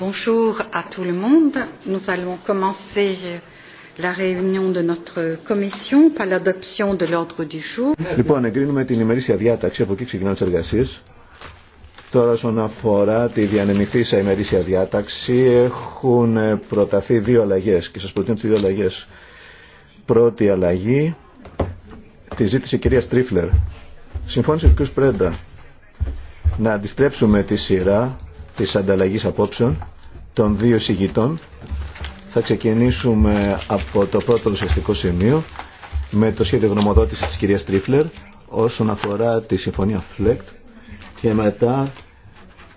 Bonjour à tout le monde. Nous allons commencer la réunion de notre commission par l'adoption de l'ordre du jour. Λοιπόν, εγκρίνουμε την ημερήσια διάταξη, από εκεί ξεκινάνε τις εργασίες. Τώρα, όσον αφορά τη διανεμηθήσα ημερήσια διάταξη, έχουν προταθεί δύο αλλαγέ και σα προτείνω τι δύο αλλαγέ. Πρώτη αλλαγή, τη ζήτησε η κυρία Στρίφλερ. Συμφώνησε ο κ. Πρέντα να αντιστρέψουμε τη σειρά της ανταλλαγής απόψεων των δύο συγητών. Θα ξεκινήσουμε από το πρώτο ουσιαστικό σημείο με το σχέδιο γνωμοδότηση της κυρίας Τρίφλερ όσον αφορά τη συμφωνία ΦΛΕΚΤ και μετά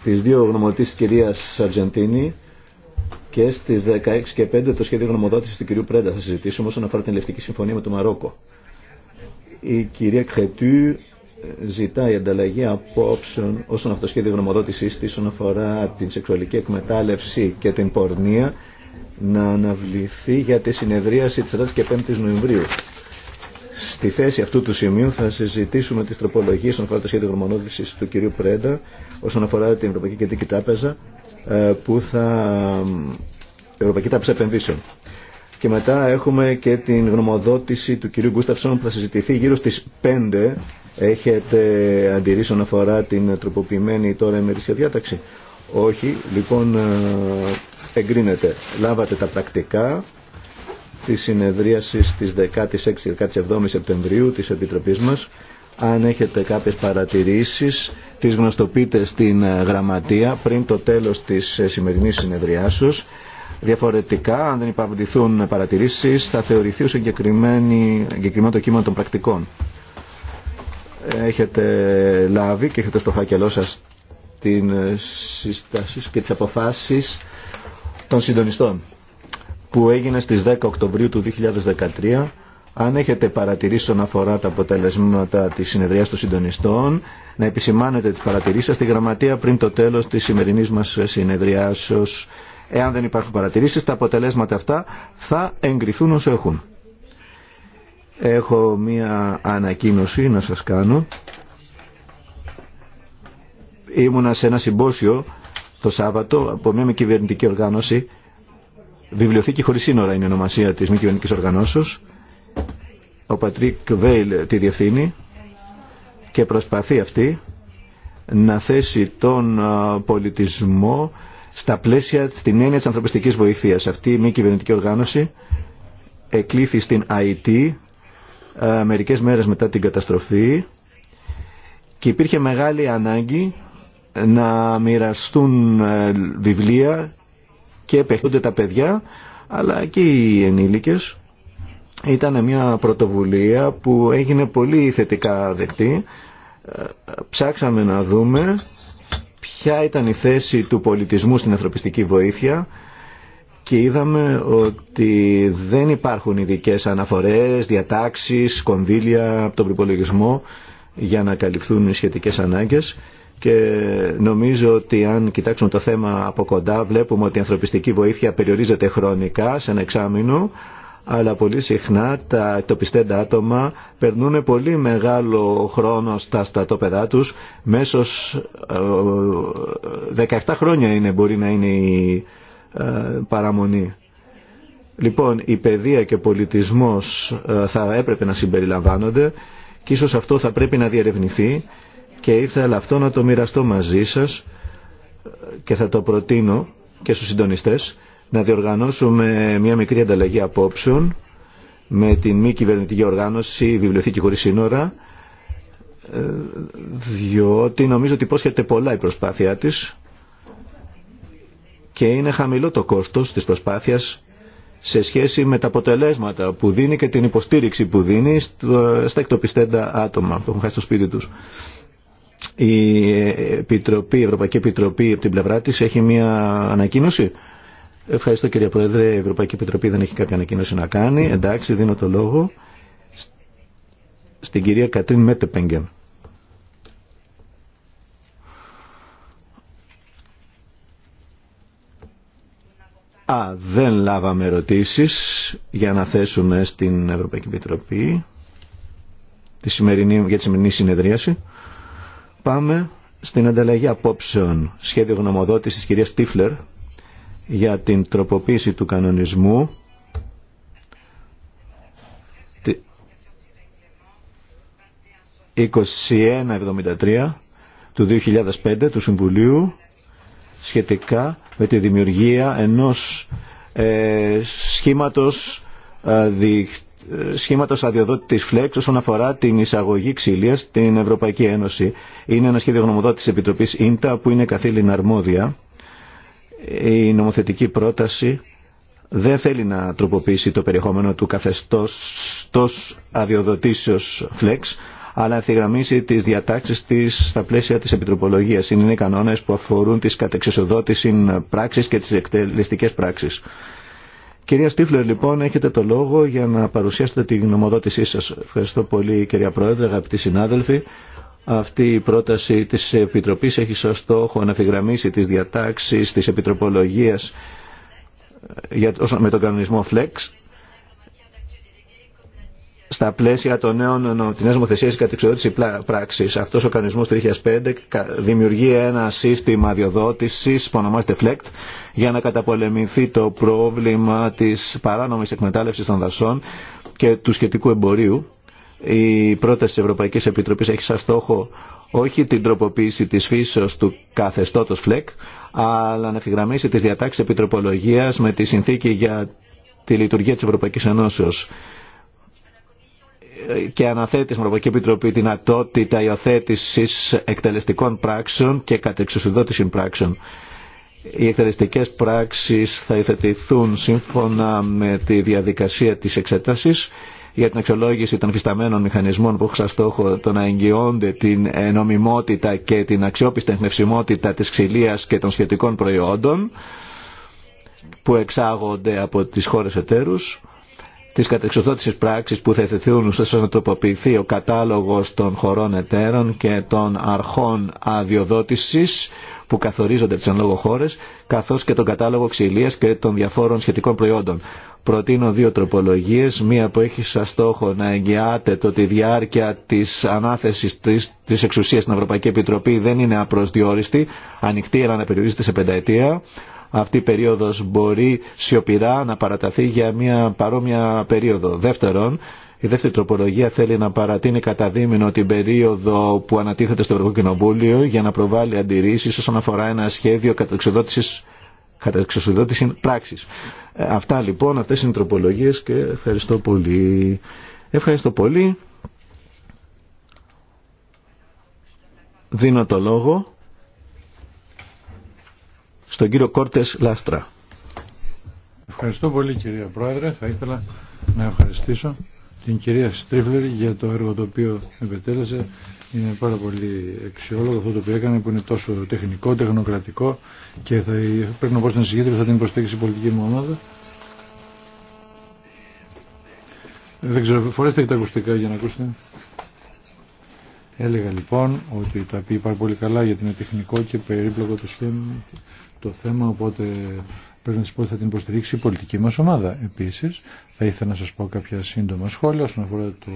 τις δύο γνωμοδοτήσεις της κυρίας Σαρτζεντίνη και στις 16 και 5 το σχέδιο γνωμοδότησης του κυρίου Πρέντα θα συζητήσουμε όσον αφορά την ελευτική συμφωνία με το Μαρόκο. Η κυρία Κρετού ζητάει ανταλλαγή απόψεων όσον αυτό σχέδιο γνωμοδότησή τη, όσον αφορά την σεξουαλική εκμετάλλευση και την πορνεία, να αναβληθεί για τη συνεδρίαση τη 4 και 5η Νοεμβρίου. Στη θέση αυτού του σημείου θα συζητήσουμε τι τροπολογίε όσον αφορά το σχέδιο γνωμοδότηση του κυρίου Πρέντα, όσον αφορά την Ευρωπαϊκή Κεντρική Τράπεζα, ε, που θα. Ε, Ευρωπαϊκή Τράπεζα Επενδύσεων. Και μετά έχουμε και την γνωμοδότηση του κυρίου Γκούσταυσον που θα συζητηθεί γύρω στις 5 Έχετε αντιρρήσει να αφορά την τροποποιημένη τώρα ημερήσια διάταξη. Όχι, λοιπόν ε, εγκρίνεται. Λάβατε τα πρακτικά της συνεδρίασης της 16-17 Σεπτεμβρίου της Επιτροπής μας. Αν έχετε κάποιες παρατηρήσεις, τις γνωστοποιείτε στην ε, γραμματεία πριν το τέλος της ε, σημερινής συνεδριάσεως. Διαφορετικά, αν δεν υπαρβληθούν παρατηρήσεις, θα θεωρηθεί ο εγκεκριμένο το κείμενο των πρακτικών έχετε λάβει και έχετε στο φάκελό σας την ε, συστάσεις και τις αποφάσεις των συντονιστών που έγινε στις 10 Οκτωβρίου του 2013. Αν έχετε παρατηρήσει όσον αφορά τα αποτελεσμάτα της συνεδρίας των συντονιστών, να επισημάνετε τις παρατηρήσεις σας στη γραμματεία πριν το τέλος της σημερινής μας συνεδριάσεως. Εάν δεν υπάρχουν παρατηρήσεις, τα αποτελέσματα αυτά θα εγκριθούν όσο έχουν. Έχω μία ανακοίνωση να σας κάνω. Ήμουνα σε ένα συμπόσιο το Σάββατο από μία μη κυβερνητική οργάνωση. Βιβλιοθήκη χωρίς σύνορα είναι η ονομασία της μη κυβερνητικής οργανώσεως. Ο Πατρίκ Βέιλ τη διευθύνει και προσπαθεί αυτή να θέσει τον πολιτισμό στα πλαίσια στην έννοια της ανθρωπιστικής βοηθείας. Αυτή η μη κυβερνητική οργάνωση εκλήθη στην ΑΕΤ ε, μερικές μέρες μετά την καταστροφή και υπήρχε μεγάλη ανάγκη να μοιραστούν ε, βιβλία και επεχτούνται τα παιδιά αλλά και οι ενήλικες. Ήταν μια πρωτοβουλία που έγινε πολύ θετικά δεκτή. Ε, ψάξαμε να δούμε ποια ήταν η θέση του πολιτισμού στην ανθρωπιστική βοήθεια και είδαμε ότι δεν υπάρχουν ειδικέ αναφορές, διατάξεις, κονδύλια από τον προπολογισμό για να καλυφθούν οι σχετικές ανάγκες και νομίζω ότι αν κοιτάξουμε το θέμα από κοντά βλέπουμε ότι η ανθρωπιστική βοήθεια περιορίζεται χρονικά σε ένα εξάμεινο αλλά πολύ συχνά τα εκτοπιστέντα άτομα περνούν πολύ μεγάλο χρόνο στα στρατόπεδά τους Μέσω 17 ε, χρόνια είναι, μπορεί να είναι η ε, παραμονή. Λοιπόν, η παιδεία και ο πολιτισμός ε, θα έπρεπε να συμπεριλαμβάνονται και ίσως αυτό θα πρέπει να διερευνηθεί και ήθελα αυτό να το μοιραστώ μαζί σας και θα το προτείνω και στους συντονιστές να διοργανώσουμε μια μικρή ανταλλαγή απόψεων με την μη κυβερνητική οργάνωση Βιβλιοθήκη Χωρίς Σύνορα ε, διότι νομίζω ότι υπόσχεται πολλά η προσπάθειά της και είναι χαμηλό το κόστος της προσπάθειας σε σχέση με τα αποτελέσματα που δίνει και την υποστήριξη που δίνει στα εκτοπιστέντα άτομα που έχουν χάσει το σπίτι τους. Η, Επιτροπή, Ευρωπαϊκή Επιτροπή από την πλευρά της έχει μια ανακοίνωση. Ευχαριστώ κύριε Πρόεδρε, η Ευρωπαϊκή Επιτροπή δεν έχει κάποια ανακοίνωση να κάνει. Εντάξει, δίνω το λόγο στην κυρία Κατρίν Μέτεπέγγεν. Α, δεν λάβαμε ερωτήσεις για να θέσουμε στην Ευρωπαϊκή Επιτροπή τη σημερινή, για τη σημερινή συνεδρίαση. Πάμε στην ανταλλαγή απόψεων σχέδιο γνωμοδότησης της κυρίας Τίφλερ για την τροποποίηση του κανονισμού τη... 2173 του 2005 του Συμβουλίου σχετικά με τη δημιουργία ενός ε, σχήματος, ε, δι, ε, σχήματος αδειοδότητης FLEX όσον αφορά την εισαγωγή ξυλίας στην Ευρωπαϊκή Ένωση. Είναι ένα σχέδιο γνωμοδότης Επιτροπής ΙΝΤΑ που είναι καθήλυνα αρμόδια. Η νομοθετική πρόταση δεν θέλει να τροποποιήσει το περιεχόμενο του καθεστώς αδειοδοτήσεως FLEX αλλά ευθυγραμμίσει τι διατάξει τη στα πλαίσια τη επιτροπολογία. Είναι οι κανόνε που αφορούν τι κατεξοδότηση πράξη και τι εκτελεστικέ πράξει. Κυρία Στίφλερ, λοιπόν, έχετε το λόγο για να παρουσιάσετε τη γνωμοδότησή σα. Ευχαριστώ πολύ, κυρία Πρόεδρε, αγαπητοί συνάδελφοι. Αυτή η πρόταση τη επιτροπή έχει σαν στόχο να ευθυγραμμίσει τι διατάξει της Επιτροπολογίας με τον κανονισμό FLEX στα πλαίσια των νέων, της και τη κατεξοδότηση πράξη. Αυτό ο κανονισμό του 2005 δημιουργεί ένα σύστημα διοδότησης που ονομάζεται FLECT για να καταπολεμηθεί το πρόβλημα τη παράνομη εκμετάλλευση των δασών και του σχετικού εμπορίου. Η πρόταση τη Ευρωπαϊκή Επιτροπή έχει σαν στόχο όχι την τροποποίηση της φύσεως του καθεστώτος ΦΛΕΚ, αλλά να ευθυγραμμίσει τις διατάξεις επιτροπολογίας με τη συνθήκη για τη λειτουργία της Ευρωπαϊκής Ενώσεως και αναθέτει στην Ευρωπαϊκή Επιτροπή τη δυνατότητα υιοθέτηση εκτελεστικών πράξεων και κατεξουσιοδότηση πράξεων. Οι εκτελεστικέ πράξει θα υιοθετηθούν σύμφωνα με τη διαδικασία τη εξέταση για την αξιολόγηση των φυσταμένων μηχανισμών που έχουν σαν στόχο το να εγγυώνται την ε, νομιμότητα και την αξιόπιστη εμπνευσιμότητα της ξυλίας και των σχετικών προϊόντων που εξάγονται από τις χώρε εταίρους τις κατεξοδότησες πράξεις που θα θεθούν ώστε να τροποποιηθεί ο κατάλογος των χωρών εταίρων και των αρχών αδειοδότησης που καθορίζονται από τις ανλόγω χώρες, καθώς και τον κατάλογο ξυλίας και των διαφόρων σχετικών προϊόντων. Προτείνω δύο τροπολογίες, μία που έχει σαν στόχο να εγγυάται το ότι η διάρκεια της ανάθεσης της, της εξουσίας στην Ευρωπαϊκή Επιτροπή δεν είναι απροσδιόριστη, ανοιχτή αλλά να περιορίζεται σε πενταετία αυτή η περίοδος μπορεί σιωπηρά να παραταθεί για μια παρόμοια περίοδο. Δεύτερον, η δεύτερη τροπολογία θέλει να παρατείνει κατά δίμηνο την περίοδο που ανατίθεται στο Ευρωπαϊκό για να προβάλλει αντιρρήσει όσον αφορά ένα σχέδιο κατά πράξης. πράξη. Ε, αυτά λοιπόν, αυτέ είναι οι τροπολογίε και ευχαριστώ πολύ. Ευχαριστώ πολύ. Δίνω το λόγο στον κύριο Κόρτες Λάστρα. Ευχαριστώ πολύ κυρία Πρόεδρε. Θα ήθελα να ευχαριστήσω την κυρία Στρίφλερ για το έργο το οποίο επετέλεσε. Είναι πάρα πολύ αξιόλογο αυτό το οποίο έκανε που είναι τόσο τεχνικό, τεχνοκρατικό και θα, πρέπει να πω στην συγκέντρωση θα την υποστήριξει η πολιτική μου ομάδα. Δεν ξέρω, φορέστε και τα ακουστικά για να ακούσετε. Έλεγα λοιπόν ότι τα πει πάρα πολύ καλά γιατί είναι τεχνικό και περίπλοκο το σχέδιο το θέμα, οπότε πρέπει να σας πω ότι θα την υποστηρίξει η πολιτική μας ομάδα. Επίσης, θα ήθελα να σας πω κάποια σύντομα σχόλια όσον αφορά το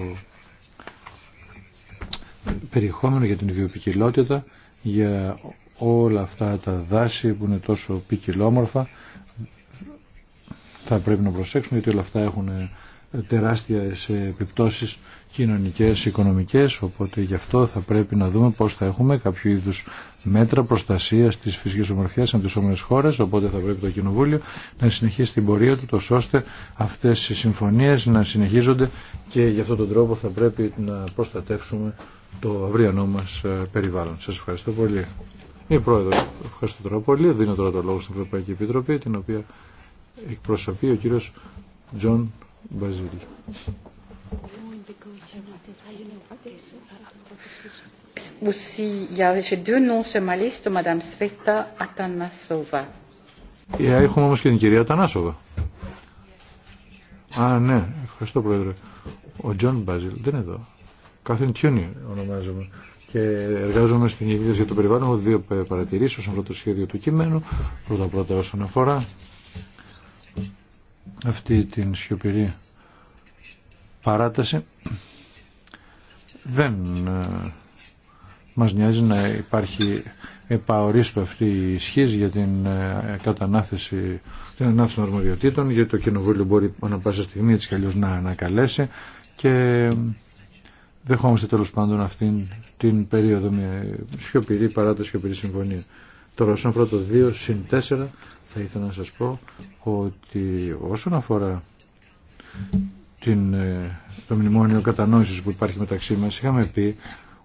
περιεχόμενο για την βιοπικιλότητα, για όλα αυτά τα δάση που είναι τόσο ποικιλόμορφα. Θα πρέπει να προσέξουμε γιατί όλα αυτά έχουν τεράστιες επιπτώσει κοινωνικές, οικονομικές, οπότε γι' αυτό θα πρέπει να δούμε πώς θα έχουμε κάποιο είδους μέτρα προστασίας της φυσικής ομορφιάς από τις όμορες χώρες, οπότε θα πρέπει το Κοινοβούλιο να συνεχίσει την πορεία του, τόσο ώστε αυτές οι συμφωνίες να συνεχίζονται και γι' αυτόν τον τρόπο θα πρέπει να προστατεύσουμε το αυριανό μας ε, περιβάλλον. Σας ευχαριστώ πολύ. Η ε, Πρόεδρο, ευχαριστώ τώρα πολύ. Δίνω τώρα το λόγο στην Ευρωπαϊκή Επιτροπή, την οποία εκπροσωπεί ο κύριος Τζον Μπαζίλη. Aussi, j'ai deux noms sur ma liste, Madame Sveta Atanasova. Ε, έχουμε όμως και την κυρία Atanasova. Α, ναι, ευχαριστώ Πρόεδρε. Ο Τζον Μπάζιλ δεν είναι εδώ. Κάθεν Τιούνι ονομάζομαι. Και εργάζομαι στην Εκδήλωση για το Περιβάλλον. Έχω δύο παρατηρήσει όσον αφορά το σχέδιο του κειμένου. Πρώτα-πρώτα όσον αφορά αυτή την σιωπηρή παράταση δεν ε, μας νοιάζει να υπάρχει επαορίστο αυτή η ισχύ για την ε, κατανάθεση την ανάθεση των αρμοδιοτήτων γιατί το κοινοβούλιο μπορεί να πάσα στιγμή έτσι κι να ανακαλέσει και ε, δεχόμαστε τέλο πάντων αυτήν την περίοδο με σιωπηρή παράταση σιωπηρή συμφωνία. Τώρα όσον αφορά το 2 συν 4 θα ήθελα να σας πω ότι όσον αφορά την, ε, το μνημόνιο κατανόησης που υπάρχει μεταξύ μας είχαμε πει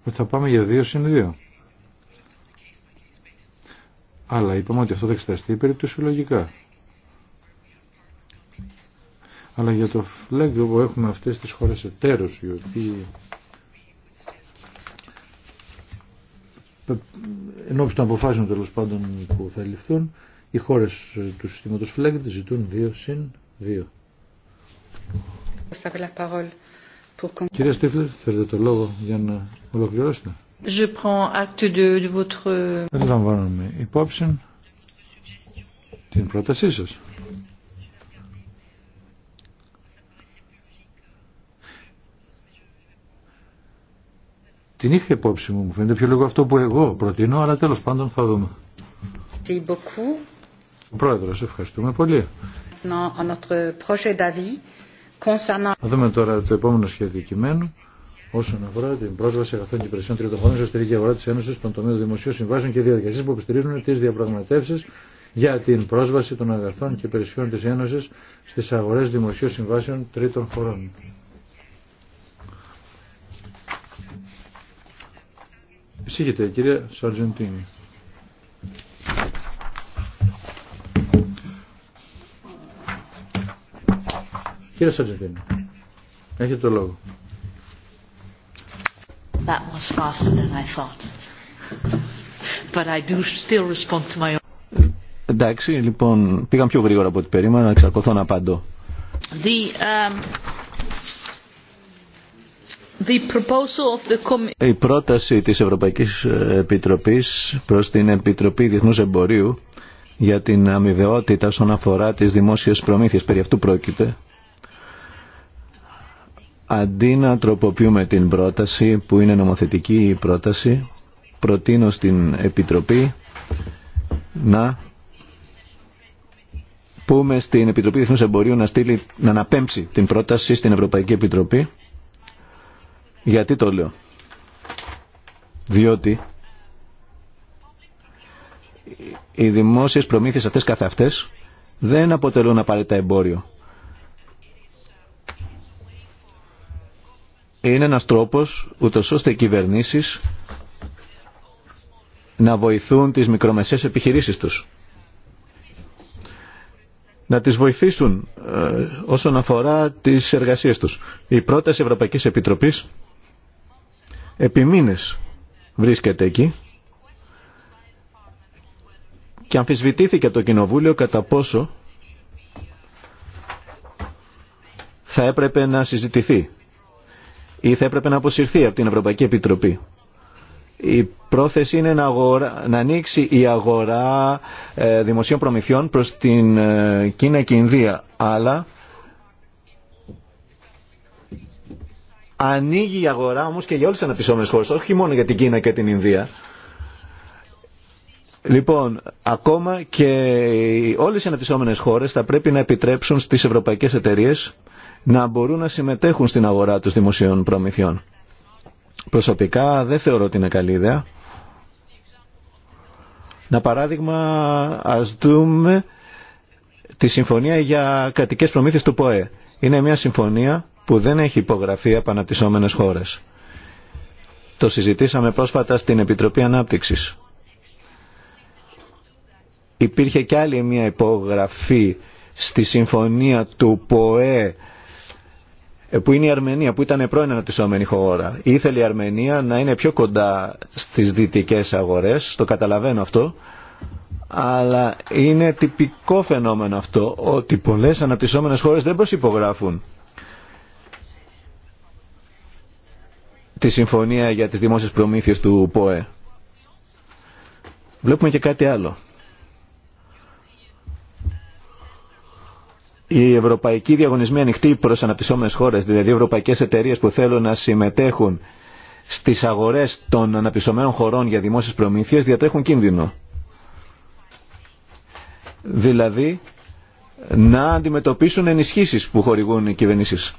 ότι θα πάμε για 2 συν 2. Αλλά είπαμε ότι αυτό θα εξεταστεί περιπτωσιολογικά. Αλλά για το φλέγγο που έχουμε αυτές τις χώρες εταίρους, γιατί εν ώψη των αποφάσεων τέλο πάντων που θα ληφθούν, οι χώρες ε, του συστήματος φλέγγ ζητούν 2 συν 2. Κυρία Στίφλερ, θέλετε το λόγο για να ολοκληρώσετε. Je prends acte de, de votre... Λαμβάνομαι υπόψη την πρότασή σας. Την είχα υπόψη μου, μου φαίνεται πιο λίγο αυτό που εγώ προτείνω, αλλά τέλος πάντων θα δούμε. Πρόεδρος, ευχαριστούμε πολύ. Maintenant, notre projet d'avis. Θα δούμε τώρα το επόμενο σχέδιο κειμένου όσον αφορά την πρόσβαση αγαθών και υπηρεσιών τρίτων χωρών σε εσωτερική αγορά τη Ένωση στον τομέα δημοσίων συμβάσεων και διαδικασίε που υποστηρίζουν τι διαπραγματεύσει για την πρόσβαση των αγαθών και υπηρεσιών τη Ένωση στι αγορέ δημοσίων συμβάσεων τρίτων χωρών. Εισήγεται η κυρία Σαρτζεντίνη. Κύριε Σαντζεφίνη, έχετε το λόγο. Εντάξει, λοιπόν, πήγαν πιο γρήγορα από ό,τι περίμενα, να εξακολουθώ να απαντώ. The, um, of the... Η πρόταση της Ευρωπαϊκής Επιτροπής προς την Επιτροπή Διεθνούς Εμπορίου για την αμοιβαιότητα όσον αφορά τις δημόσιες προμήθειες, περί αυτού πρόκειται, Αντί να τροποποιούμε την πρόταση που είναι νομοθετική η πρόταση, προτείνω στην Επιτροπή να πούμε στην Επιτροπή Διεθνούς Εμπορίου να, στείλει, να αναπέμψει την πρόταση στην Ευρωπαϊκή Επιτροπή. Γιατί το λέω. Διότι οι δημόσιες προμήθειες αυτές καθ' δεν αποτελούν απαραίτητα εμπόριο. είναι ένας τρόπος ούτως ώστε οι κυβερνήσεις να βοηθούν τις μικρομεσαίες επιχειρήσεις τους. Να τις βοηθήσουν ε, όσον αφορά τις εργασίες τους. Η πρόταση Ευρωπαϊκής Επιτροπής επί βρίσκεται εκεί και αμφισβητήθηκε το Κοινοβούλιο κατά πόσο θα έπρεπε να συζητηθεί ή θα έπρεπε να αποσυρθεί από την Ευρωπαϊκή Επιτροπή. Η πρόθεση είναι να, αγορά, να ανοίξει η προθεση ειναι να να ανοιξει η αγορα ε, δημοσίων προμηθειών προς την ε, Κίνα και Ινδία. Αλλά ανοίγει η αγορά όμως και για όλες τις αναπτυσσόμενες χώρες, όχι μόνο για την Κίνα και την Ινδία. Λοιπόν, ακόμα και όλες οι αναπτυσσόμενες χώρες θα πρέπει να επιτρέψουν στις ευρωπαϊκές εταιρείες να μπορούν να συμμετέχουν στην αγορά τους δημοσίων προμηθειών. Προσωπικά δεν θεωρώ ότι είναι καλή ιδέα. Να παράδειγμα ας δούμε τη συμφωνία για κρατικές προμήθειες του ΠΟΕ. Είναι μια συμφωνία που δεν έχει υπογραφεί από αναπτυσσόμενες χώρες. Το συζητήσαμε πρόσφατα στην Επιτροπή Ανάπτυξης. Υπήρχε και άλλη μια υπογραφή στη συμφωνία του ΠΟΕ ε, που είναι η Αρμενία, που ήταν πρώην αναπτυσσόμενη χώρα. Ήθελε η Αρμενία να είναι πιο κοντά στις δυτικές αγορές, το καταλαβαίνω αυτό, αλλά είναι τυπικό φαινόμενο αυτό ότι πολλές αναπτυσσόμενες χώρες δεν προσυπογράφουν τη συμφωνία για τις δημόσιες προμήθειες του ΠΟΕ. Βλέπουμε και κάτι άλλο. Οι ευρωπαϊκοί διαγωνισμοί ανοιχτοί προς αναπτυσσόμενες χώρες, δηλαδή ευρωπαϊκές εταιρείες που θέλουν να συμμετέχουν στις αγορές των αναπτυσσομένων χωρών για δημόσιες προμήθειες διατρέχουν κίνδυνο. Δηλαδή να αντιμετωπίσουν ενισχύσεις που χορηγούν οι κυβερνήσεις.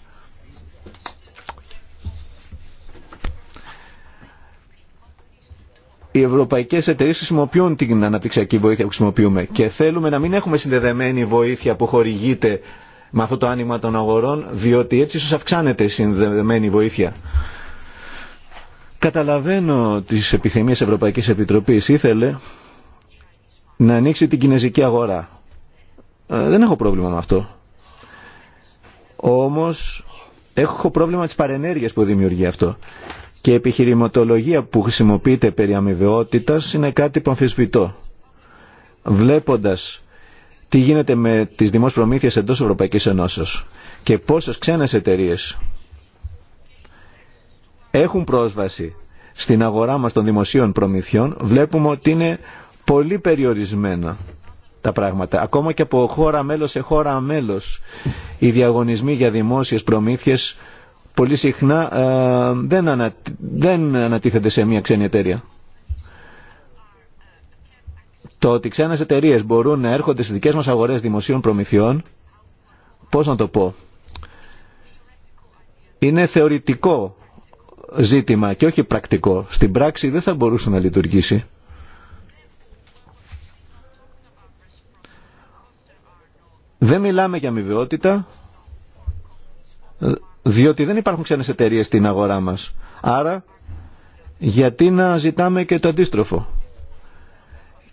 οι ευρωπαϊκέ εταιρείε χρησιμοποιούν την αναπτυξιακή βοήθεια που χρησιμοποιούμε και θέλουμε να μην έχουμε συνδεδεμένη βοήθεια που χορηγείται με αυτό το άνοιγμα των αγορών, διότι έτσι ίσω αυξάνεται η συνδεδεμένη βοήθεια. Καταλαβαίνω τι επιθυμίε Ευρωπαϊκή Επιτροπή. Ήθελε να ανοίξει την κινέζικη αγορά. Ε, δεν έχω πρόβλημα με αυτό. Όμω έχω πρόβλημα τη παρενέργεια που δημιουργεί αυτό και η επιχειρηματολογία που χρησιμοποιείται περί αμοιβαιότητας είναι κάτι που αμφισβητώ. Βλέποντας τι γίνεται με τις δημόσιες προμήθειες εντός Ευρωπαϊκής Ενώσεως και πόσες ξένες εταιρείε έχουν πρόσβαση στην αγορά μας των δημοσίων προμηθειών, βλέπουμε ότι είναι πολύ περιορισμένα τα πράγματα. Ακόμα και από χώρα μέλος σε χώρα μέλος οι διαγωνισμοί για δημόσιες προμήθειες πολύ συχνά ε, δεν, ανα, δεν ανατίθεται σε μια ξένη εταιρεία. Το ότι ξένες εταιρείε μπορούν να έρχονται στις δικές μας αγορές δημοσίων προμηθειών, πώς να το πω, είναι θεωρητικό ζήτημα και όχι πρακτικό. Στην πράξη δεν θα μπορούσε να λειτουργήσει. Δεν μιλάμε για αμοιβαιότητα, διότι δεν υπάρχουν ξένες εταιρείε στην αγορά μας. Άρα, γιατί να ζητάμε και το αντίστροφο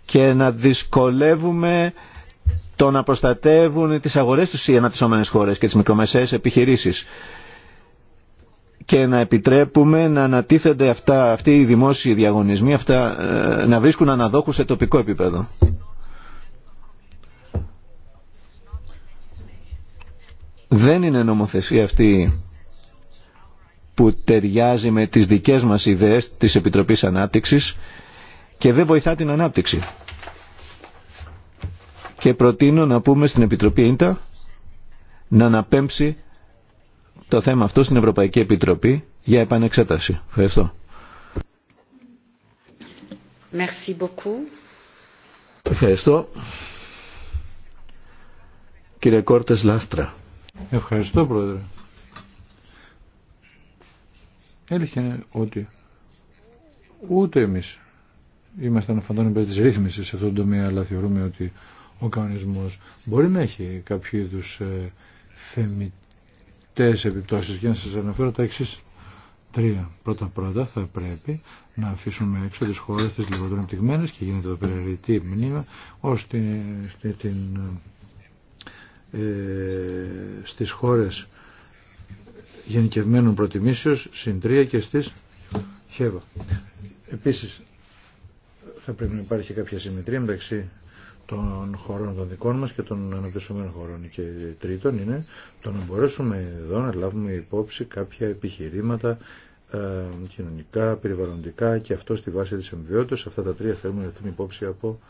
και να δυσκολεύουμε το να προστατεύουν τις αγορές τους οι αναπτυσσόμενες χώρες και τις μικρομεσαίες επιχειρήσεις και να επιτρέπουμε να ανατίθενται αυτά, αυτοί οι δημόσιοι διαγωνισμοί αυτά, ε, να βρίσκουν αναδόχους σε τοπικό επίπεδο. Δεν είναι νομοθεσία αυτή που ταιριάζει με τις δικές μας ιδέες της Επιτροπής Ανάπτυξης και δεν βοηθά την ανάπτυξη. Και προτείνω να πούμε στην Επιτροπή Ίντα να αναπέμψει το θέμα αυτό στην Ευρωπαϊκή Επιτροπή για επανεξέταση. Ευχαριστώ. Merci beaucoup. Ευχαριστώ. Κύριε Κόρτες Λάστρα. Ευχαριστώ πρόεδρε. Έλεγε ότι ούτε εμείς είμαστε φαντών υπέρ της ρύθμισης σε αυτόν τον τομέα, αλλά θεωρούμε ότι ο κανονισμός μπορεί να έχει κάποιο είδου ε, θεμητές επιπτώσεις. Για να σας αναφέρω τα εξή. τρια τρία. Πρώτα-πρώτα θα πρέπει να αφήσουμε έξω τις χώρες τις λιγότερο και γίνεται το περιοριτή μνήμα ώστε την ε, στις χώρες γενικευμένων προτιμήσεως, Συντρία και στις χέβα. Επίσης, θα πρέπει να υπάρχει κάποια συμμετρία μεταξύ των χωρών των δικών μας και των αναπτυσσομένων χωρών. Και τρίτον είναι το να μπορέσουμε εδώ να λάβουμε υπόψη κάποια επιχειρήματα ε, κοινωνικά, περιβαλλοντικά και αυτό στη βάση της εμβιότητας. Αυτά τα τρία θέλουμε να έρθουν υπόψη από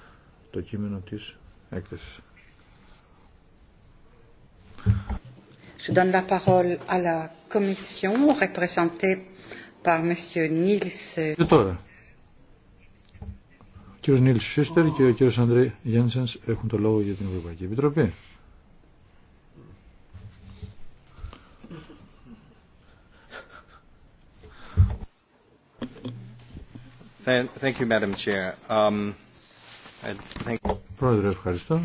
το κείμενο της έκθεσης. Je donne la parole à la Commission, représentée par M. Nils. Και τώρα, ο κύριος Νίλς Σίστερ και ο κ. Αντρέ Γένσενς έχουν το λόγο για την Ευρωπαϊκή Επιτροπή. Thank you, Madam Chair. Um, thank you. Πρόεδρε, ευχαριστώ.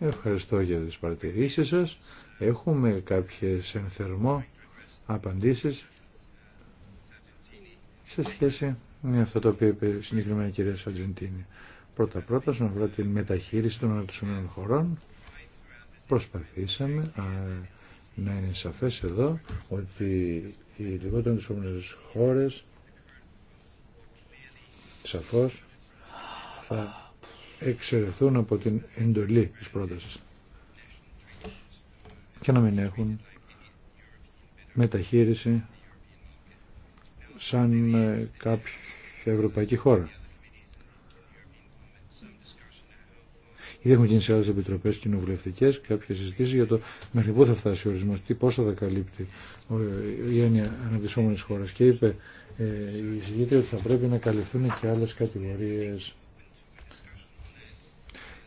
Ευχαριστώ για τις παρατηρήσεις σας. Έχουμε κάποιες εν θερμό απαντήσεις σε σχέση με αυτό το οποίο είπε η συγκεκριμένη κυρία Σαρτζεντίνη. Πρώτα-πρώτα, σχετικά αφορά την μεταχείριση των αναπτυσσομένων χωρών, προσπαθήσαμε να είναι σαφές εδώ ότι οι λιγότερο αναπτυσσόμενες χώρες σαφώς θα εξαιρεθούν από την εντολή της πρότασης και να μην έχουν μεταχείριση σαν ε, κάποια ευρωπαϊκή χώρα. Ήδη έχουν γίνει σε άλλε επιτροπέ κοινοβουλευτικέ κάποιες συζητήσει για το μέχρι πού θα φτάσει ο ορισμό, τι πόσο θα καλύπτει η έννοια αναπτυσσόμενη χώρα. Και είπε ε, η συζήτηση ότι θα πρέπει να καλυφθούν και άλλε κατηγορίε.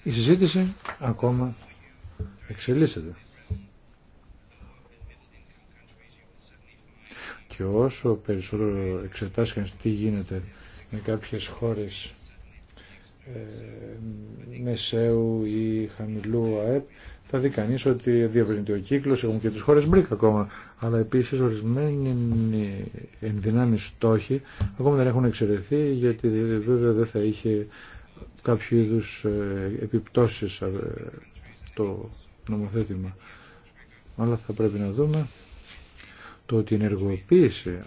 Η συζήτηση ακόμα εξελίσσεται. Και όσο περισσότερο εξετάσει τι γίνεται με κάποιες χώρες ε, μεσαίου ή χαμηλού ΑΕΠ, θα δει κανεί ότι διαβρύνεται ο κύκλο, έχουμε και τι χώρε μπρικ ακόμα. Αλλά επίση ορισμένοι ενδυνάμει στόχοι ακόμα δεν έχουν εξαιρεθεί γιατί βέβαια δεν θα είχε κάποιο είδους ε, επιπτώσεις ε, το νομοθέτημα. Αλλά θα πρέπει να δούμε το ότι η ενεργοποίηση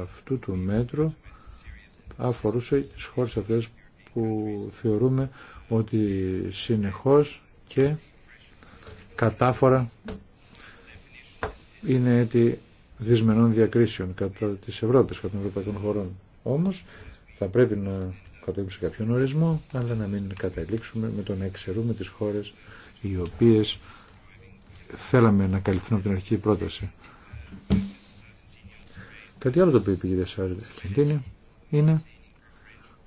αυτού του μέτρου αφορούσε τις χώρες αυτές που θεωρούμε ότι συνεχώς και κατάφορα είναι έτη δυσμενών διακρίσεων κατά της Ευρώπης, κατά των ευρωπαϊκών χωρών. Όμως θα πρέπει να κατέβουμε σε κάποιον ορισμό, αλλά να μην καταλήξουμε με το να εξαιρούμε τις χώρες οι οποίες θέλαμε να καλυφθούν από την αρχική πρόταση. Κάτι άλλο το οποίο είπε η κυρία είναι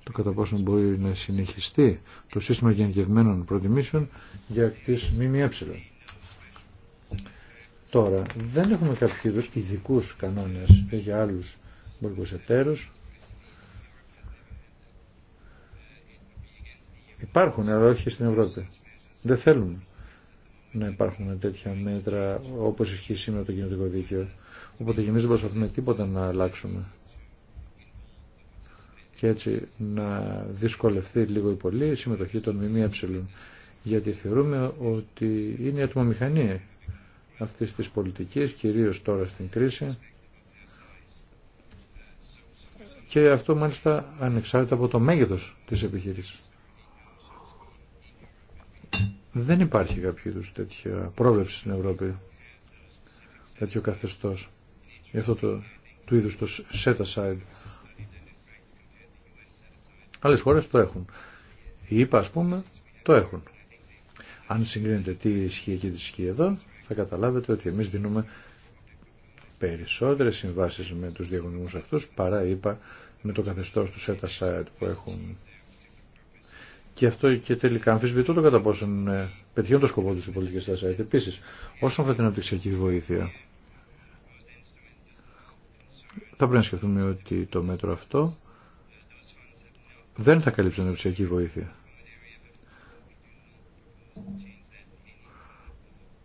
το κατά πόσο μπορεί να συνεχιστεί το σύστημα γενικευμένων προτιμήσεων για τις ΜΜΕ. Τώρα, δεν έχουμε κάποιο ειδικού κανόνες για άλλους εμπορικούς εταίρους, Υπάρχουν, αλλά όχι στην Ευρώπη. Δεν θέλουμε να υπάρχουν τέτοια μέτρα όπω ισχύει σήμερα το κοινωτικό δίκαιο. Οπότε και εμεί δεν προσπαθούμε τίποτα να αλλάξουμε. Και έτσι να δυσκολευτεί λίγο ή πολύ η συμμετοχή των ΜΜΕ. Γιατί θεωρούμε ότι είναι η ατμομηχανία αυτή τη πολιτική, κυρίω τώρα στην κρίση. Και αυτό μάλιστα ανεξάρτητα από το μέγεθος της επιχείρησης. Δεν υπάρχει κάποιο είδου τέτοια πρόβλεψη στην Ευρώπη, τέτοιο καθεστώς. Γι' αυτό το, του είδους το set aside. Άλλες χώρες το έχουν. Οι ΙΠΑ ας πούμε το έχουν. Αν συγκρίνετε τι ισχύει εκεί, τι ισχύει εδώ, θα καταλάβετε ότι εμείς δίνουμε περισσότερες συμβάσεις με τους διαγωνισμούς αυτούς παρά είπα με το καθεστώ του set aside που έχουν και αυτό και τελικά αμφισβητώ το κατά πόσον ε, πετύχουν το σκοπό του οι πολιτικέ τάσει. Επίση, όσον αφορά την αναπτυξιακή βοήθεια, θα πρέπει να σκεφτούμε ότι το μέτρο αυτό δεν θα καλύψει την αναπτυξιακή βοήθεια.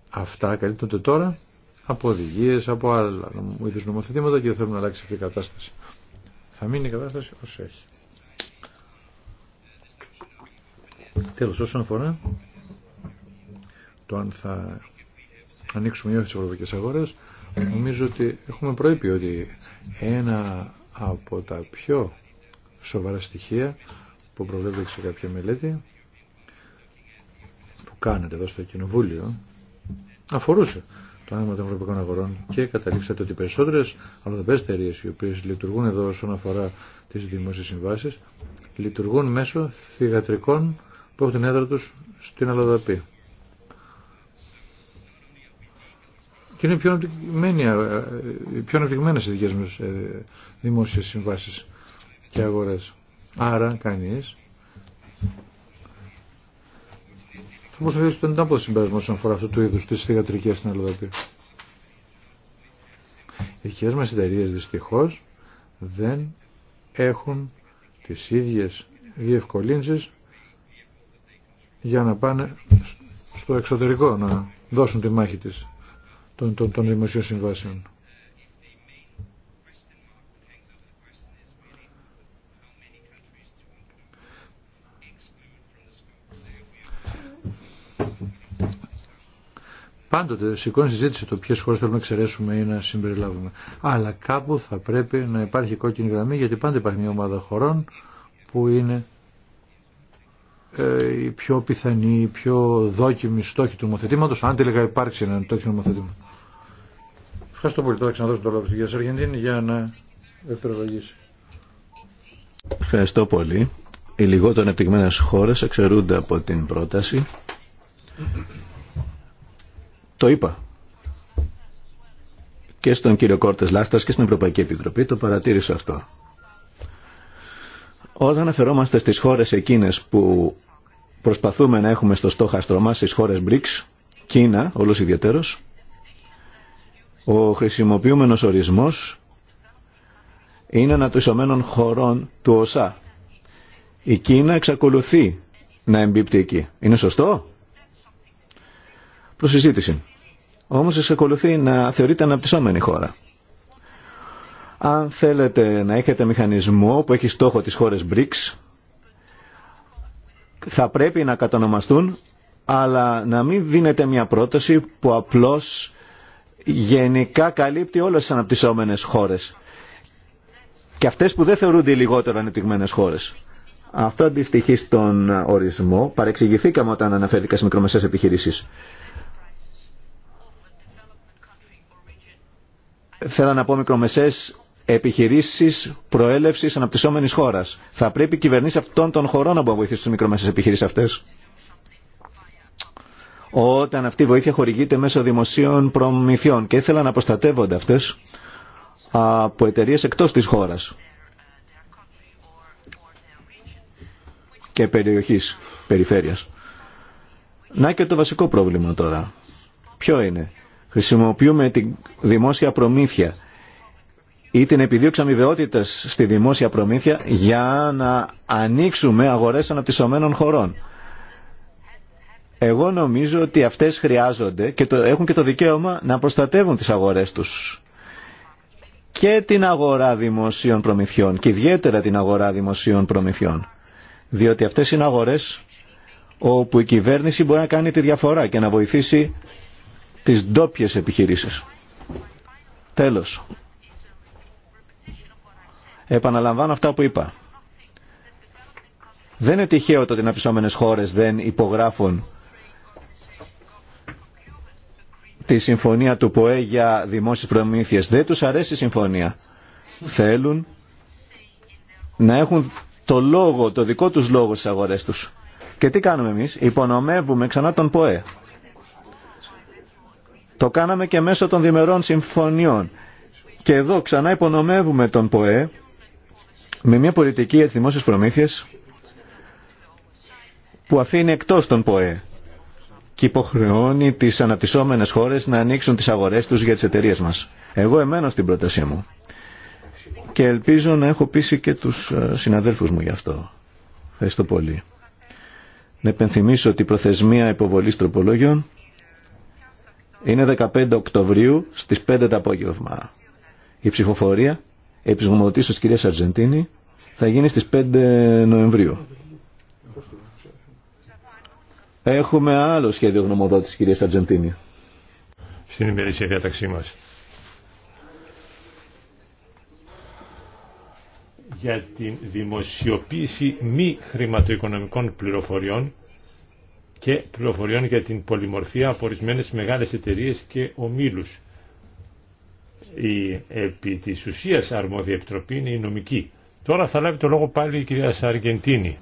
Αυτά καλύπτονται τώρα από οδηγίε, από άλλα είδου νομοθετήματα και δεν θέλουμε να αλλάξει αυτή η κατάσταση. Θα μείνει η κατάσταση όσο έχει. Τέλος, όσον αφορά το αν θα ανοίξουμε ή όχι τις ευρωπαϊκές αγορές, νομίζω ότι έχουμε προείπει ότι ένα από τα πιο σοβαρά στοιχεία που προβλέπεται σε κάποια μελέτη που κάνετε εδώ στο Κοινοβούλιο αφορούσε το άνοιγμα των ευρωπαϊκών αγορών και καταλήξατε ότι περισσότερε αλλοδαπέ εταιρείε οι οποίε λειτουργούν εδώ όσον αφορά τι δημόσιε συμβάσει λειτουργούν μέσω θηγατρικών που έχουν την έδρα τους στην Αλοδαπή. Και είναι πιο, ε, ε, πιο αναπτυγμένες οι δικές μας ε, δημόσιες συμβάσεις και αγορές. Άρα κανείς θα μπορούσε να βγει στον τάμπο συμπέρασμα όσον αφορά αυτού του είδους τις θηγατρικές στην Αλοδαπή. Οι δικές μας εταιρείε δυστυχώς δεν έχουν τις ίδιες διευκολύνσεις για να πάνε στο εξωτερικό να δώσουν τη μάχη της των, των, των δημοσίων συμβάσεων. Πάντοτε σηκώνει συζήτηση το ποιε χώρε θέλουμε να εξαιρέσουμε ή να συμπεριλάβουμε. Αλλά κάπου θα πρέπει να υπάρχει κόκκινη γραμμή γιατί πάντα υπάρχει μια ομάδα χωρών που είναι ε, οι πιο πιθανοί, οι πιο δόκιμοι στόχοι του νομοθετήματο, αν τελικά υπάρξει ένα τέτοιο νομοθετήμα. Ευχαριστώ πολύ. Θα ξαναδώσω το λόγο στην κυρία Σαργεντίνη για να δευτερολογήσει. Ευχαριστώ πολύ. Οι λιγότερο ανεπτυγμένε χώρε εξαιρούνται από την πρόταση. Το είπα και στον κύριο Κόρτες Λάστας και στην Ευρωπαϊκή Επιτροπή το παρατήρησα αυτό. Όταν αναφερόμαστε στις χώρες εκείνες που προσπαθούμε να έχουμε στο στόχαστρο μας, στις χώρες BRICS, Κίνα, όλος ιδιαίτερος, ο χρησιμοποιούμενος ορισμός είναι ισομένων χωρών του ΟΣΑ. Η Κίνα εξακολουθεί να εμπίπτει εκεί. Είναι σωστό? Προσυζήτηση. Όμως εξακολουθεί να θεωρείται αναπτυσσόμενη χώρα. Αν θέλετε να έχετε μηχανισμό που έχει στόχο τις χώρες BRICS, θα πρέπει να κατονομαστούν, αλλά να μην δίνετε μια πρόταση που απλώς γενικά καλύπτει όλες τις αναπτυσσόμενες χώρες και αυτές που δεν θεωρούνται οι λιγότερο ανεπτυγμένες χώρες. Αυτό αντιστοιχεί στον ορισμό. Παρεξηγηθήκαμε όταν αναφέρθηκα στις μικρομεσαίες επιχειρήσεις. Θέλω να πω μικρομεσαίες επιχειρήσει προέλευση αναπτυσσόμενη χώρα. Θα πρέπει οι κυβερνήσει αυτών των χωρών να μπορεί να βοηθήσουν τι μικρομεσαίε επιχειρήσει αυτέ. Όταν αυτή η βοήθεια χορηγείται μέσω δημοσίων προμηθειών και ήθελα να προστατεύονται αυτέ από εταιρείε εκτό τη χώρα και περιοχή, περιφέρεια. Να και το βασικό πρόβλημα τώρα. Ποιο είναι. Χρησιμοποιούμε τη δημόσια προμήθεια ή την επιδίωξη αμοιβαιότητα στη δημόσια προμήθεια για να ανοίξουμε αγορές αναπτυσσομένων χωρών. Εγώ νομίζω ότι αυτές χρειάζονται και έχουν και το δικαίωμα να προστατεύουν τις αγορές τους και την αγορά δημοσίων προμηθειών και ιδιαίτερα την αγορά δημοσίων προμηθειών. Διότι αυτές είναι αγορές όπου η κυβέρνηση μπορεί να κάνει τη διαφορά και να βοηθήσει τις ντόπιε επιχειρήσεις. Τέλος, Επαναλαμβάνω αυτά που είπα. Δεν είναι τυχαίο ότι οι χώρες δεν υπογράφουν τη συμφωνία του ΠΟΕ για δημόσιες προμήθειες. Δεν τους αρέσει η συμφωνία. Θέλουν να έχουν το λόγο, το δικό τους λόγο στις αγορές τους. Και τι κάνουμε εμείς, υπονομεύουμε ξανά τον ΠΟΕ. Το κάναμε και μέσω των διμερών συμφωνιών. Και εδώ ξανά υπονομεύουμε τον ΠΟΕ με μια πολιτική για τις δημόσιες προμήθειες που αφήνει εκτός τον ΠΟΕ και υποχρεώνει τις αναπτυσσόμενες χώρες να ανοίξουν τις αγορές τους για τις εταιρείες μας. Εγώ εμένω στην πρότασή μου και ελπίζω να έχω πείσει και τους ε, συναδέλφους μου γι' αυτό. Ευχαριστώ πολύ. Να επενθυμίσω ότι η προθεσμία υποβολής τροπολόγιων είναι 15 Οκτωβρίου στις 5 το απόγευμα. Η ψηφοφορία επισγωματήσεως της κυρίας Αργεντίνη θα γίνει στις 5 Νοεμβρίου. Έχουμε άλλο σχέδιο τη κυρίας Αργεντίνη. Στην ημερήσια διάταξή μας. για τη δημοσιοποίηση μη χρηματοοικονομικών πληροφοριών και πληροφοριών για την πολυμορφία από μεγάλες εταιρείες και ομίλους η επί της ουσίας αρμόδια επιτροπή είναι η νομική. Τώρα θα λάβει το λόγο πάλι η κυρία Σαργεντίνη.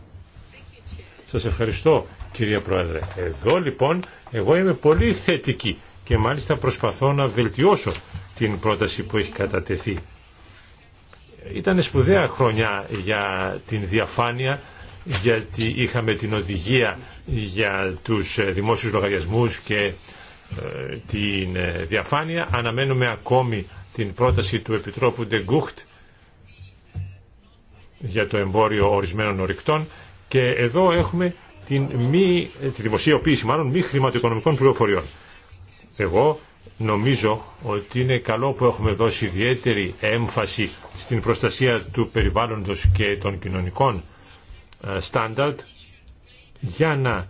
Σας ευχαριστώ κυρία Πρόεδρε. Εδώ λοιπόν εγώ είμαι πολύ θετική και μάλιστα προσπαθώ να βελτιώσω την πρόταση που έχει κατατεθεί. Ήταν σπουδαία χρονιά για την διαφάνεια γιατί είχαμε την οδηγία για τους δημόσιους λογαριασμούς και ε, την ε, διαφάνεια. Αναμένουμε ακόμη την πρόταση του Επιτρόπου Ντεγκούχτ για το εμπόριο ορισμένων ορυκτών και εδώ έχουμε την μη, τη δημοσιοποίηση μάλλον μη χρηματοοικονομικών πληροφοριών. Εγώ νομίζω ότι είναι καλό που έχουμε δώσει ιδιαίτερη έμφαση στην προστασία του περιβάλλοντος και των κοινωνικών ε, στάνταρτ για να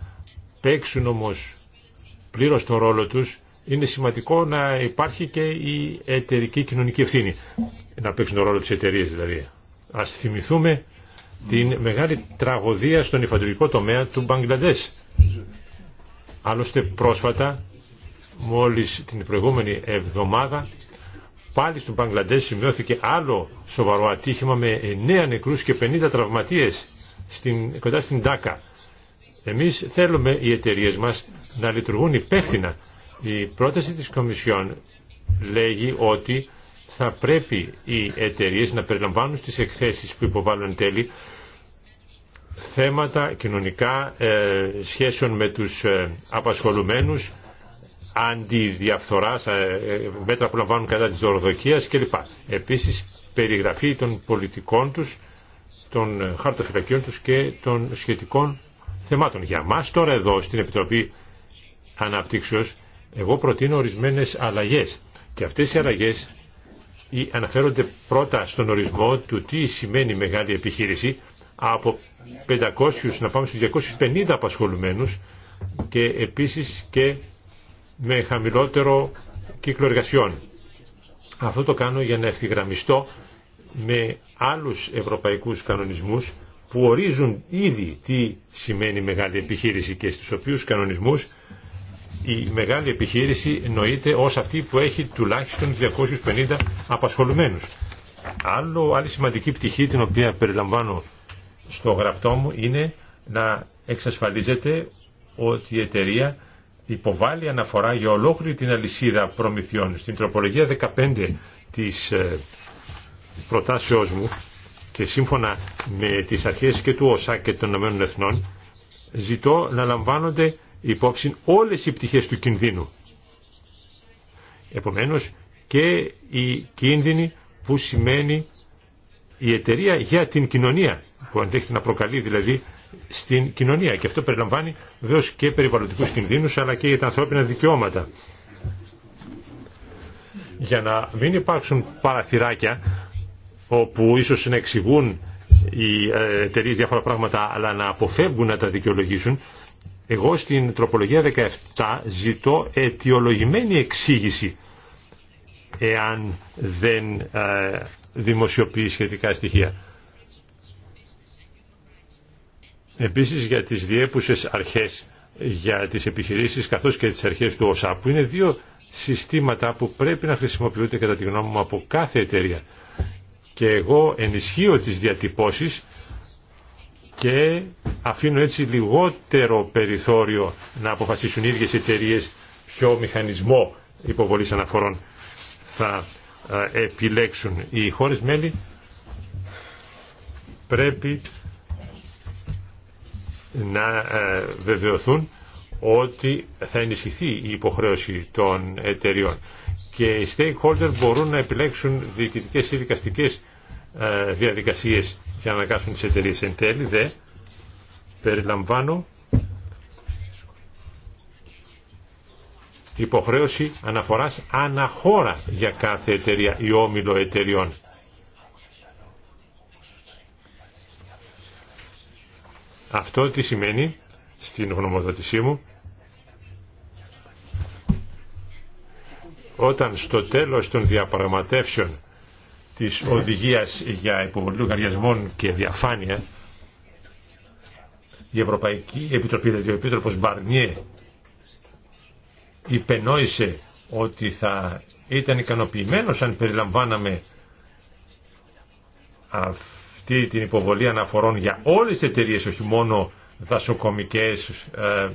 παίξουν όμως πλήρως το ρόλο τους είναι σημαντικό να υπάρχει και η εταιρική κοινωνική ευθύνη. Να παίξουν τον ρόλο τη εταιρεία δηλαδή. Ας θυμηθούμε την μεγάλη τραγωδία στον υφαντουργικό τομέα του Μπαγκλαντέ. Άλλωστε πρόσφατα, μόλις την προηγούμενη εβδομάδα, πάλι στον Μπαγκλαντέ σημειώθηκε άλλο σοβαρό ατύχημα με 9 νεκρούς και 50 τραυματίες στην, κοντά στην Τάκα. Εμείς θέλουμε οι εταιρείε μας να λειτουργούν υπεύθυνα η πρόταση της Κομισιόν λέγει ότι θα πρέπει οι εταιρείε να περιλαμβάνουν στις εκθέσεις που υποβάλλουν τέλη θέματα κοινωνικά ε, σχέσεων με τους ε, απασχολουμένους, αντιδιαφθοράς, ε, ε, μέτρα που λαμβάνουν κατά της δωροδοκίας κλπ. Επίσης, περιγραφή των πολιτικών τους, των ε, χαρτοφυλακίων τους και των σχετικών θεμάτων. Για μας τώρα εδώ στην Επιτροπή Αναπτύξεως εγώ προτείνω ορισμένες αλλαγές και αυτές οι αλλαγές αναφέρονται πρώτα στον ορισμό του τι σημαίνει μεγάλη επιχείρηση από 500 να πάμε στους 250 απασχολουμένους και επίσης και με χαμηλότερο κύκλο εργασιών. Αυτό το κάνω για να ευθυγραμμιστώ με άλλους ευρωπαϊκούς κανονισμούς που ορίζουν ήδη τι σημαίνει μεγάλη επιχείρηση και στους οποίους κανονισμούς η μεγάλη επιχείρηση νοείται ως αυτή που έχει τουλάχιστον 250 απασχολουμένους. Άλλο, άλλη σημαντική πτυχή την οποία περιλαμβάνω στο γραπτό μου είναι να εξασφαλίζεται ότι η εταιρεία υποβάλλει αναφορά για ολόκληρη την αλυσίδα προμηθειών. Στην τροπολογία 15 της ε, προτάσεώς μου και σύμφωνα με τις αρχές και του ΟΣΑ και των ΗΕ ζητώ να λαμβάνονται υπόψη όλες οι πτυχές του κινδύνου. Επομένως και η κίνδυνη που σημαίνει η εταιρεία για την κοινωνία, που αντέχεται να προκαλεί δηλαδή στην κοινωνία. Και αυτό περιλαμβάνει βέβαια και περιβαλλοντικούς κινδύνους, αλλά και για τα ανθρώπινα δικαιώματα. Για να μην υπάρξουν παραθυράκια, όπου ίσως να εξηγούν οι ε, εταιρείε διάφορα πράγματα, αλλά να αποφεύγουν να τα δικαιολογήσουν, εγώ στην τροπολογία 17 ζητώ αιτιολογημένη εξήγηση εάν δεν ε, δημοσιοποιεί σχετικά στοιχεία. Επίσης για τις διέπουσες αρχές για τις επιχειρήσεις καθώς και τις αρχές του ΟΣΑ που είναι δύο συστήματα που πρέπει να χρησιμοποιούνται κατά τη γνώμη μου από κάθε εταιρεία. Και εγώ ενισχύω τις διατυπώσεις και αφήνω έτσι λιγότερο περιθώριο να αποφασίσουν οι ίδιες εταιρείε ποιο μηχανισμό υποβολής αναφορών θα ε, επιλέξουν οι χώρες μέλη πρέπει να ε, βεβαιωθούν ότι θα ενισχυθεί η υποχρέωση των εταιριών και οι stakeholder μπορούν να επιλέξουν διοικητικές ή δικαστικές ε, διαδικασίες για να αναγκάσουν τις εταιρείες εν τέλει, δε περιλαμβάνω υποχρέωση αναφοράς αναχώρα για κάθε εταιρεία ή όμιλο εταιρεών. Αυτό τι σημαίνει στην γνωμοδότησή μου όταν στο τέλος των διαπραγματεύσεων της οδηγίας για υποβολή λογαριασμών και διαφάνεια η Ευρωπαϊκή Επιτροπή, δηλαδή ο Επίτροπος Μπαρνιέ υπενόησε ότι θα ήταν ικανοποιημένος αν περιλαμβάναμε αυτή την υποβολή αναφορών για όλες τις εταιρείες, όχι μόνο δασοκομικές, ε,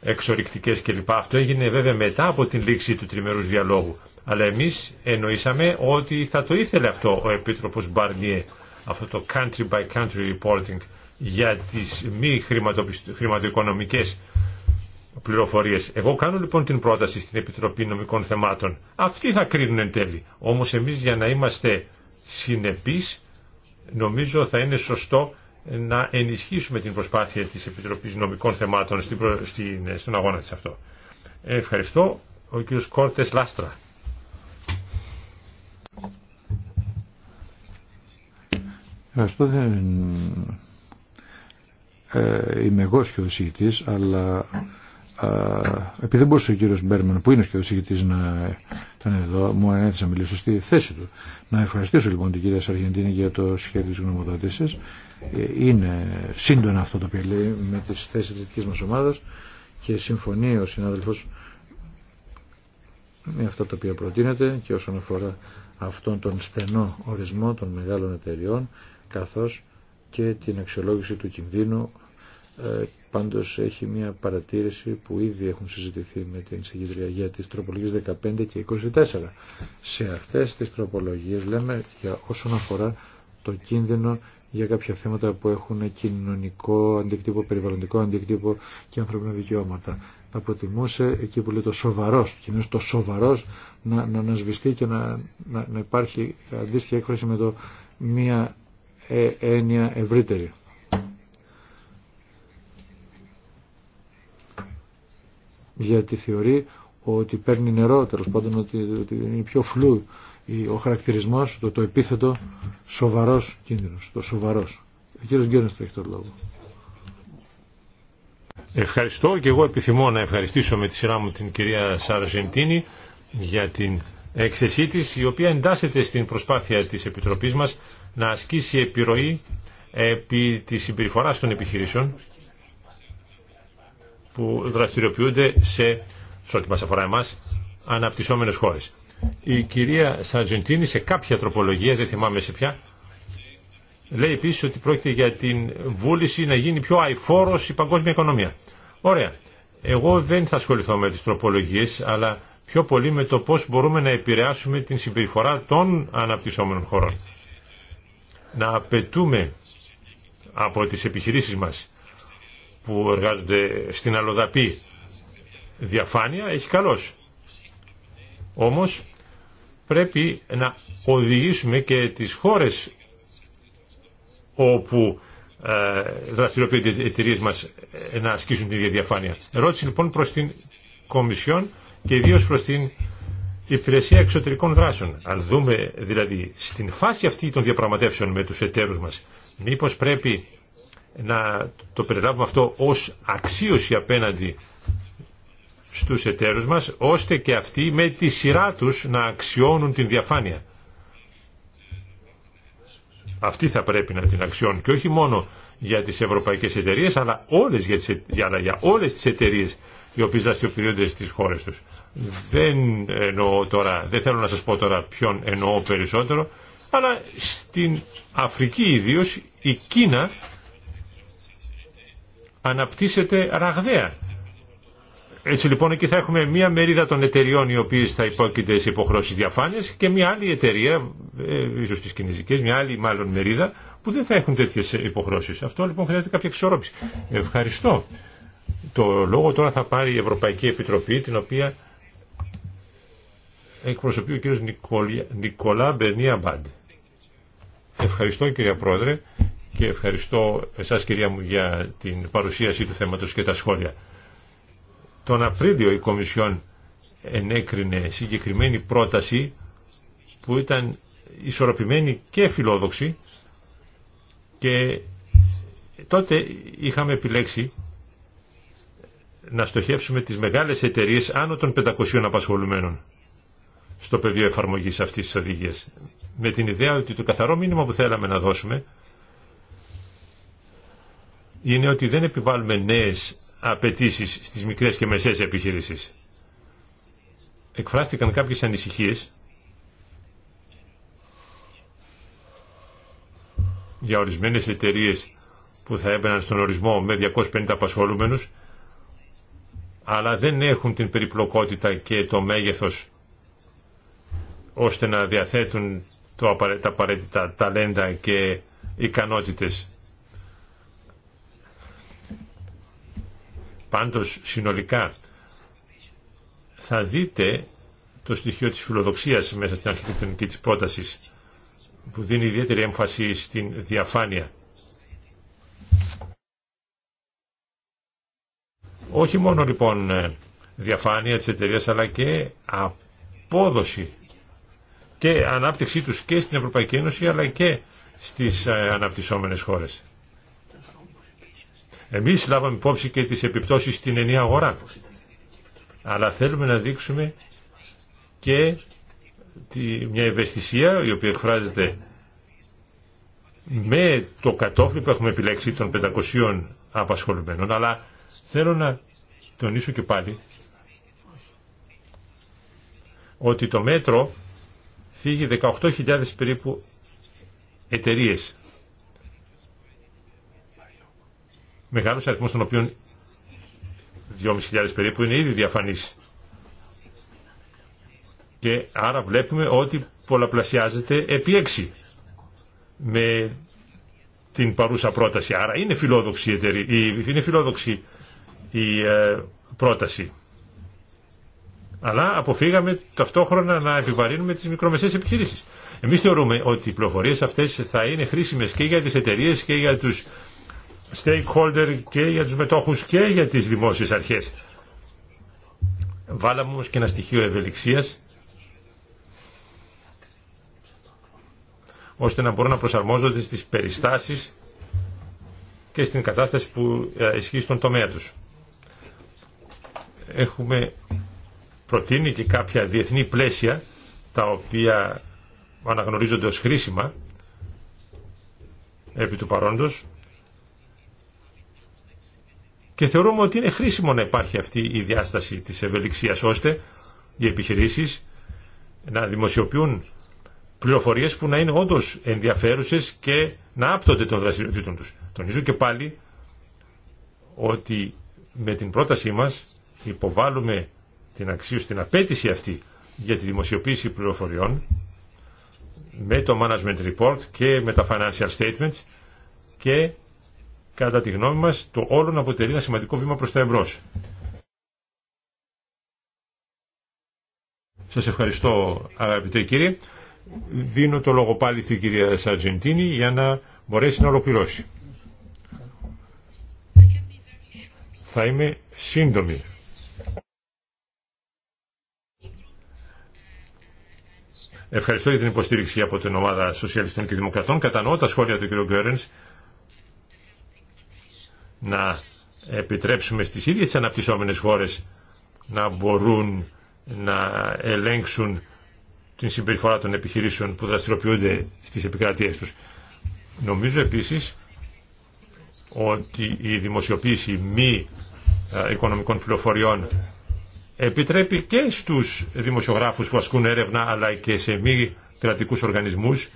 εξορυκτικέ κλπ. Αυτό έγινε βέβαια μετά από την λήξη του τριμερούς διαλόγου. Αλλά εμεί εννοήσαμε ότι θα το ήθελε αυτό ο επίτροπο Μπαρνιέ, αυτό το country by country reporting για τι μη χρηματοοικονομικές πληροφορίε. Εγώ κάνω λοιπόν την πρόταση στην Επιτροπή Νομικών Θεμάτων. Αυτοί θα κρίνουν εν τέλει. Όμω εμεί για να είμαστε συνεπεί, νομίζω θα είναι σωστό να ενισχύσουμε την προσπάθεια της Επιτροπής Νομικών Θεμάτων στην, ε, στον αγώνα της αυτό. Ευχαριστώ. Ο κ. Κόρτες Λάστρα. Ευχαριστώ. Ε, είμαι εγώ σχεδοσίτης, αλλά επειδή δεν μπορούσε ο κύριος Μπέρμαν που είναι και ο συγκητής να ήταν εδώ, μου ανέθεσε να μιλήσω στη θέση του. Να ευχαριστήσω λοιπόν την κυρία Σαργεντίνη για το σχέδιο της γνωμοδότησης. Ε, είναι σύντονα αυτό το οποίο λέει με τις θέσεις της δική μας ομάδας και συμφωνεί ο συνάδελφος με αυτά τα οποία προτείνεται και όσον αφορά αυτόν τον στενό ορισμό των μεγάλων εταιριών καθώς και την αξιολόγηση του κινδύνου ε, Πάντως έχει μια παρατήρηση που ήδη έχουν συζητηθεί με την συγκεντρία για τις τροπολογίες 15 και 24. Σε αυτές τις τροπολογίες λέμε για όσον αφορά το κίνδυνο για κάποια θέματα που έχουν κοινωνικό αντίκτυπο, περιβαλλοντικό αντίκτυπο και ανθρώπινα δικαιώματα. Θα προτιμούσε εκεί που λέει το σοβαρός, σοβαρός να, να ανασβηστεί και να, να, να υπάρχει αντίστοιχη έκφραση με το μία ε, έννοια ευρύτερη. γιατί θεωρεί ότι παίρνει νερό, τέλο πάντων ότι, είναι πιο φλού ο χαρακτηρισμός, το, το επίθετο σοβαρό κίνδυνο. το σοβαρός. Ο κύριος το έχει τον λόγο. Ευχαριστώ και εγώ επιθυμώ να ευχαριστήσω με τη σειρά μου την κυρία Σαρζεντίνη για την έκθεσή τη, η οποία εντάσσεται στην προσπάθεια της Επιτροπής μας να ασκήσει επιρροή επί της συμπεριφοράς των επιχειρήσεων που δραστηριοποιούνται σε, σε ό,τι μας αφορά εμάς, αναπτυσσόμενες χώρες. Η κυρία Σαρτζεντίνη σε κάποια τροπολογία, δεν θυμάμαι σε ποια, λέει επίσης ότι πρόκειται για την βούληση να γίνει πιο αϊφόρος η παγκόσμια οικονομία. Ωραία. Εγώ δεν θα ασχοληθώ με τις τροπολογίες, αλλά πιο πολύ με το πώς μπορούμε να επηρεάσουμε την συμπεριφορά των αναπτυσσόμενων χωρών. Να απαιτούμε από τις επιχειρήσεις μας που εργάζονται στην αλλοδαπή διαφάνεια έχει καλός. Όμως πρέπει να οδηγήσουμε και τις χώρες όπου ε, δραστηριοποιούνται οι εταιρείε μας ε, να ασκήσουν την ίδια διαφάνεια. Ερώτηση λοιπόν προς την Κομισιόν και ιδίως προς την Υπηρεσία Εξωτερικών Δράσεων. Αν δούμε δηλαδή στην φάση αυτή των διαπραγματεύσεων με τους εταίρους μας, μήπως πρέπει να το περιλάβουμε αυτό ως αξίωση απέναντι στους εταίρους μας, ώστε και αυτοί με τη σειρά τους να αξιώνουν την διαφάνεια. Αυτή θα πρέπει να την αξιώνουν και όχι μόνο για τις ευρωπαϊκές εταιρείες, αλλά, όλες για, τις, αλλά για όλες τις εταιρείες οι οποίες δραστηριοποιούνται στις χώρες τους. Δεν εννοώ δεν θέλω να σας πω τώρα ποιον εννοώ περισσότερο, αλλά στην Αφρική ιδίως η Κίνα αναπτύσσεται ραγδαία. Έτσι λοιπόν εκεί θα έχουμε μία μερίδα των εταιριών οι οποίε θα υπόκειται σε υποχρώσει διαφάνεια και μία άλλη εταιρεία, ε, ίσω τι κινέζικε, μία άλλη μάλλον μερίδα που δεν θα έχουν τέτοιε υποχρώσει. Αυτό λοιπόν χρειάζεται κάποια εξορρόπηση. Ευχαριστώ. Το λόγο τώρα θα πάρει η Ευρωπαϊκή Επιτροπή την οποία εκπροσωπεί ο κ. Νικολά Μπερνία Μπάντε. Ευχαριστώ κύριε Πρόεδρε και ευχαριστώ εσάς κυρία μου για την παρουσίαση του θέματος και τα σχόλια. Τον Απρίλιο η Κομισιόν ενέκρινε συγκεκριμένη πρόταση που ήταν ισορροπημένη και φιλόδοξη και τότε είχαμε επιλέξει να στοχεύσουμε τις μεγάλες εταιρείες άνω των 500 απασχολουμένων στο πεδίο εφαρμογής αυτής της οδηγίας. Με την ιδέα ότι το καθαρό μήνυμα που θέλαμε να δώσουμε είναι ότι δεν επιβάλλουμε νέες απαιτήσεις στις μικρές και μεσαίες επιχειρήσεις. Εκφράστηκαν κάποιες ανησυχίες για ορισμένες εταιρείες που θα έμπαιναν στον ορισμό με 250 απασχολούμενους αλλά δεν έχουν την περιπλοκότητα και το μέγεθος ώστε να διαθέτουν το, τα απαραίτητα ταλέντα και ικανότητες. Πάντως συνολικά θα δείτε το στοιχείο της φιλοδοξίας μέσα στην αρχιτεκτονική της πρότασης που δίνει ιδιαίτερη έμφαση στην διαφάνεια. Όχι μόνο λοιπόν διαφάνεια της εταιρείας αλλά και απόδοση και ανάπτυξή τους και στην Ευρωπαϊκή Ένωση αλλά και στις ε, αναπτυσσόμενες χώρες. Εμείς λάβαμε υπόψη και τις επιπτώσεις στην ενία αγορά. Αλλά θέλουμε να δείξουμε και μια ευαισθησία η οποία εκφράζεται με το κατόφλι που έχουμε επιλέξει των 500 απασχολουμένων. Αλλά θέλω να τονίσω και πάλι ότι το μέτρο φύγει 18.000 περίπου εταιρείες μεγάλος αριθμός των οποίων 2.500 περίπου είναι ήδη διαφανής. Και άρα βλέπουμε ότι πολλαπλασιάζεται επί 6 με την παρούσα πρόταση. Άρα είναι φιλόδοξη η, εταιρεία, είναι φιλόδοξη η ε, πρόταση. Αλλά αποφύγαμε ταυτόχρονα να επιβαρύνουμε τις μικρομεσαίες επιχειρήσεις. Εμείς θεωρούμε ότι οι πληροφορίες αυτές θα είναι χρήσιμες και για τις εταιρείες και για τους stakeholder και για τους μετόχους και για τις δημόσιες αρχές. Βάλαμε όμως και ένα στοιχείο ευελιξίας ώστε να μπορούν να προσαρμόζονται στις περιστάσεις και στην κατάσταση που ε, ισχύει στον τομέα τους. Έχουμε προτείνει και κάποια διεθνή πλαίσια τα οποία αναγνωρίζονται ως χρήσιμα επί του παρόντος και θεωρούμε ότι είναι χρήσιμο να υπάρχει αυτή η διάσταση της ευελιξίας ώστε οι επιχειρήσεις να δημοσιοποιούν πληροφορίες που να είναι όντως ενδιαφέρουσες και να άπτονται των δραστηριοτήτων τους. Τονίζω και πάλι ότι με την πρότασή μας υποβάλλουμε την αξίωση, την απέτηση αυτή για τη δημοσιοποίηση πληροφοριών με το Management Report και με τα Financial Statements και Κατά τη γνώμη μας, το να αποτελεί ένα σημαντικό βήμα προς τα εμπρός. Σας ευχαριστώ αγαπητέ κύριε. Δίνω το λόγο πάλι στην κυρία Σαρτζεντίνη για να μπορέσει να ολοκληρώσει. Θα είμαι σύντομη. Ευχαριστώ για την υποστήριξη από την ομάδα Σοσιαλιστών και Δημοκρατών. Κατανοώ τα σχόλια του κύριου Γκέρενς να επιτρέψουμε στις ίδιες αναπτυσσόμενες χώρες να μπορούν να ελέγξουν την συμπεριφορά των επιχειρήσεων που δραστηριοποιούνται στις επικρατείες τους. Νομίζω επίσης ότι η δημοσιοποίηση μη οικονομικών πληροφοριών επιτρέπει και στους δημοσιογράφους που ασκούν έρευνα αλλά και σε μη κρατικούς οργανισμούς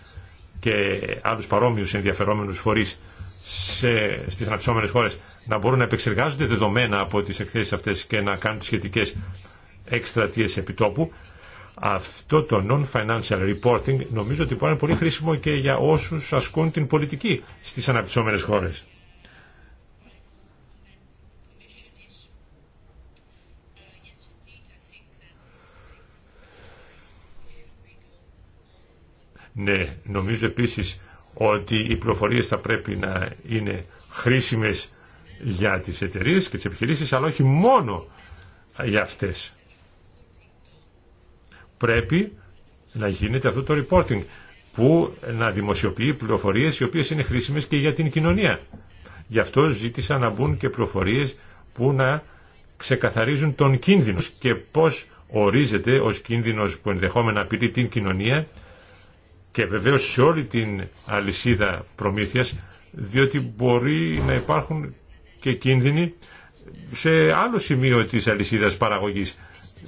και άλλους παρόμοιους ενδιαφερόμενους φορείς σε, στις αναπτυσσόμενες χώρες να μπορούν να επεξεργάζονται δεδομένα από τις εκθέσεις αυτές και να κάνουν τις σχετικές εκστρατείες επιτόπου. Αυτό το non-financial reporting νομίζω ότι μπορεί να είναι πολύ χρήσιμο και για όσους ασκούν την πολιτική στις αναπτυσσόμενες χώρες. Ναι, νομίζω επίσης ότι οι πληροφορίες θα πρέπει να είναι χρήσιμες για τις εταιρείες και τις επιχειρήσεις, αλλά όχι μόνο για αυτές. Πρέπει να γίνεται αυτό το reporting που να δημοσιοποιεί πληροφορίες οι οποίες είναι χρήσιμες και για την κοινωνία. Γι' αυτό ζήτησα να μπουν και πληροφορίες που να ξεκαθαρίζουν τον κίνδυνο και πώς ορίζεται ως κίνδυνος που ενδεχόμενα απειλεί την κοινωνία και βεβαίως σε όλη την αλυσίδα προμήθειας διότι μπορεί να υπάρχουν και κίνδυνοι σε άλλο σημείο της αλυσίδας παραγωγής.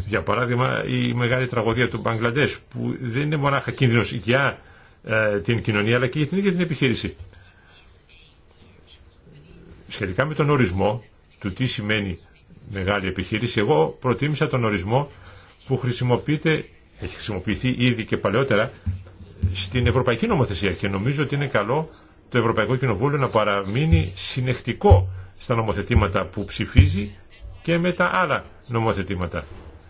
Για παράδειγμα η μεγάλη τραγωδία του Μπαγκλαντές που δεν είναι μονάχα κίνδυνος για ε, την κοινωνία αλλά και για την ίδια την επιχείρηση. Σχετικά με τον ορισμό του τι σημαίνει μεγάλη επιχείρηση, εγώ προτίμησα τον ορισμό που χρησιμοποιείται, έχει χρησιμοποιηθεί ήδη και παλαιότερα στην Ευρωπαϊκή Νομοθεσία και νομίζω ότι είναι καλό το Ευρωπαϊκό Κοινοβούλιο να παραμείνει συνεχτικό στα νομοθετήματα που ψηφίζει και με τα άλλα νομοθετήματα.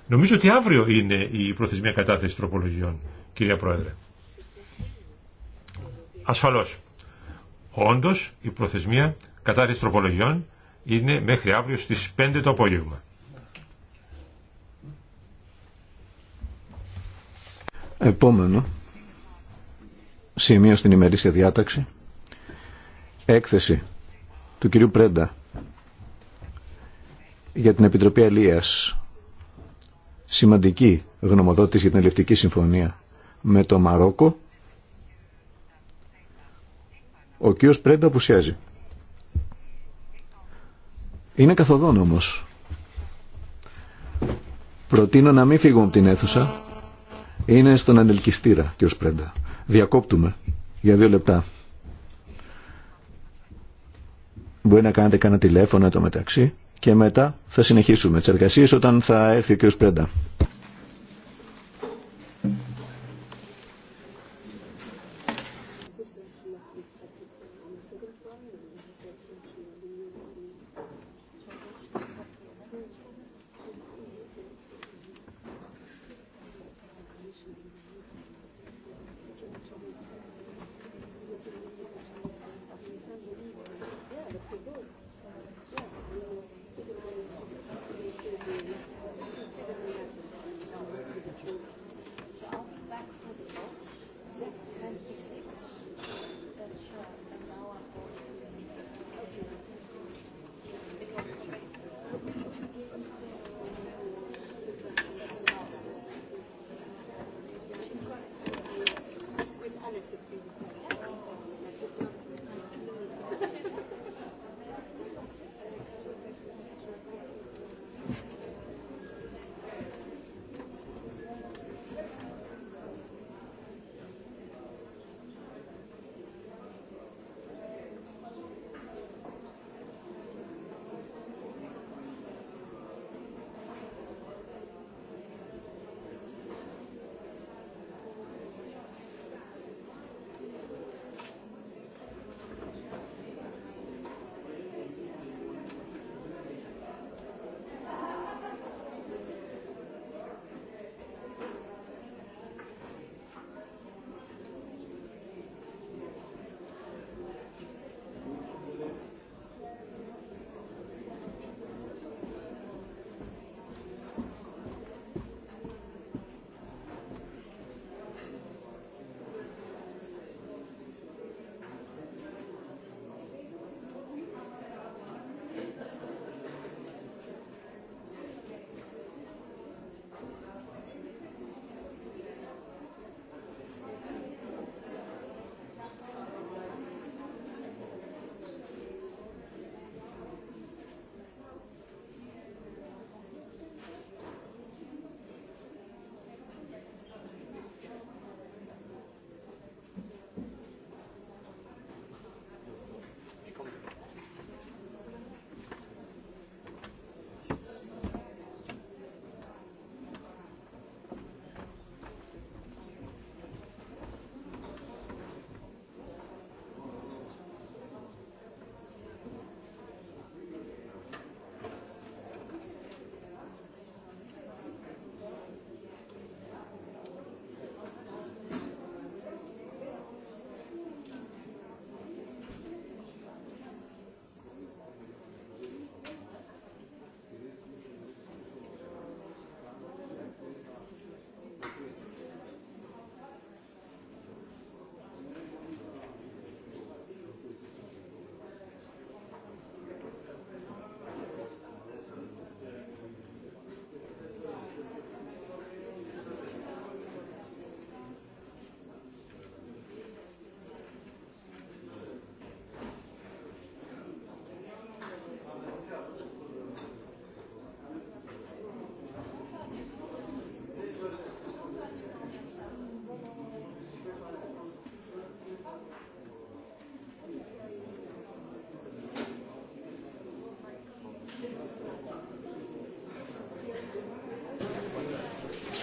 Νομίζω ότι αύριο είναι η προθεσμία κατάθεση τροπολογιών, κυρία Πρόεδρε. Ασφαλώς. Όντως η προθεσμία κατάθεση τροπολογιών είναι μέχρι αύριο στις 5 το απόγευμα. Επόμενο σημείο στην ημερήσια διάταξη. Έκθεση του κυρίου Πρέντα για την Επιτροπή Αλίας. Σημαντική γνωμοδότηση για την Ελευτική Συμφωνία με το Μαρόκο. Ο κύριος Πρέντα απουσιάζει. Είναι καθοδόν όμως. Προτείνω να μην φύγουμε από την αίθουσα. Είναι στον ανελκυστήρα, κύριος Πρέντα. Διακόπτουμε για δύο λεπτά. Μπορεί να κάνετε κανένα τηλέφωνο το μεταξύ και μετά θα συνεχίσουμε τις εργασίες όταν θα έρθει ο κ. Πρέντα.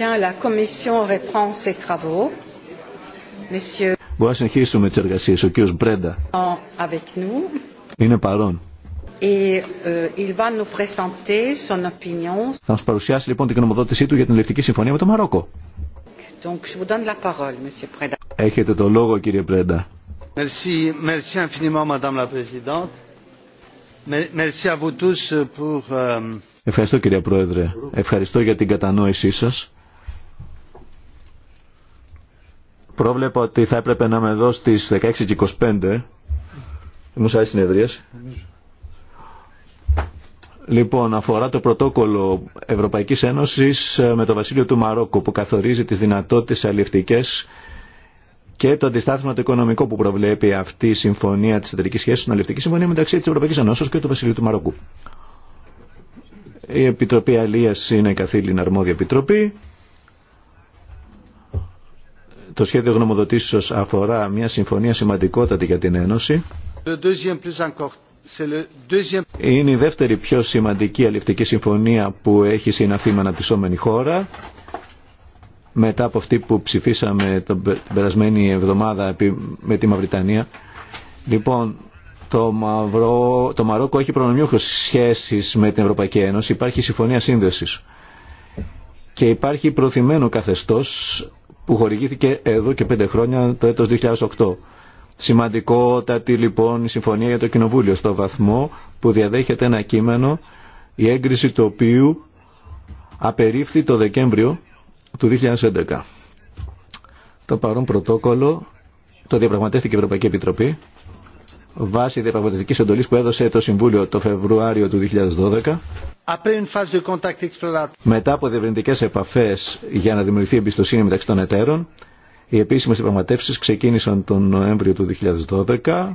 Bien, la Commission reprend ses travaux. Monsieur... να συνεχίσουμε τις εργασίες. Ο κ. Μπρέντα είναι παρόν. Euh, Θα μας παρουσιάσει λοιπόν την γνωμοδότησή του για την ελευτική συμφωνία με το Μαρόκο. Έχετε το λόγο κύριε Μπρέντα. Ευχαριστώ κύριε Πρόεδρε. Ευχαριστώ για την κατανόησή σας Πρόβλεπα ότι θα έπρεπε να είμαι εδώ στι 16 και 25. Μου σε συνεδρία. Λοιπόν, αφορά το πρωτόκολλο Ευρωπαϊκή Ένωση ε, με το Βασίλειο του Μαρόκου που καθορίζει τι δυνατότητε αλληλευτικέ και το αντιστάθμιο το οικονομικό που προβλέπει αυτή η συμφωνία τη εταιρική σχέση την αλληλευτική συμφωνία μεταξύ τη Ευρωπαϊκή Ένωση και του Βασιλείου του Μαρόκου. Η Επιτροπή Αλίας είναι καθήλυνα αρμόδια επιτροπή. Το σχέδιο γνωμοδοτήσεως αφορά μια συμφωνία σημαντικότατη για την Ένωση. Είναι η δεύτερη πιο σημαντική αληφτική συμφωνία που έχει συναυθεί με αναπτυσσόμενη χώρα. Μετά από αυτή που ψηφίσαμε την περασμένη εβδομάδα με τη Μαυριτανία. Λοιπόν, το, Μαυρό, το Μαρόκο έχει προνομιούχες σχέσεις με την Ευρωπαϊκή Ένωση. Υπάρχει συμφωνία σύνδεσης. Και υπάρχει προθυμένο καθεστώς που χορηγήθηκε εδώ και πέντε χρόνια το έτος 2008. Σημαντικότατη λοιπόν η συμφωνία για το Κοινοβούλιο στο βαθμό που διαδέχεται ένα κείμενο η έγκριση του οποίου απερίφθη το Δεκέμβριο του 2011. Το παρόν πρωτόκολλο το διαπραγματεύτηκε η Ευρωπαϊκή Επιτροπή βάσει διαπραγματευτικής εντολής που έδωσε το Συμβούλιο το Φεβρουάριο του 2012 μετά από διευρυντικές επαφές για να δημιουργηθεί εμπιστοσύνη μεταξύ των εταίρων οι επίσημες διαπραγματεύσεις ξεκίνησαν τον Νοέμβριο του 2012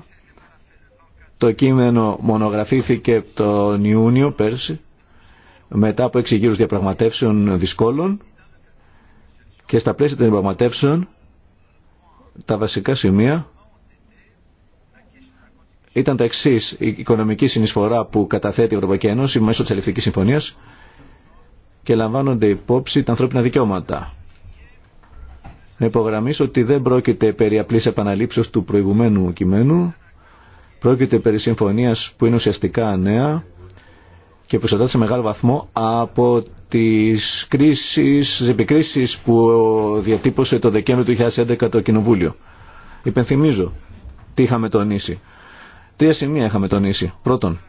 το κείμενο μονογραφήθηκε τον Ιούνιο πέρσι μετά από έξι γύρους διαπραγματεύσεων δυσκόλων και στα πλαίσια των διαπραγματεύσεων τα βασικά σημεία ήταν τα εξή. Η οικονομική συνεισφορά που καταθέτει η Ευρωπαϊκή Ένωση μέσω τη Ελευθερική Συμφωνία και λαμβάνονται υπόψη τα ανθρώπινα δικαιώματα. Να υπογραμμίσω ότι δεν πρόκειται περί απλής επαναλήψεω του προηγουμένου κειμένου, πρόκειται περί συμφωνίας που είναι ουσιαστικά νέα και που σε μεγάλο βαθμό από τι επικρίσει που διατύπωσε το Δεκέμβριο του 2011 το Κοινοβούλιο. Υπενθυμίζω τι είχαμε τονίσει Τρία σημεία είχαμε τονίσει. Πρώτον,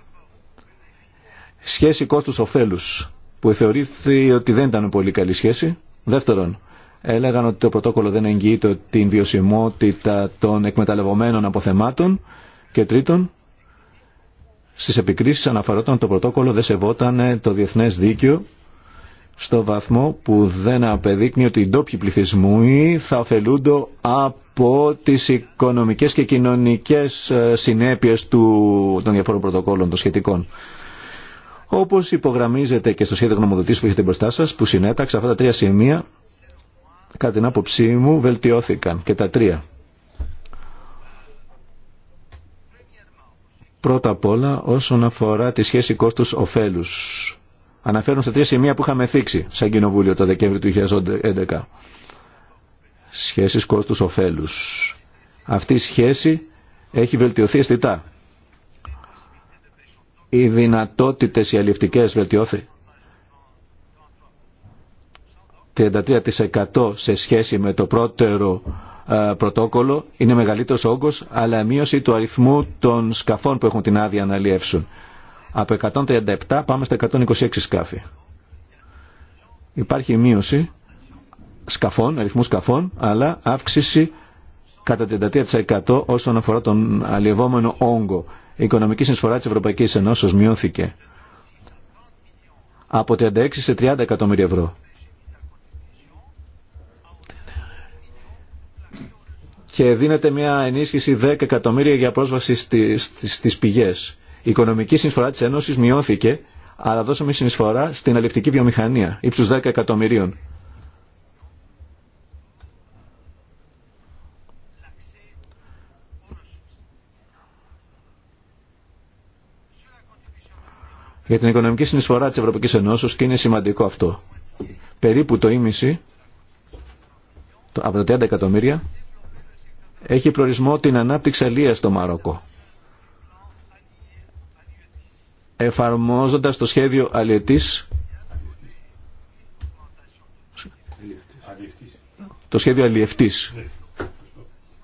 κόστου κόστους-οφέλους, που θεωρήθη ότι δεν ήταν πολύ καλή σχέση. Δεύτερον, έλεγαν ότι το πρωτόκολλο δεν εγγυείται την βιωσιμότητα των εκμεταλλευομένων αποθεμάτων. Και τρίτον, στις επικρίσεις αναφερόταν ότι το πρωτόκολλο δεν σεβόταν το διεθνές δίκαιο στο βαθμό που δεν απεδείκνει ότι οι ντόπιοι πληθυσμοί θα ωφελούνται από τις οικονομικές και κοινωνικές ε, συνέπειες του, των διαφόρων πρωτοκόλων των σχετικών. Όπως υπογραμμίζεται και στο σχέδιο γνωμοδοτήσης που έχετε μπροστά σας, που συνέταξα αυτά τα τρία σημεία, κατά την άποψή μου, βελτιώθηκαν και τα τρία. Πρώτα απ' όλα όσον αφορά τη σχέση κόστους-οφέλους αναφέρουν σε τρία σημεία που είχαμε θίξει σαν Κοινοβούλιο το Δεκέμβριο του 2011. Σχέσεις κόστους ωφέλους. Αυτή η σχέση έχει βελτιωθεί αισθητά. Οι δυνατότητες οι αλληλευτικές βελτιώθηκαν. 33% σε σχέση με το πρώτερο ε, πρωτόκολλο είναι μεγαλύτερος όγκος αλλά μείωση του αριθμού των σκαφών που έχουν την άδεια να αλλιεύσουν. Από 137 πάμε στα 126 σκάφη. Υπάρχει μείωση σκαφών, αριθμού σκαφών, αλλά αύξηση κατά 33% όσον αφορά τον αλλιευόμενο όγκο. Η οικονομική συνεισφορά της Ευρωπαϊκής Ενώσεως μειώθηκε από 36 σε 30 εκατομμύρια ευρώ. Και δίνεται μια ενίσχυση 10 εκατομμύρια για πρόσβαση στις, στις, στις πηγές. Η οικονομική συνεισφορά της Ένωσης μειώθηκε, αλλά δώσαμε συνεισφορά στην αλευτική βιομηχανία, ύψους 10 εκατομμυρίων. για την οικονομική συνεισφορά της Ευρωπαϊκής Ενώσης και είναι σημαντικό αυτό. Περίπου το ίμιση από τα 30 εκατομμύρια έχει προορισμό την ανάπτυξη αλίας στο Μαρόκο εφαρμόζοντας το σχέδιο αλλιετής το σχέδιο αλλιευτής.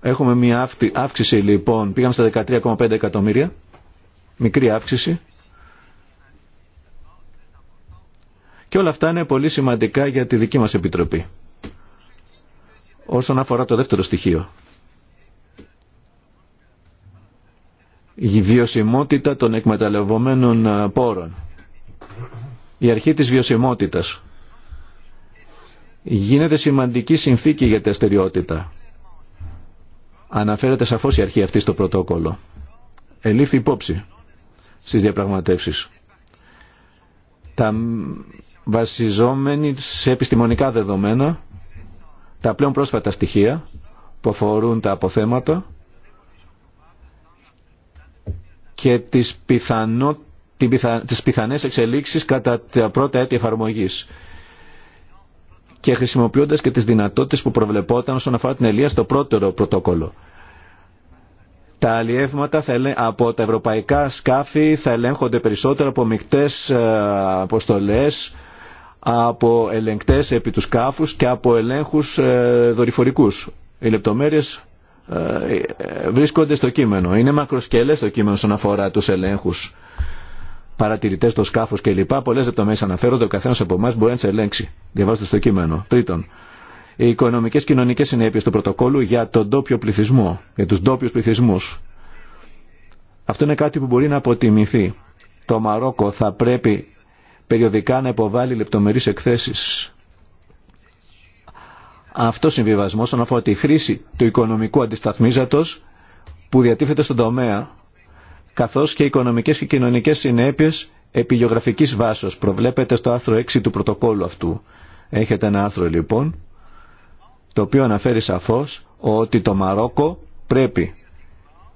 Έχουμε μια αύξηση λοιπόν, πήγαμε στα 13,5 εκατομμύρια, μικρή αύξηση. Και όλα αυτά είναι πολύ σημαντικά για τη δική μας Επιτροπή. Όσον αφορά το δεύτερο στοιχείο, η βιωσιμότητα των εκμεταλλευομένων ε, πόρων. Η αρχή της βιωσιμότητας γίνεται σημαντική συνθήκη για τη αστεριότητα. Αναφέρεται σαφώς η αρχή αυτή στο πρωτόκολλο. Ελήφθη υπόψη στις διαπραγματεύσεις. Τα βασιζόμενη σε επιστημονικά δεδομένα, τα πλέον πρόσφατα στοιχεία που αφορούν τα αποθέματα, και τις, πιθανό, τις πιθανές εξελίξεις κατά τα πρώτα έτη εφαρμογής και χρησιμοποιώντας και τις δυνατότητες που προβλεπόταν όσον αφορά την Ελία στο πρώτερο πρωτόκολλο. Τα αλλιεύματα από τα ευρωπαϊκά σκάφη θα ελέγχονται περισσότερο από μικτές ε, αποστολές, από ελεγκτές επί του σκάφους και από ελέγχους ε, δορυφορικούς. Οι λεπτομέρειες ε, βρίσκονται στο κείμενο. Είναι μακροσκελές το κείμενο όσον αφορά τους ελέγχους, παρατηρητές στο σκάφο κλπ. Πολλές λεπτομέρειες αναφέρονται, ο καθένας από εμά μπορεί να τις ελέγξει. Διαβάζετε στο κείμενο. Τρίτον, οι οικονομικές κοινωνικέ συνέπειε του πρωτοκόλλου για τον ντόπιο πληθυσμό, για του ντόπιου πληθυσμού. Αυτό είναι κάτι που μπορεί να αποτιμηθεί. Το Μαρόκο θα πρέπει περιοδικά να υποβάλει λεπτομερεί εκθέσει αυτό συμβιβασμό όσον αφορά τη χρήση του οικονομικού αντισταθμίζατος που διατίθεται στον τομέα, καθώς και οικονομικές και κοινωνικές συνέπειες επιγεωγραφικής βάσος, προβλέπεται στο άρθρο 6 του πρωτοκόλλου αυτού. Έχετε ένα άρθρο λοιπόν, το οποίο αναφέρει σαφώς ότι το Μαρόκο πρέπει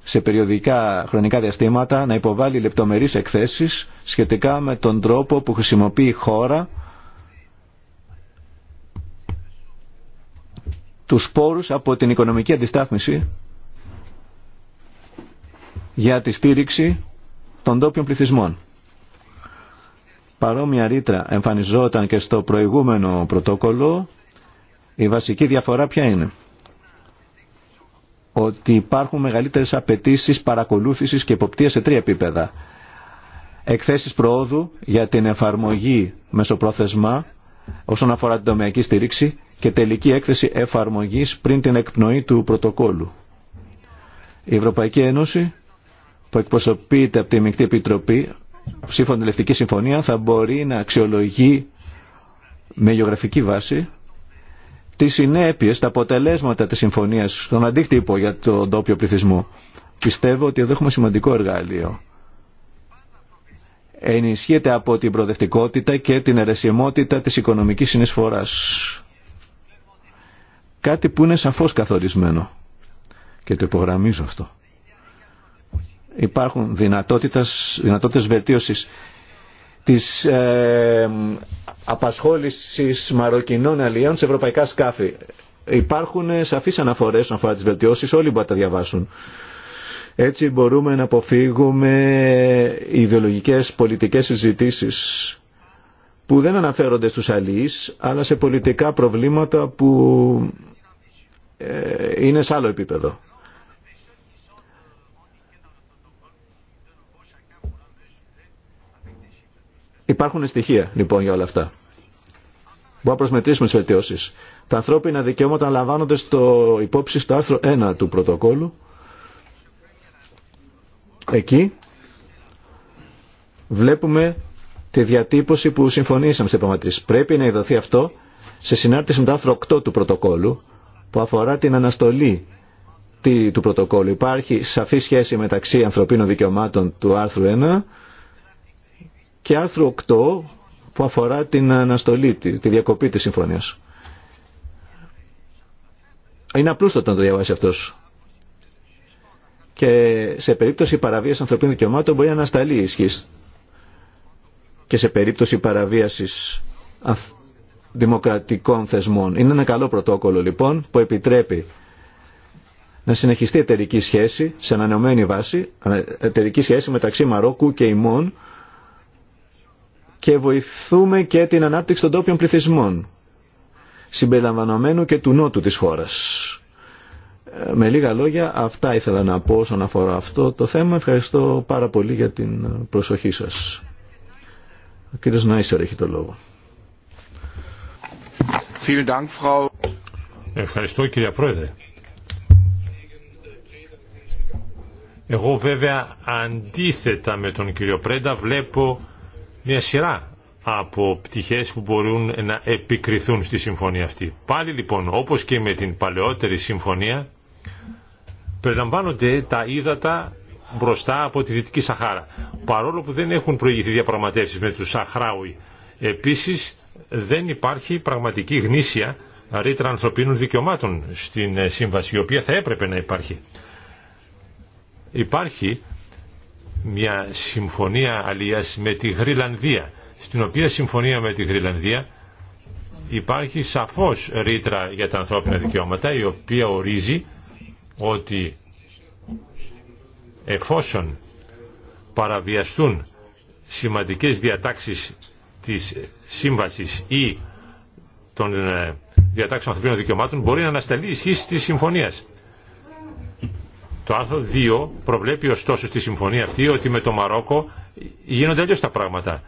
σε περιοδικά χρονικά διαστήματα να υποβάλει λεπτομερείς εκθέσεις σχετικά με τον τρόπο που χρησιμοποιεί η χώρα τους πόρους από την οικονομική αντιστάθμιση για τη στήριξη των τόπιων πληθυσμών. Παρόμοια ρήτρα εμφανιζόταν και στο προηγούμενο πρωτόκολλο. Η βασική διαφορά ποια είναι. Ότι υπάρχουν μεγαλύτερες απαιτήσει παρακολούθησης και εποπτείας σε τρία επίπεδα. Εκθέσεις προόδου για την εφαρμογή μεσοπρόθεσμα όσον αφορά την τομεακή στήριξη και τελική έκθεση εφαρμογής πριν την εκπνοή του πρωτοκόλου. Η Ευρωπαϊκή Ένωση που εκπροσωπείται από τη Μικτή Επιτροπή σύμφωνα με Συμφωνία θα μπορεί να αξιολογεί με γεωγραφική βάση τις συνέπειες, τα αποτελέσματα της συμφωνίας, τον αντίκτυπο για τον τόπιο πληθυσμό. Πιστεύω ότι εδώ έχουμε σημαντικό εργαλείο. Ενισχύεται από την προοδευτικότητα και την αιρεσιμότητα της οικονομικής συνεισφοράς κάτι που είναι σαφώς καθορισμένο. Και το υπογραμμίζω αυτό. Υπάρχουν δυνατότητες, δυνατότητες βελτίωσης της ε, απασχόλησης μαροκινών αλλιών σε ευρωπαϊκά σκάφη. Υπάρχουν σαφείς αναφορές όσον αφορά τις βελτιώσεις, όλοι μπορεί να τα διαβάσουν. Έτσι μπορούμε να αποφύγουμε ιδεολογικές πολιτικές συζητήσεις που δεν αναφέρονται στους αλληλείς, αλλά σε πολιτικά προβλήματα που ε, είναι σε άλλο επίπεδο. Υπάρχουν στοιχεία λοιπόν για όλα αυτά. Μπορούμε να προσμετρήσουμε τι βελτιώσει. Τα ανθρώπινα δικαιώματα λαμβάνονται στο υπόψη στο άρθρο 1 του πρωτοκόλου. Εκεί βλέπουμε τη διατύπωση που συμφωνήσαμε σε πραγματικές. Πρέπει να ειδωθεί αυτό σε συνάρτηση με το άρθρο 8 του πρωτοκόλου που αφορά την αναστολή του πρωτοκόλλου. Υπάρχει σαφή σχέση μεταξύ ανθρωπίνων δικαιωμάτων του άρθρου 1 και άρθρου 8 που αφορά την αναστολή, τη διακοπή της συμφωνίας. Είναι απλούστοτο να το διαβάσει αυτός. Και σε περίπτωση παραβίαση ανθρωπίνων δικαιωμάτων μπορεί να ανασταλεί η ισχύς. Και σε περίπτωση παραβίασης δημοκρατικών θεσμών. Είναι ένα καλό πρωτόκολλο λοιπόν που επιτρέπει να συνεχιστεί εταιρική σχέση σε ανανεωμένη βάση, ε, εταιρική σχέση μεταξύ Μαρόκου και ημών και βοηθούμε και την ανάπτυξη των τόπιων πληθυσμών συμπεριλαμβανομένου και του νότου της χώρας. Ε, με λίγα λόγια, αυτά ήθελα να πω όσον αφορά αυτό το θέμα. Ευχαριστώ πάρα πολύ για την προσοχή σας. Ο κύριος Νάισερ έχει το λόγο. Ευχαριστώ κύριε Πρόεδρε. Εγώ βέβαια αντίθετα με τον κύριο Πρέντα βλέπω μια σειρά από πτυχές που μπορούν να επικριθούν στη συμφωνία αυτή. Πάλι λοιπόν όπως και με την παλαιότερη συμφωνία περιλαμβάνονται τα ύδατα μπροστά από τη Δυτική Σαχάρα παρόλο που δεν έχουν προηγηθεί διαπραγματεύσεις με τους Σαχράουι. Επίσης δεν υπάρχει πραγματική γνήσια ρήτρα ανθρωπίνων δικαιωμάτων στην ε, σύμβαση, η οποία θα έπρεπε να υπάρχει. Υπάρχει μια συμφωνία αλίας με τη Γρυλανδία, στην οποία συμφωνία με τη Γρυλανδία υπάρχει σαφώς ρήτρα για τα ανθρώπινα δικαιώματα, η οποία ορίζει ότι εφόσον παραβιαστούν σημαντικές διατάξεις της σύμβασης ή των ε, διατάξεων ανθρωπίνων δικαιωμάτων μπορεί να ανασταλεί ισχύ της συμφωνία. Το άρθρο 2 προβλέπει ωστόσο στη συμφωνία αυτή ότι με το Μαρόκο γίνονται αλλιώ τα πράγματα.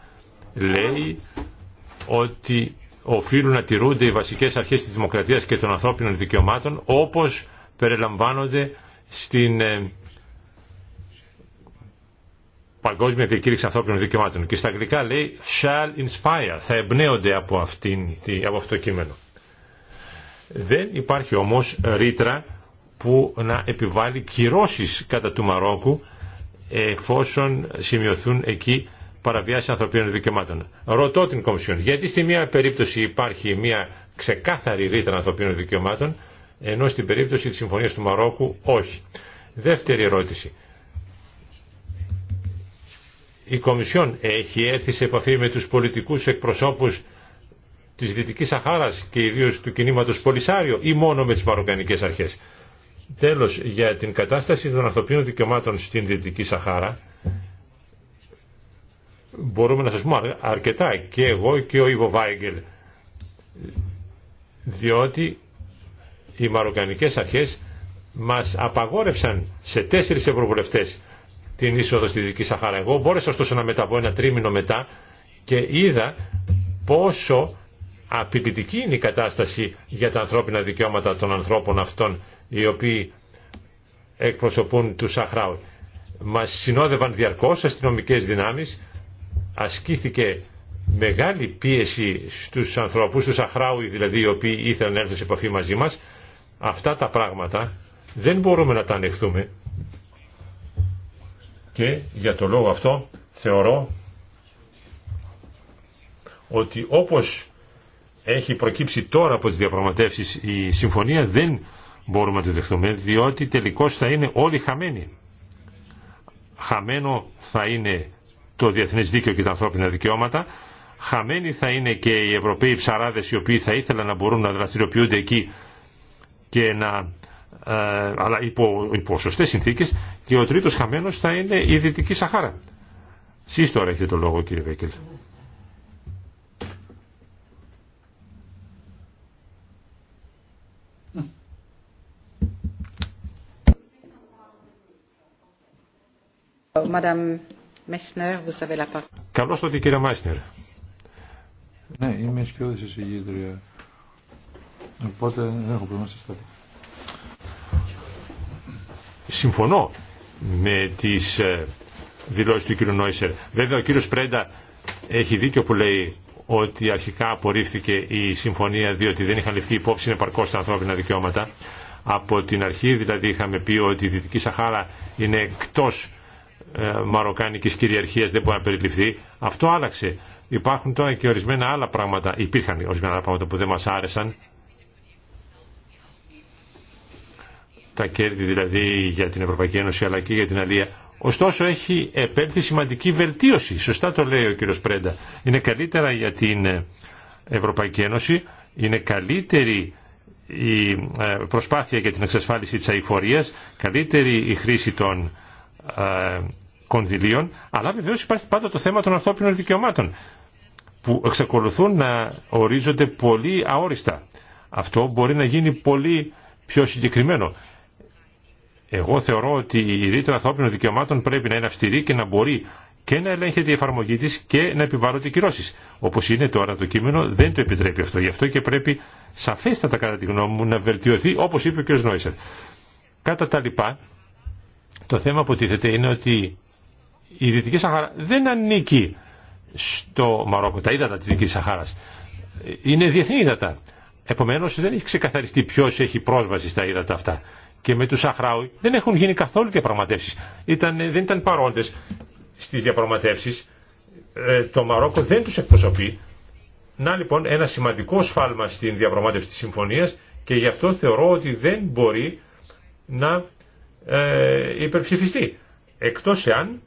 Λέει ότι οφείλουν να τηρούνται οι βασικές αρχές της δημοκρατίας και των ανθρώπινων δικαιωμάτων όπως περιλαμβάνονται στην ε, Παγκόσμια Διακήρυξη Ανθρώπινων Δικαιωμάτων και στα αγγλικά λέει shall inspire, θα εμπνέονται από, αυτήν, από αυτό το κείμενο. Δεν υπάρχει όμως ρήτρα που να επιβάλλει κυρώσεις κατά του Μαρόκου εφόσον σημειωθούν εκεί παραβιάσεις ανθρωπίνων δικαιωμάτων. Ρωτώ την Κομισιόν, γιατί στη μία περίπτωση υπάρχει μια ξεκάθαρη ρήτρα ανθρωπίνων δικαιωμάτων, ενώ στην περίπτωση της Συμφωνίας του Μαρόκου όχι. Δεύτερη ερώτηση. Η Κομισιόν έχει έρθει σε επαφή με τους πολιτικούς εκπροσώπους της Δυτικής Σαχάρας και ιδίως του κινήματος Πολυσάριο ή μόνο με τις Μαροκανικές αρχές. Τέλος, για την κατάσταση των ανθρωπίνων δικαιωμάτων στην Δυτική Σαχάρα, μπορούμε να σας πούμε αρκετά και εγώ και ο Ιβο Βάιγκελ, διότι οι μαροκανικές αρχές μας απαγόρευσαν σε τέσσερις ευρωβουλευτές την είσοδο στη Δυτική Σαχάρα. Εγώ μπόρεσα ωστόσο να μεταβώ ένα τρίμηνο μετά και είδα πόσο απειλητική είναι η κατάσταση για τα ανθρώπινα δικαιώματα των ανθρώπων αυτών οι οποίοι εκπροσωπούν του Σαχράου. Μα συνόδευαν διαρκώ αστυνομικέ δυνάμεις, ασκήθηκε μεγάλη πίεση στου ανθρώπου, του Σαχράου δηλαδή οι οποίοι ήθελαν να έρθουν σε επαφή μαζί μα, Αυτά τα πράγματα δεν μπορούμε να τα ανεχθούμε. Και για το λόγο αυτό θεωρώ ότι όπως έχει προκύψει τώρα από τις διαπραγματεύσεις η συμφωνία δεν μπορούμε να τη δεχτούμε διότι τελικώς θα είναι όλοι χαμένοι. Χαμένο θα είναι το διεθνές δίκαιο και τα ανθρώπινα δικαιώματα, χαμένοι θα είναι και οι Ευρωπαίοι ψαράδες οι οποίοι θα ήθελαν να μπορούν να δραστηριοποιούνται εκεί και να, ε, αλλά υπό, υπό σωστές συνθήκες και ο τρίτος χαμένος θα είναι η Δυτική Σαχάρα. Εσείς τώρα έχετε το λόγο κύριε Βέκελ. Καλώ το κύριε Μάσνερ. Ναι, είμαι σκιώδη εισηγήτρια. Οπότε δεν έχω πρόβλημα να σα Συμφωνώ με τις ε, δηλώσεις του κ. Νόισερ. Βέβαια ο κύριος Πρέντα έχει δίκιο που λέει ότι αρχικά απορρίφθηκε η συμφωνία διότι δεν είχαν ληφθεί υπόψη επαρκώς τα ανθρώπινα δικαιώματα. Από την αρχή δηλαδή είχαμε πει ότι η Δυτική Σαχάρα είναι εκτός ε, μαροκάνικης κυριαρχίας, δεν μπορεί να περιληφθεί. Αυτό άλλαξε. Υπάρχουν τώρα και ορισμένα άλλα πράγματα, υπήρχαν ορισμένα άλλα πράγματα που δεν μας άρεσαν τα κέρδη δηλαδή για την Ευρωπαϊκή Ένωση αλλά και για την Αλία. Ωστόσο έχει επέλθει σημαντική βελτίωση. Σωστά το λέει ο κύριος Πρέντα. Είναι καλύτερα για την Ευρωπαϊκή Ένωση, είναι καλύτερη η ε, προσπάθεια για την εξασφάλιση της αηφορίας, καλύτερη η χρήση των ε, κονδυλίων, αλλά βεβαίω υπάρχει πάντα το θέμα των ανθρώπινων δικαιωμάτων που εξακολουθούν να ορίζονται πολύ αόριστα. Αυτό μπορεί να γίνει πολύ πιο συγκεκριμένο. Εγώ θεωρώ ότι η ρήτρα ανθρώπινων δικαιωμάτων πρέπει να είναι αυστηρή και να μπορεί και να ελέγχεται η εφαρμογή τη και να επιβάλλονται κυρώσει. Όπω είναι τώρα το κείμενο, δεν το επιτρέπει αυτό. Γι' αυτό και πρέπει σαφέστατα, κατά τη γνώμη μου, να βελτιωθεί, όπω είπε ο κ. Νόησερ. Κατά τα λοιπά, το θέμα που τίθεται είναι ότι η Δυτική Σαχάρα δεν ανήκει στο Μαρόκο, τα ύδατα τη Δυτική Σαχάρα. Είναι διεθνή ύδατα. Επομένω, δεν έχει ξεκαθαριστεί ποιο έχει πρόσβαση στα ύδατα αυτά και με τους Σαχράου δεν έχουν γίνει καθόλου διαπραγματεύσει. δεν ήταν παρόντες στις διαπραγματεύσει. Ε, το Μαρόκο δεν τους εκπροσωπεί. Να λοιπόν ένα σημαντικό σφάλμα στην διαπραγμάτευση τη συμφωνία και γι' αυτό θεωρώ ότι δεν μπορεί να ε, υπερψηφιστεί. Εκτός εάν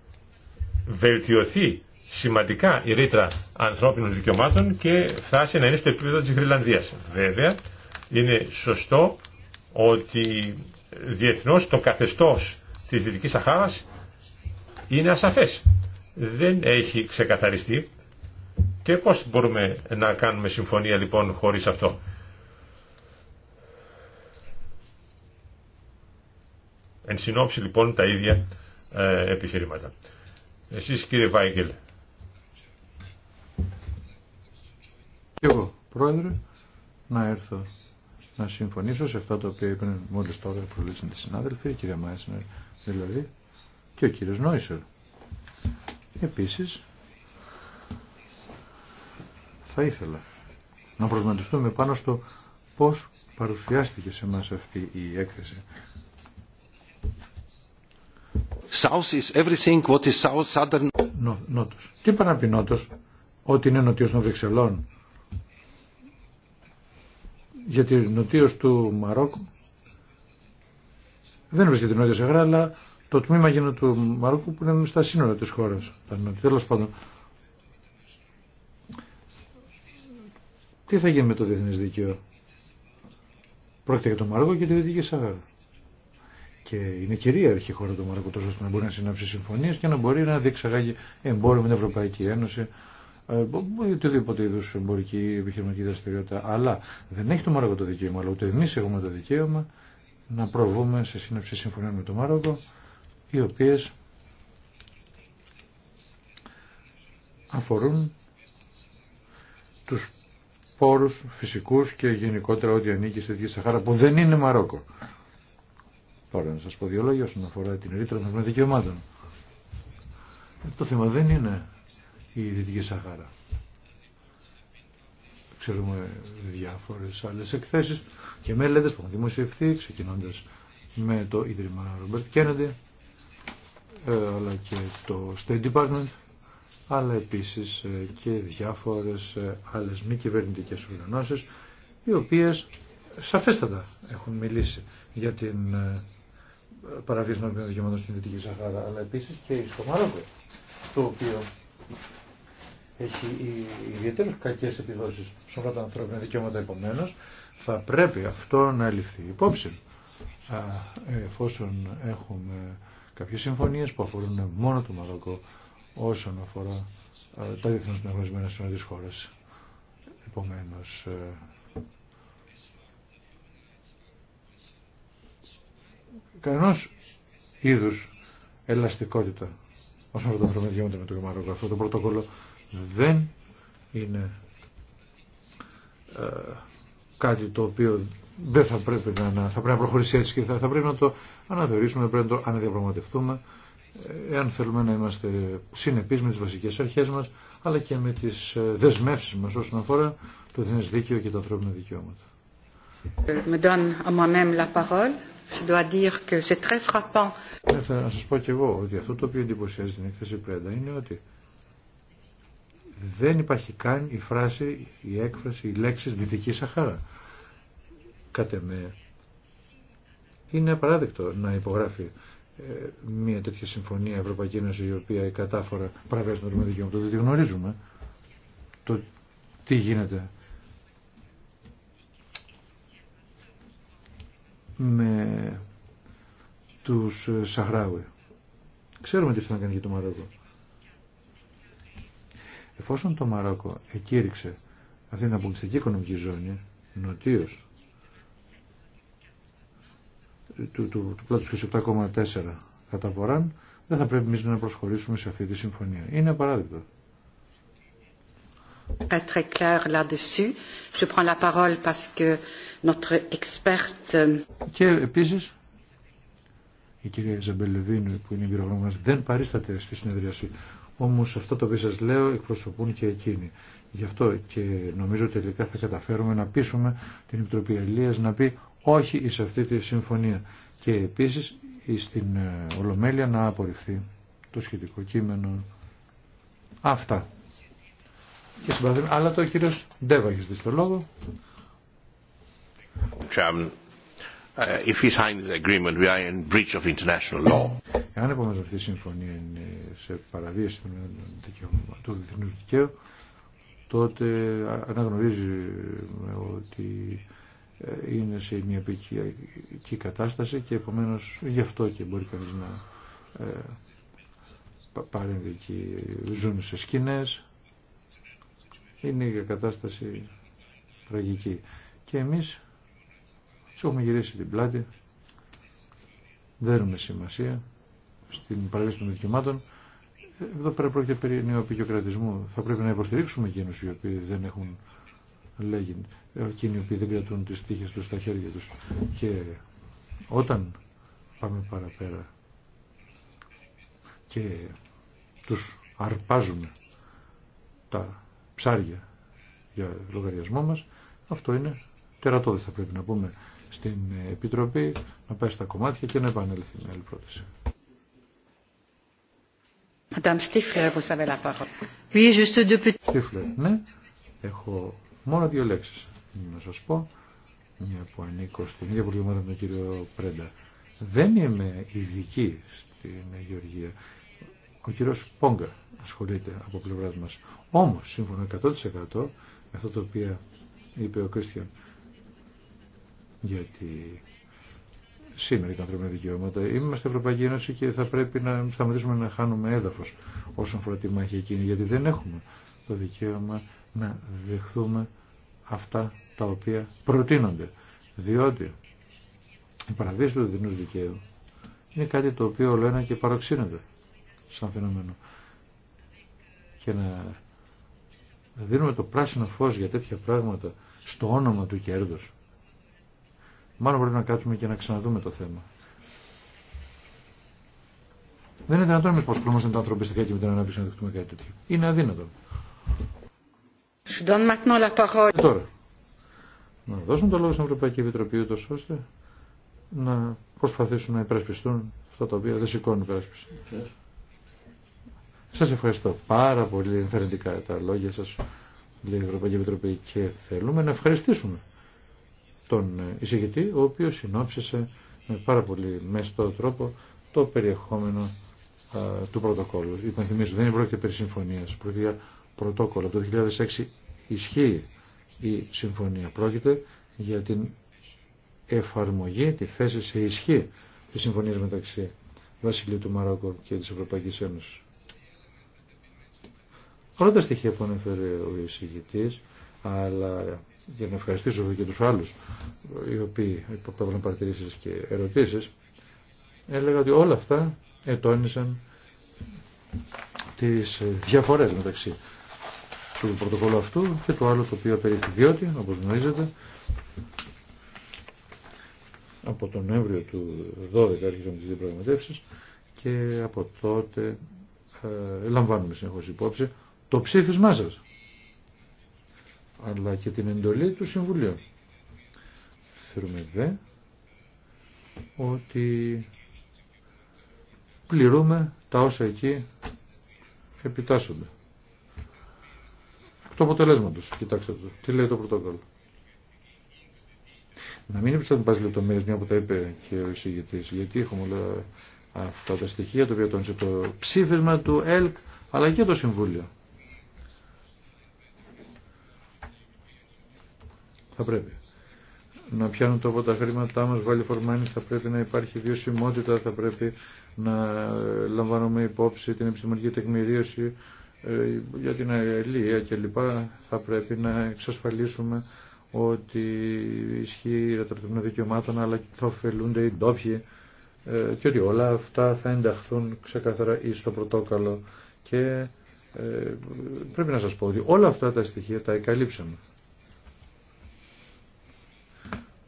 βελτιωθεί σημαντικά η ρήτρα ανθρώπινων δικαιωμάτων και φτάσει να είναι στο επίπεδο της Γρυλανδίας. Βέβαια, είναι σωστό ότι Διεθνώ το καθεστώς της Δυτικής Σαχάρα είναι ασαφές. Δεν έχει ξεκαθαριστεί και πώς μπορούμε να κάνουμε συμφωνία λοιπόν χωρίς αυτό. Εν συνόψη λοιπόν τα ίδια ε, επιχειρήματα. Εσείς κύριε Βάγκελ. Εγώ πρόεδρε να έρθω να συμφωνήσω σε αυτά τα οποία είπαν μόλις τώρα προλύσαν τη συνάδελφοι, η κυρία Μάισνερ δηλαδή και ο κύριος Νόισερ. Επίσης, θα ήθελα να προβληματιστούμε πάνω στο πώς παρουσιάστηκε σε μας αυτή η έκθεση. South is everything what is south southern... Νο, Τι είπα να πει ότι είναι νοτιός των Βρυξελών, για τη του Μαρόκου δεν βρίσκεται η Νότια Σαχάρα, αλλά το τμήμα εκείνο του Μαρόκου που είναι στα σύνορα της χώρας. Τέλο πάντων, τι θα γίνει με το διεθνές δίκαιο. Πρόκειται για το Μαρόκο και τη Δυτική Σαχάρα. Και είναι κυρίαρχη χώρα του Μαρόκο τόσο ώστε να μπορεί να συνάψει συμφωνίες και να μπορεί να διεξαγάγει εμπόριο με την Ευρωπαϊκή Ένωση, ε, οτιδήποτε είδου εμπορική επιχειρηματική δραστηριότητα. Αλλά δεν έχει το Μαρόκο το δικαίωμα, αλλά ούτε εμεί έχουμε το δικαίωμα να προβούμε σε σύναψη συμφωνιών με το Μαρόκο, οι οποίε αφορούν του πόρου φυσικού και γενικότερα ό,τι ανήκει στη Δυτική Σαχάρα που δεν είναι Μαρόκο. Τώρα να σα πω δύο λόγια όσον αφορά την ρήτρα των δικαιωμάτων. Ε, το θέμα δεν είναι η Δυτική Σαχάρα. Ξέρουμε διάφορες άλλες εκθέσεις και μελέτε που έχουν δημοσιευθεί, ξεκινώντας με το Ίδρυμα Ρομπερτ Κέννεντι, ε, αλλά και το State Department, αλλά επίσης ε, και διάφορες ε, άλλες μη κυβερνητικέ οργανώσεις, οι οποίες σαφέστατα έχουν μιλήσει για την παραβίαση των δικαιωμάτων στην Δυτική Σαχάρα, αλλά επίσης και στο Μαρόκο, το οποίο έχει ιδιαίτερε κακέ επιδόσεις σε όλα τα ανθρώπινα δικαιώματα. Επομένω, θα πρέπει αυτό να ληφθεί υπόψη. Εφόσον έχουμε κάποιες συμφωνίες που αφορούν μόνο το Μαρόκο όσον αφορά τα διεθνώς σύνορα τη χώρες. Επομένω, ε, κανένα είδου ελαστικότητα όσον αφορά τα ανθρώπινα δικαιώματα με το Μαρόκο. Αυτό το πρωτόκολλο δεν είναι ε, κάτι το οποίο δεν θα πρέπει να, θα πρέπει να προχωρήσει έτσι και θα, θα πρέπει να το αναθεωρήσουμε, πρέπει να το αναδιαπραγματευτούμε εάν θέλουμε να είμαστε συνεπείς με τις βασικές αρχές μας, αλλά και με τις ε, δεσμεύσεις μας όσον αφορά το διεθνές δίκαιο και το ανθρώπινο δικαιώματα. Με a la parole. Je dois dire que c'est très frappant. Ε, θα σας πω και εγώ ότι αυτό το οποίο εντυπωσιάζει την έκθεση Πρέντα είναι ότι δεν υπάρχει καν η φράση, η έκφραση, οι λέξεις Δυτική Σαχάρα. Κάτε με. Είναι απαράδεκτο να υπογράφει ε, μια τέτοια συμφωνία Ευρωπαϊκή Ένωση η οποία η κατάφορα παραβιάζει το Δεν γνωρίζουμε. Το τι γίνεται. με τους Σαχράουι. Ξέρουμε τι θα κάνει για το Μαρόκο. Εφόσον το Μαρόκο εκήρυξε αυτήν την αποκλειστική οικονομική ζώνη νοτίως του, του, του, πλάτου 27,4 κατά βοράν, δεν θα πρέπει εμεί να προσχωρήσουμε σε αυτή τη συμφωνία. Είναι απαράδεκτο. Και επίση, η κυρία Ιζαμπελ που είναι η δεν παρίσταται στη συνεδρίαση. Όμως αυτό το οποίο σας λέω εκπροσωπούν και εκείνοι. Γι' αυτό και νομίζω τελικά θα καταφέρουμε να πείσουμε την Επιτροπή Αλίας να πει όχι σε αυτή τη συμφωνία. Και επίσης στην ε, Ολομέλεια να απορριφθεί το σχετικό κείμενο. Αυτά. Και συμπαθούμε. Αλλά το κύριο Ντέβα έχει δει στο λόγο. Uh, if he signs agreement, we are in breach of international law. Εάν επομένως αυτή η συμφωνία είναι σε παραβίαση του διεθνούς δικαίου, τότε αναγνωρίζει ε, ότι ε, είναι σε μια επικοινωνική κατάσταση και επομένως γι' αυτό και μπορεί κανείς να ε, παρέμβει εκεί. Ζουν σε σκηνές, είναι η κατάσταση τραγική. Και εμείς του έχουμε γυρίσει την πλάτη. Δέρουμε σημασία στην παραλύση των δικαιωμάτων. Εδώ πέρα πρόκειται περί νεοπικιοκρατισμού. Θα πρέπει να υποστηρίξουμε εκείνου οι οποίοι δεν έχουν λέγει, ε, εκείνοι οι οποίοι δεν κρατούν τι τύχε του στα χέρια του. Και όταν πάμε παραπέρα και τους αρπάζουμε τα ψάρια για λογαριασμό μας, αυτό είναι τερατώδες θα πρέπει να πούμε στην Επιτροπή, να πάει στα κομμάτια και να επανέλθει με άλλη πρόταση. Στίφλερ, ναι, έχω μόνο δύο λέξεις να σας πω, μια που ανήκω στην ίδια πολύ με τον κύριο Πρέντα. Δεν είμαι ειδική στην Γεωργία. Ο κύριος Πόγκα ασχολείται από πλευρά μας. Όμως, σύμφωνα 100% με αυτό το οποίο είπε ο Κρίστιαν, γιατί σήμερα τα ανθρώπινα δικαιώματα είμαστε Ευρωπαϊκή Ένωση και θα πρέπει να σταματήσουμε να χάνουμε έδαφος όσον αφορά τη μάχη εκείνη γιατί δεν έχουμε το δικαίωμα να δεχθούμε αυτά τα οποία προτείνονται διότι η παραδείγμα του διεθνούς δικαίου είναι κάτι το οποίο λένε και παροξύνεται σαν φαινόμενο και να δίνουμε το πράσινο φως για τέτοια πράγματα στο όνομα του κέρδους Μάλλον πρέπει να κάτσουμε και να ξαναδούμε το θέμα. Δεν είναι δυνατόν να μην με τα ανθρωπιστικά και με την ανάπτυξη να δεχτούμε κάτι τέτοιο. Είναι αδύνατο. Και ε, τώρα, να δώσουμε το λόγο στην Ευρωπαϊκή Επιτροπή ούτως ώστε να προσπαθήσουν να υπερασπιστούν αυτά τα οποία δεν σηκώνουν υπερασπιστή. Σα ευχαριστώ πάρα πολύ ενθαρρυντικά τα λόγια σα λέει η Ευρωπαϊκή Επιτροπή, και θέλουμε να ευχαριστήσουμε τον εισηγητή, ο οποίος συνόψισε με πάρα πολύ μέστο τρόπο το περιεχόμενο α, του πρωτοκόλλου. Υπενθυμίζω, δεν πρόκειται περί συμφωνίας, πρόκειται για πρωτόκολλο. Το 2006 ισχύει η συμφωνία. Πρόκειται για την εφαρμογή, τη θέση σε ισχύ της συμφωνίας μεταξύ Βασιλείου του Μαρόκο και της Ευρωπαϊκής Ένωσης. Όλα τα στοιχεία που ανέφερε ο εισηγητής αλλά για να ευχαριστήσω και τους άλλους οι οποίοι υπέβαλαν παρατηρήσεις και ερωτήσεις έλεγα ότι όλα αυτά ετώνησαν τις διαφορές μεταξύ του πρωτοκόλλου αυτού και του άλλου το οποίο απερίφθη διότι όπως γνωρίζετε από τον Νοέμβριο του 12 άρχισαν τις διαπραγματεύσεις και από τότε ε, λαμβάνουμε συνεχώς υπόψη το ψήφισμά σας αλλά και την εντολή του Συμβουλίου. Θεωρούμε δε ότι πληρούμε τα όσα εκεί επιτάσσονται. Το του κοιτάξτε το, τι λέει το πρωτόκολλο. Να μην επιστρέψουμε πάση λεπτομέρειε, μια που τα είπε και ο εισηγητή, γιατί έχουμε όλα αυτά τα στοιχεία, το οποίο τόνισε το ψήφισμα του ΕΛΚ, αλλά και το Συμβούλιο. Θα πρέπει να πιάνουν το τα χρήματά μας, βάλει φορμάνη, θα πρέπει να υπάρχει βιωσιμότητα, θα πρέπει να ε, λαμβάνουμε υπόψη την επιστημονική τεκμηρίωση ε, για την αελία κλπ. Θα πρέπει να εξασφαλίσουμε ότι ισχύει η των δικαιωμάτων αλλά θα ωφελούνται οι ντόπιοι ε, και ότι όλα αυτά θα ενταχθούν ξεκάθαρα ή στο πρωτόκαλο και πρέπει να σας πω ότι όλα αυτά τα στοιχεία τα εκαλύψαμε.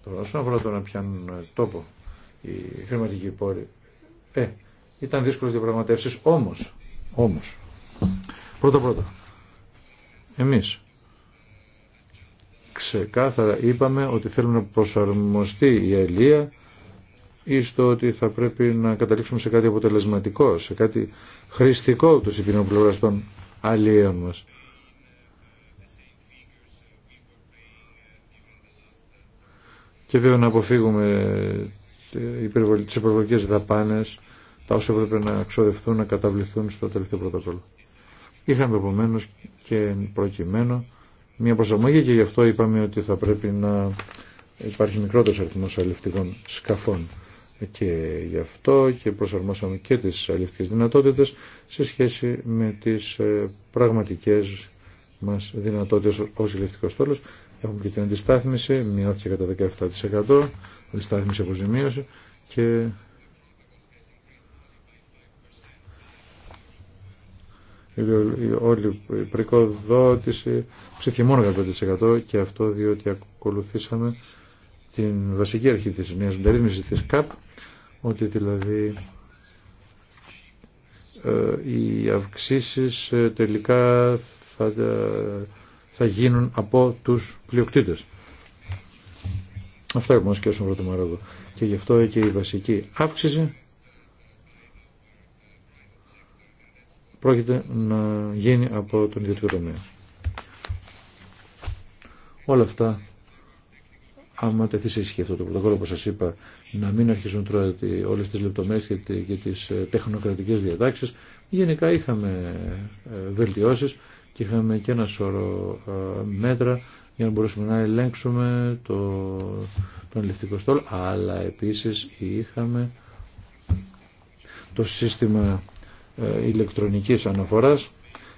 Τώρα, όσον αφορά το να πιάνουν ε, τόπο οι χρηματικοί πόροι, ε, ήταν δύσκολε διαπραγματεύσει, όμω, όμως, πρώτα πρώτα, εμεί ξεκάθαρα είπαμε ότι θέλουμε να προσαρμοστεί η αλληλεία ή στο ότι θα πρέπει να καταλήξουμε σε κάτι αποτελεσματικό, σε κάτι χρηστικό του υπηρεών πλευρά των μας. και βέβαια να αποφύγουμε ε, τις υπερβολικές δαπάνες, τα όσα έπρεπε να ξοδευτούν, να καταβληθούν στο τελευταίο πρωτόκολλο. Είχαμε επομένω και προκειμένου μια προσαρμογή και γι' αυτό είπαμε ότι θα πρέπει να υπάρχει μικρότερος αριθμός αλληλευτικών σκαφών και γι' αυτό και προσαρμόσαμε και τις αλληλευτικές δυνατότητες σε σχέση με τις ε, πραγματικές μας δυνατότητες ως αλληλευτικός στόλος Έχουμε και την αντιστάθμιση, μειώθηκε κατά 17%, αντιστάθμιση αποζημίωση και όλη η πρικοδότηση ψήθηκε μόνο κατά 100% και αυτό διότι ακολουθήσαμε την βασική αρχή της νέας μεταρρύθμισης της ΚΑΠ ότι δηλαδή ε, οι αυξήσεις ε, τελικά θα ε, θα γίνουν από τους πλειοκτήτες. Αυτά έχουμε να σκέψουμε πρώτο Μαρόκο. Και γι' αυτό και η βασική αύξηση πρόκειται να γίνει από τον ιδιωτικό τομέα. Όλα αυτά, άμα τεθεί σε ισχύ αυτό το πρωτοκόλλο, όπως σας είπα, να μην αρχίσουν τώρα όλες τις λεπτομέρειες και τις τεχνοκρατικές διατάξεις, γενικά είχαμε ε, βελτιώσεις και είχαμε και ένα σώρο ε, μέτρα για να μπορέσουμε να ελέγξουμε το, τον ληφτικό στόλο αλλά επίσης είχαμε το σύστημα ε, ηλεκτρονικής αναφοράς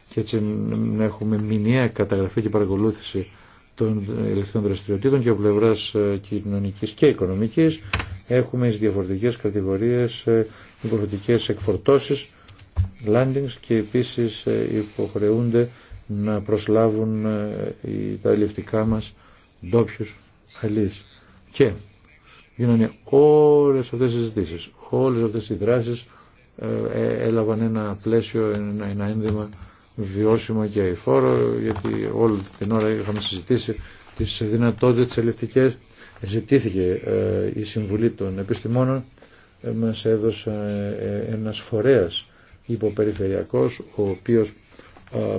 και έτσι να έχουμε μηνιαία καταγραφή και παρακολούθηση των ηλεκτρικών δραστηριοτήτων και από πλευρά ε, κοινωνική και οικονομική. Έχουμε τι διαφορετικέ κατηγορίε, υποχρεωτικέ εκφορτώσει, landings και επίση υποχρεούνται να προσλάβουν ε, τα ελευτικά μας ντόπιου αλείς. Και γίνανε όλες αυτές οι συζητήσεις, όλες αυτές οι δράσεις ε, ε, έλαβαν ένα πλαίσιο, ένα, ένα ένδυμα βιώσιμο και αηφόρο, γιατί όλη την ώρα είχαμε συζητήσει τις δυνατότητες τις Ζητήθηκε η Συμβουλή των Επιστημόνων, μας έδωσε ένας φορέας υποπεριφερειακός, ο οποίος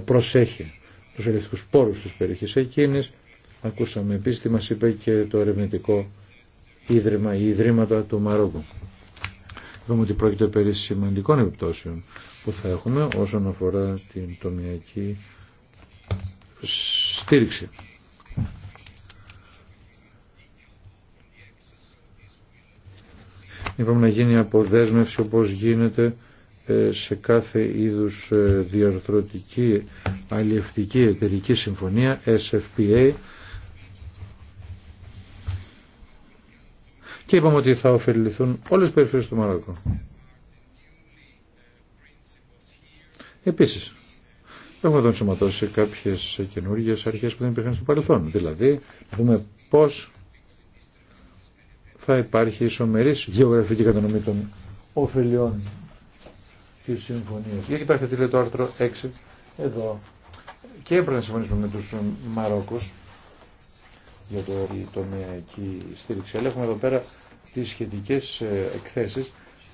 προσέχει τους ελευθερικούς πόρους της περιοχής εκείνης. Ακούσαμε επίσης τι μας είπε και το ερευνητικό ίδρυμα, η Ιδρύματα του Μαρόκου. Είπαμε ότι πρόκειται περί σημαντικών επιπτώσεων που θα έχουμε όσον αφορά την τομιακή στήριξη. Είπαμε να γίνει αποδέσμευση όπως γίνεται ε, σε κάθε είδους ε, διαρθρωτική αλληλευτική εταιρική συμφωνία SFPA και είπαμε ότι θα ωφεληθούν όλες οι περιφέρειες του Μαρόκου. Επίσης, έχουμε εδώ ενσωματώσει κάποιες καινούργιες αρχές που δεν υπήρχαν στο παρελθόν. Δηλαδή, δούμε πώς θα υπάρχει ισομερής γεωγραφική κατανομή των ωφελιών τη συμφωνία. Για κοιτάξτε τι λέει το άρθρο 6 εδώ. Και έπρεπε να συμφωνήσουμε με του Μαρόκου για το τομεακή στήριξη. Αλλά έχουμε εδώ πέρα τι σχετικέ ε, εκθέσει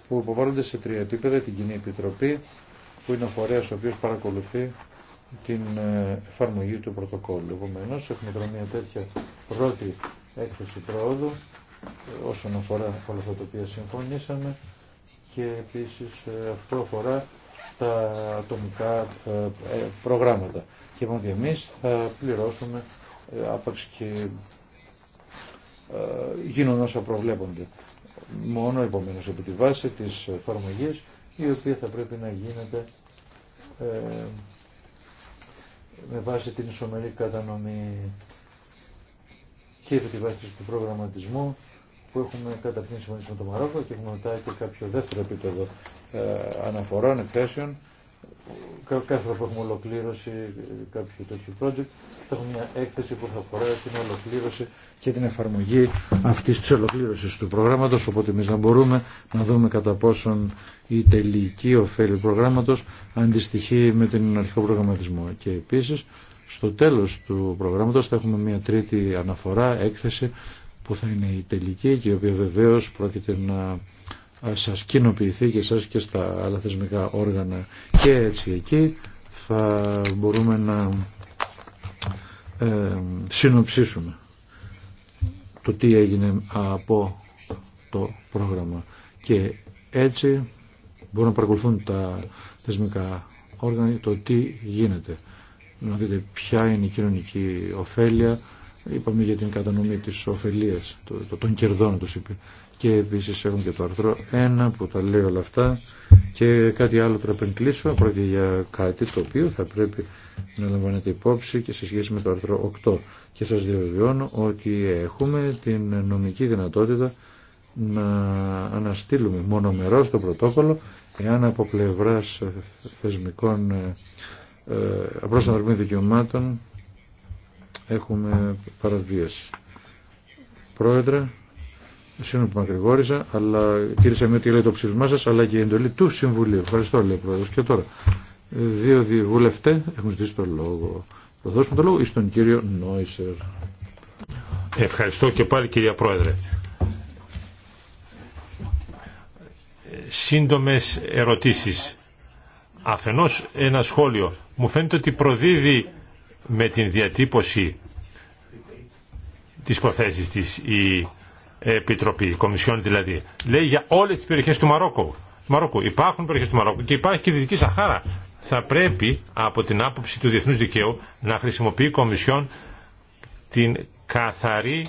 που υποβάλλονται σε τρία επίπεδα. Την Κοινή Επιτροπή που είναι ο φορέας ο οποίο παρακολουθεί την ε, εφαρμογή του πρωτοκόλλου. Επομένω, έχουμε τώρα μια τέτοια πρώτη έκθεση πρόοδου ε, όσον αφορά όλα αυτά τα οποία συμφωνήσαμε και επίσης ε, αυτό αφορά τα ατομικά ε, ε, προγράμματα. Και μόνο λοιπόν εμείς θα πληρώσουμε άπαξ και γίνουν όσα προβλέπονται. Μόνο επομένως από τη βάση της εφαρμογή η οποία θα πρέπει να γίνεται ε, με βάση την ισομερή κατανομή και επί τη βάση του προγραμματισμού που έχουμε καταρχήν συμφωνήσει με το Μαρόκο και έχουμε μετά και κάποιο δεύτερο επίπεδο ε, αναφορών, εκθέσεων. Κάθε φορά που έχουμε ολοκλήρωση ε, κάποιο τέτοιο project, θα έχουμε μια έκθεση που θα αφορά την ολοκλήρωση και την εφαρμογή αυτή τη ολοκλήρωση του προγράμματο. Οπότε εμεί να μπορούμε να δούμε κατά πόσον η τελική ωφέλη προγράμματο αντιστοιχεί με τον αρχικό προγραμματισμό. Και επίση στο τέλο του προγράμματο θα έχουμε μια τρίτη αναφορά, έκθεση που θα είναι η τελική και η οποία βεβαίως πρόκειται να σας κοινοποιηθεί και σας και στα άλλα θεσμικά όργανα και έτσι εκεί θα μπορούμε να ε, συνοψίσουμε το τι έγινε από το πρόγραμμα και έτσι μπορούν να παρακολουθούν τα θεσμικά όργανα το τι γίνεται να δείτε ποια είναι η κοινωνική ωφέλεια Είπαμε για την κατανομή της ωφελία, των κερδών τους είπε. Και επίσης έχουν και το αρθρό 1 που τα λέει όλα αυτά και κάτι άλλο πρέπει να κλείσω, πρόκειται για κάτι το οποίο θα πρέπει να λαμβάνετε υπόψη και σε σχέση με το αρθρό 8. Και σας διαβεβαιώνω ότι έχουμε την νομική δυνατότητα να αναστείλουμε μονομερό το πρωτόκολλο εάν από πλευράς θεσμικών ε, ε δικαιωμάτων έχουμε παραβίαση. Πρόεδρε, σύνομαι που μακρηγόρησα, αλλά κύριε με ότι λέει το ψήφισμά σα, αλλά και η εντολή του Συμβουλίου. Ευχαριστώ, λέει ο Πρόεδρο. Και τώρα, δύο βουλευτέ έχουν ζητήσει το λόγο. Θα δώσουμε το λόγο εις τον κύριο Νόισερ. Ευχαριστώ και πάλι κυρία Πρόεδρε. Σύντομες ερωτήσεις. Αφενός ένα σχόλιο. Μου φαίνεται ότι προδίδει με την διατύπωση της προθέσης της η Επιτροπή, η Κομισιόν δηλαδή, λέει για όλες τις περιοχές του Μαρόκου. Μαρόκου. Υπάρχουν περιοχές του Μαρόκου και υπάρχει και η Δυτική Σαχάρα. Θα πρέπει από την άποψη του διεθνούς δικαίου να χρησιμοποιεί η Κομισιόν την καθαρή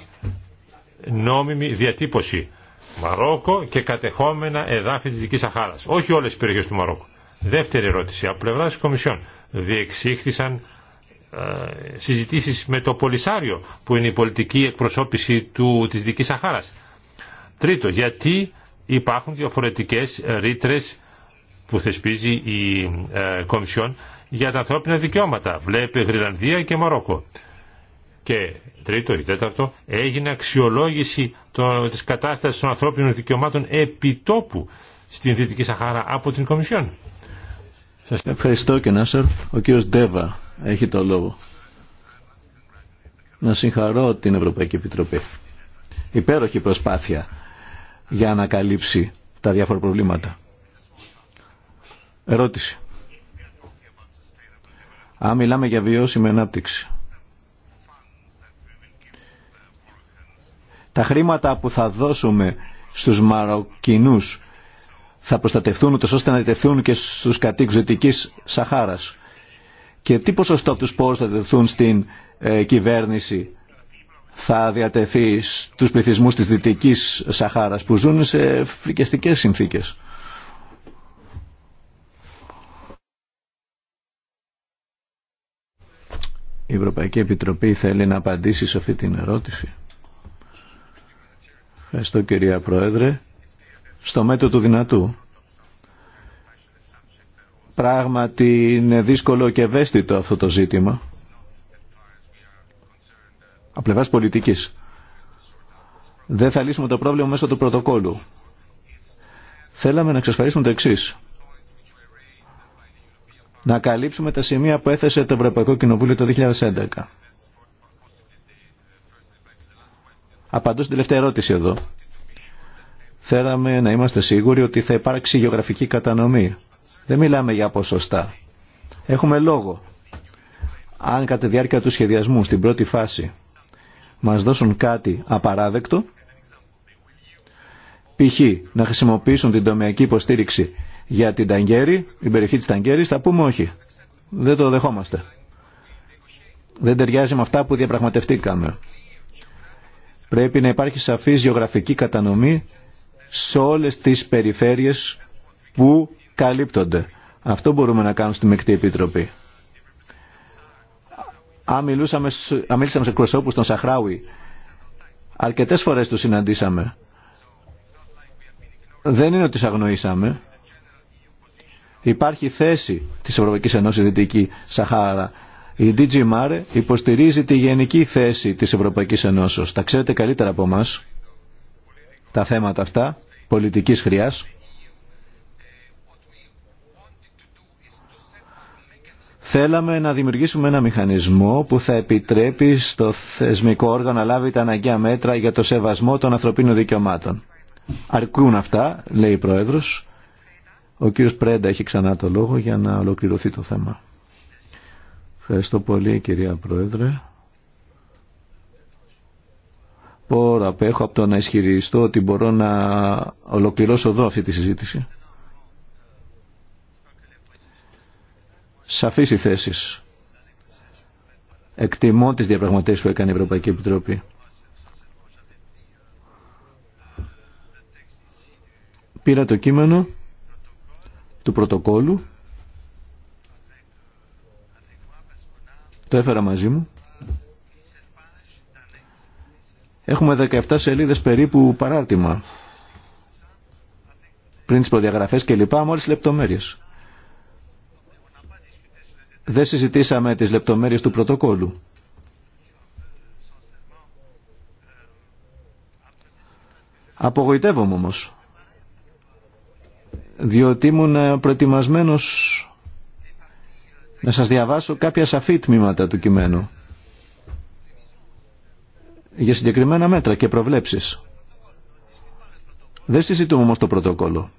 νόμιμη διατύπωση. Μαρόκο και κατεχόμενα εδάφη της Δυτικής Σαχάρας. Όχι όλες τις περιοχές του Μαρόκου. Δεύτερη ερώτηση. Από πλευρά της Κομισιόν διεξήχθησαν ε, συζητήσεις με το Πολυσάριο που είναι η πολιτική εκπροσώπηση του, της Δικής Σαχάρας. Τρίτο, γιατί υπάρχουν διαφορετικές ρήτρε που θεσπίζει η ε, Κομισιόν για τα ανθρώπινα δικαιώματα. Βλέπει Γρυλανδία και Μαρόκο. Και τρίτο ή τέταρτο, έγινε αξιολόγηση το, της κατάστασης των ανθρώπινων δικαιωμάτων επιτόπου στην Δυτική Σαχάρα από την Κομισιόν. Σας ευχαριστώ και να Ο κύριος Ντέβα έχει το λόγο. Να συγχαρώ την Ευρωπαϊκή Επιτροπή. Υπέροχη προσπάθεια για να καλύψει τα διάφορα προβλήματα. Ερώτηση. Αν μιλάμε για βιώσιμη ανάπτυξη. Τα χρήματα που θα δώσουμε στους Μαροκινούς θα προστατευτούν ούτως ώστε να διτεθούν και στους κατοίκους Δυτικής Σαχάρας και τι ποσοστό από τους πόρους θα τεθούν στην ε, κυβέρνηση θα διατεθεί στους πληθυσμούς της Δυτικής Σαχάρας που ζουν σε φρικιαστικές συνθήκες. Η Ευρωπαϊκή Επιτροπή θέλει να απαντήσει σε αυτή την ερώτηση. Ευχαριστώ κυρία Πρόεδρε. Στο μέτρο του δυνατού Πράγματι είναι δύσκολο και ευαίσθητο αυτό το ζήτημα. Από πλευράς πολιτικής. Δεν θα λύσουμε το πρόβλημα μέσω του πρωτοκόλου. Θέλαμε να εξασφαλίσουμε το εξή. Να καλύψουμε τα σημεία που έθεσε το Ευρωπαϊκό Κοινοβούλιο το 2011. Απαντώ στην τελευταία ερώτηση εδώ θέλαμε να είμαστε σίγουροι ότι θα υπάρξει γεωγραφική κατανομή. Δεν μιλάμε για ποσοστά. Έχουμε λόγο. Αν κατά τη διάρκεια του σχεδιασμού στην πρώτη φάση μας δώσουν κάτι απαράδεκτο, π.χ. να χρησιμοποιήσουν την τομεακή υποστήριξη για την Ταγκέρη, την περιοχή της Ταγκέρης, θα πούμε όχι. Δεν το δεχόμαστε. Δεν ταιριάζει με αυτά που διαπραγματευτήκαμε. Πρέπει να υπάρχει σαφής γεωγραφική κατανομή σε όλες τις περιφέρειες που καλύπτονται. Αυτό μπορούμε να κάνουμε στη Μεκτή Επιτροπή. Αν μιλήσαμε σε εκπροσώπου στον Σαχράουι, αρκετές φορές τους συναντήσαμε. Δεν είναι ότι τους αγνοήσαμε. Υπάρχει θέση της Ευρωπαϊκής Ενώσης Δυτική Σαχάρα. Η DG Mare υποστηρίζει τη γενική θέση της Ευρωπαϊκής Ενώσης. Τα ξέρετε καλύτερα από εμάς τα θέματα αυτά πολιτικής χρειάς. Θέλαμε να δημιουργήσουμε ένα μηχανισμό που θα επιτρέπει στο θεσμικό όργανο να λάβει τα αναγκαία μέτρα για το σεβασμό των ανθρωπίνων δικαιωμάτων. Αρκούν αυτά, λέει η Πρόεδρος. Ο κύριος Πρέντα έχει ξανά το λόγο για να ολοκληρωθεί το θέμα. Ευχαριστώ πολύ κυρία Πρόεδρε πόρα που έχω από το να ισχυριστώ ότι μπορώ να ολοκληρώσω εδώ αυτή τη συζήτηση. Σαφείς οι θέσεις. Εκτιμώ τις διαπραγματεύσεις που έκανε η Ευρωπαϊκή Επιτροπή. Πήρα το κείμενο του πρωτοκόλου. Το έφερα μαζί μου. Έχουμε 17 σελίδες περίπου παράρτημα. Πριν τις προδιαγραφές και λοιπά, με όλες λεπτομέρειες. Δεν συζητήσαμε τις λεπτομέρειες του πρωτοκόλου. Απογοητεύομαι όμως. Διότι ήμουν προετοιμασμένος να σας διαβάσω κάποια σαφή τμήματα του κειμένου για συγκεκριμένα μέτρα και προβλέψεις. Δεν συζητούμε όμως το πρωτόκολλο.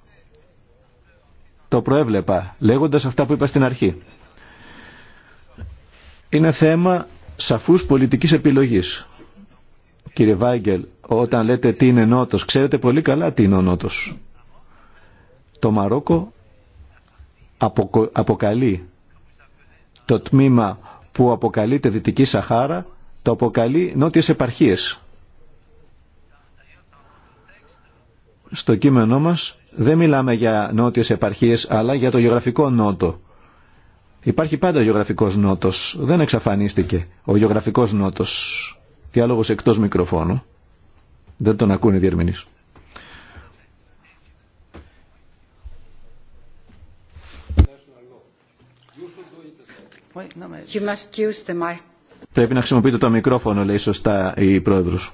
Το προέβλεπα, λέγοντας αυτά που είπα στην αρχή. Είναι θέμα σαφούς πολιτικής επιλογής. Κύριε Βάγκελ, όταν λέτε τι είναι νότος, ξέρετε πολύ καλά τι είναι ο νότος. Το Μαρόκο αποκαλεί το τμήμα που αποκαλείται Δυτική Σαχάρα το αποκαλεί νότιες επαρχίες. Στο κείμενό μας δεν μιλάμε για νότιες επαρχίες αλλά για το γεωγραφικό νότο. Υπάρχει πάντα γεωγραφικός νότος. Δεν εξαφανίστηκε ο γεωγραφικός νότος. Διάλογος εκτός μικροφώνου. Δεν τον ακούνε οι διερμηνείς. Πρέπει να χρησιμοποιείτε το μικρόφωνο, λέει σωστά η πρόεδρος.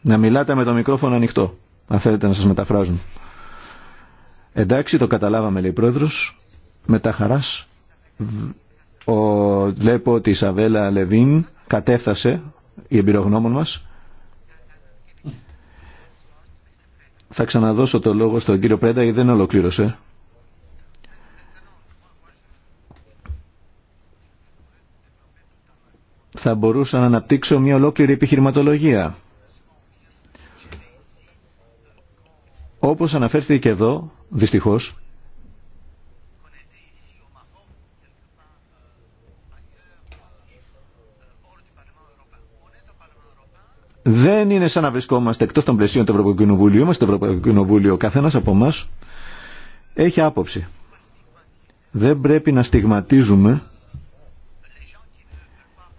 Να μιλάτε με το μικρόφωνο ανοιχτό, αν θέλετε να σας μεταφράζουν. Εντάξει, το καταλάβαμε, λέει η πρόεδρος. Μετά χαράς. Ο, βλέπω ότι η Σαβέλα Λεβίν κατέφθασε, η εμπειρογνώμων μας. Θα ξαναδώσω το λόγο στον κύριο Πρέντα, γιατί δεν ολοκλήρωσε. θα μπορούσα να αναπτύξω μια ολόκληρη επιχειρηματολογία. Όπως αναφέρθηκε και εδώ, δυστυχώς, δεν είναι σαν να βρισκόμαστε εκτός των πλαισίων του Ευρωπαϊκού Κοινοβουλίου. Είμαστε το Ευρωπαϊκό Κοινοβούλιο. Καθένας από εμά έχει άποψη. Δεν πρέπει να στιγματίζουμε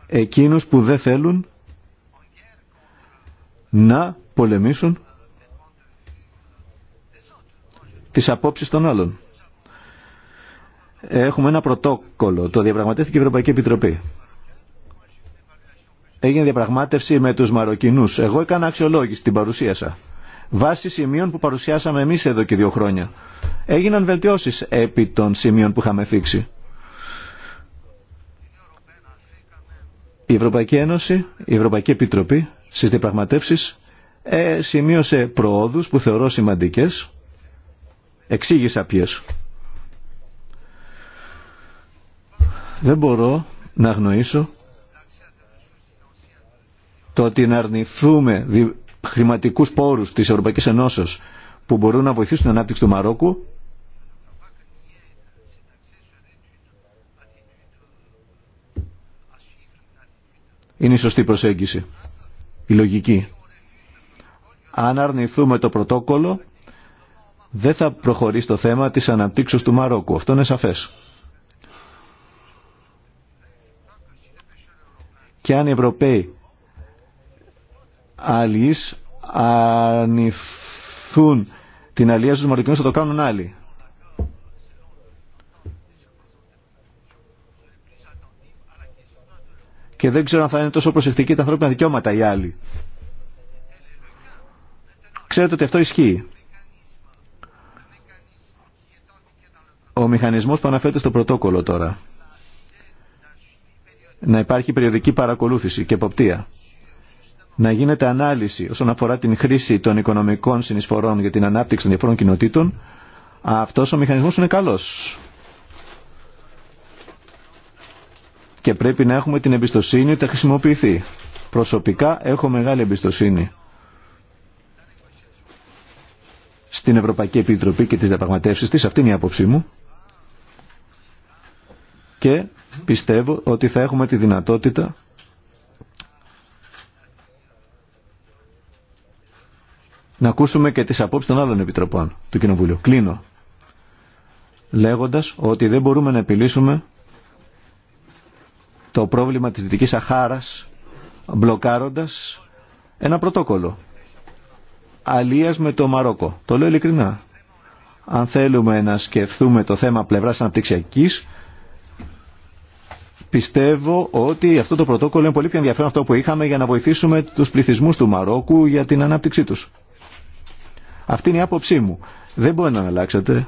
εκείνους που δεν θέλουν να πολεμήσουν τις απόψεις των άλλων. Έχουμε ένα πρωτόκολλο, το διαπραγματεύτηκε η Ευρωπαϊκή Επιτροπή. Έγινε διαπραγμάτευση με τους Μαροκινούς. Εγώ έκανα αξιολόγηση, την παρουσίασα. Βάσει σημείων που παρουσιάσαμε εμείς εδώ και δύο χρόνια. Έγιναν βελτιώσεις επί των σημείων που είχαμε θίξει. Η Ευρωπαϊκή Ένωση, η Ευρωπαϊκή Επιτροπή στις διαπραγματεύσεις ε, σημείωσε προόδους που θεωρώ σημαντικές. Εξήγησα ποιες. Δεν μπορώ να αγνοήσω το ότι να αρνηθούμε χρηματικούς πόρους της Ευρωπαϊκής Ενώσεως που μπορούν να βοηθήσουν την ανάπτυξη του Μαρόκου είναι η σωστή προσέγγιση, η λογική. Αν αρνηθούμε το πρωτόκολλο, δεν θα προχωρήσει το θέμα της αναπτύξεως του Μαρόκου. Αυτό είναι σαφές. Και αν οι Ευρωπαίοι αλληλείς αρνηθούν την αλληλία στους Μαροκινούς θα το κάνουν άλλοι. και δεν ξέρω αν θα είναι τόσο προσεκτικοί τα ανθρώπινα δικαιώματα οι άλλοι. Ξέρετε ότι αυτό ισχύει. Ο μηχανισμός που αναφέρεται στο πρωτόκολλο τώρα. Να υπάρχει περιοδική παρακολούθηση και εποπτεία. Να γίνεται ανάλυση όσον αφορά την χρήση των οικονομικών συνεισφορών για την ανάπτυξη των διαφορών κοινοτήτων. Αυτός ο μηχανισμός είναι καλός. και πρέπει να έχουμε την εμπιστοσύνη ότι θα χρησιμοποιηθεί. Προσωπικά έχω μεγάλη εμπιστοσύνη στην Ευρωπαϊκή Επιτροπή και τις διαπραγματεύσεις της, αυτή είναι η άποψή μου και πιστεύω ότι θα έχουμε τη δυνατότητα να ακούσουμε και τις απόψεις των άλλων επιτροπών του Κοινοβουλίου. Κλείνω λέγοντας ότι δεν μπορούμε να επιλύσουμε το πρόβλημα της Δυτικής Σαχάρας μπλοκάροντας ένα πρωτόκολλο. Αλίας με το Μαρόκο. Το λέω ειλικρινά. Αν θέλουμε να σκεφτούμε το θέμα πλευράς αναπτυξιακής, πιστεύω ότι αυτό το πρωτόκολλο είναι πολύ πιο ενδιαφέρον αυτό που είχαμε για να βοηθήσουμε τους πληθυσμούς του Μαρόκου για την ανάπτυξή τους. Αυτή είναι η άποψή μου. Δεν μπορεί να αλλάξετε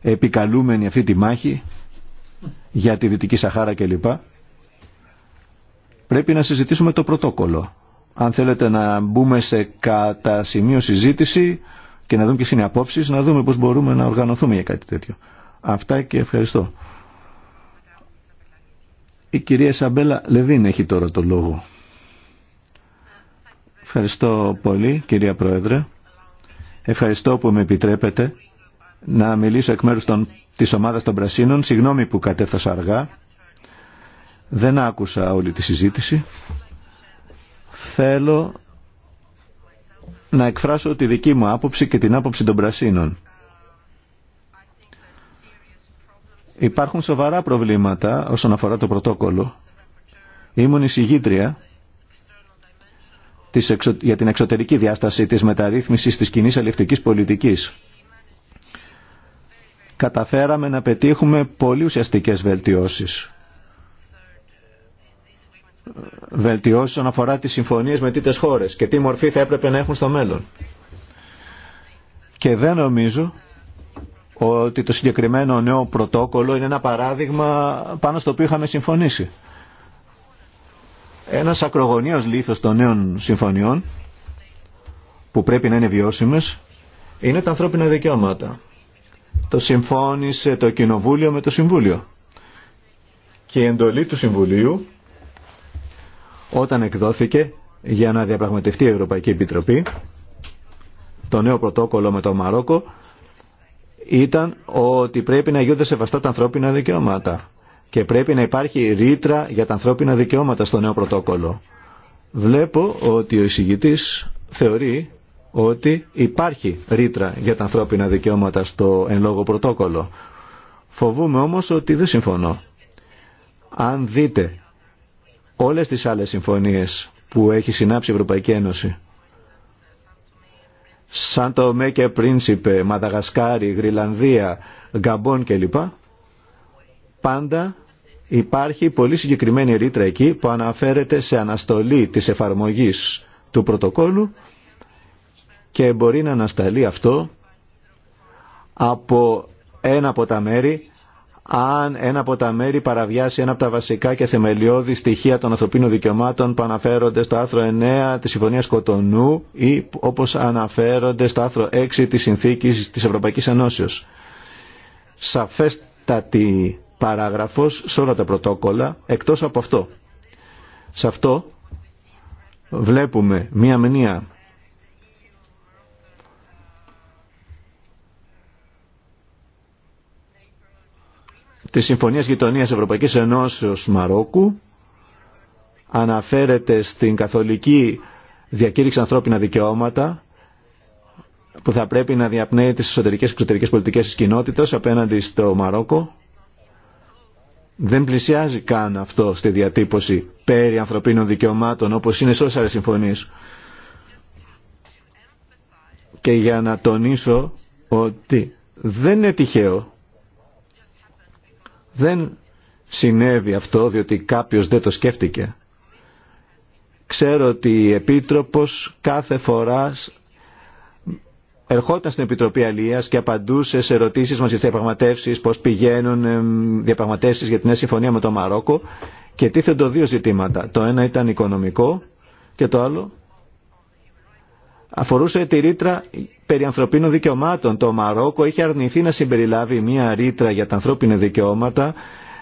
επικαλούμενη αυτή τη μάχη για τη Δυτική Σαχάρα κλπ πρέπει να συζητήσουμε το πρωτόκολλο. Αν θέλετε να μπούμε σε κατά σημείο συζήτηση και να δούμε ποιε είναι οι απόψει, να δούμε πώ μπορούμε να οργανωθούμε για κάτι τέτοιο. Αυτά και ευχαριστώ. Η κυρία Σαμπέλα Λεβίν έχει τώρα το λόγο. Ευχαριστώ πολύ κυρία Πρόεδρε. Ευχαριστώ που με επιτρέπετε να μιλήσω εκ μέρους των, της ομάδας των Πρασίνων. Συγγνώμη που κατέφθασα αργά. Δεν άκουσα όλη τη συζήτηση. Θέλω να εκφράσω τη δική μου άποψη και την άποψη των πρασίνων. Υπάρχουν σοβαρά προβλήματα όσον αφορά το πρωτόκολλο. Ήμουν εισηγήτρια για την εξωτερική διάσταση της μεταρρύθμισης της κοινή αλληλευτικής πολιτικής. Καταφέραμε να πετύχουμε πολύ ουσιαστικές βελτιώσεις βελτιώσει όσον αφορά τις συμφωνίες με τίτες χώρες και τι μορφή θα έπρεπε να έχουν στο μέλλον. Και δεν νομίζω ότι το συγκεκριμένο νέο πρωτόκολλο είναι ένα παράδειγμα πάνω στο οποίο είχαμε συμφωνήσει. Ένας ακρογωνίος λήθος των νέων συμφωνιών που πρέπει να είναι βιώσιμες είναι τα ανθρώπινα δικαιώματα. Το συμφώνησε το Κοινοβούλιο με το Συμβούλιο. Και η εντολή του Συμβουλίου όταν εκδόθηκε για να διαπραγματευτεί η Ευρωπαϊκή Επιτροπή το νέο πρωτόκολλο με το Μαρόκο ήταν ότι πρέπει να γίνονται σεβαστά τα ανθρώπινα δικαιώματα και πρέπει να υπάρχει ρήτρα για τα ανθρώπινα δικαιώματα στο νέο πρωτόκολλο. Βλέπω ότι ο εισηγητής θεωρεί ότι υπάρχει ρήτρα για τα ανθρώπινα δικαιώματα στο εν λόγω πρωτόκολλο. Φοβούμαι όμως ότι δεν συμφωνώ. Αν δείτε όλες τις άλλες συμφωνίες που έχει συνάψει η Ευρωπαϊκή Ένωση. Σαν το Μέκε Πρίνσιπε, Μαδαγασκάρι, Γρυλανδία, και κλπ. Πάντα υπάρχει πολύ συγκεκριμένη ρήτρα εκεί που αναφέρεται σε αναστολή της εφαρμογής του πρωτοκόλου και μπορεί να ανασταλεί αυτό από ένα από τα μέρη αν ένα από τα μέρη παραβιάσει ένα από τα βασικά και θεμελιώδη στοιχεία των ανθρωπίνων δικαιωμάτων που αναφέρονται στο άρθρο 9 της Συμφωνίας Κοτονού ή όπως αναφέρονται στο άρθρο 6 της Συνθήκης της Ευρωπαϊκής Ενώσεως. Σαφέστατη παράγραφος σε όλα τα πρωτόκολλα εκτός από αυτό. Σε αυτό βλέπουμε μία μνήμα τη Συμφωνίας Γειτονίας Ευρωπαϊκής Ενώσεως Μαρόκου αναφέρεται στην καθολική διακήρυξη ανθρώπινα δικαιώματα που θα πρέπει να διαπνέει τις εσωτερικές και εξωτερικές πολιτικές της κοινότητας απέναντι στο Μαρόκο. Δεν πλησιάζει καν αυτό στη διατύπωση πέρι ανθρωπίνων δικαιωμάτων όπως είναι σε άλλες συμφωνίες. Και για να τονίσω ότι δεν είναι τυχαίο δεν συνέβη αυτό διότι κάποιος δεν το σκέφτηκε. Ξέρω ότι η Επίτροπος κάθε φορά ερχόταν στην Επιτροπή Αλίας και απαντούσε σε ερωτήσεις μας για τις διαπραγματεύσεις, πώς πηγαίνουν διαπραγματεύσεις για την νέα συμφωνία με το Μαρόκο και τίθεντο δύο ζητήματα. Το ένα ήταν οικονομικό και το άλλο αφορούσε τη ρήτρα περί ανθρωπίνων δικαιωμάτων. Το Μαρόκο είχε αρνηθεί να συμπεριλάβει μια ρήτρα για τα ανθρώπινα δικαιώματα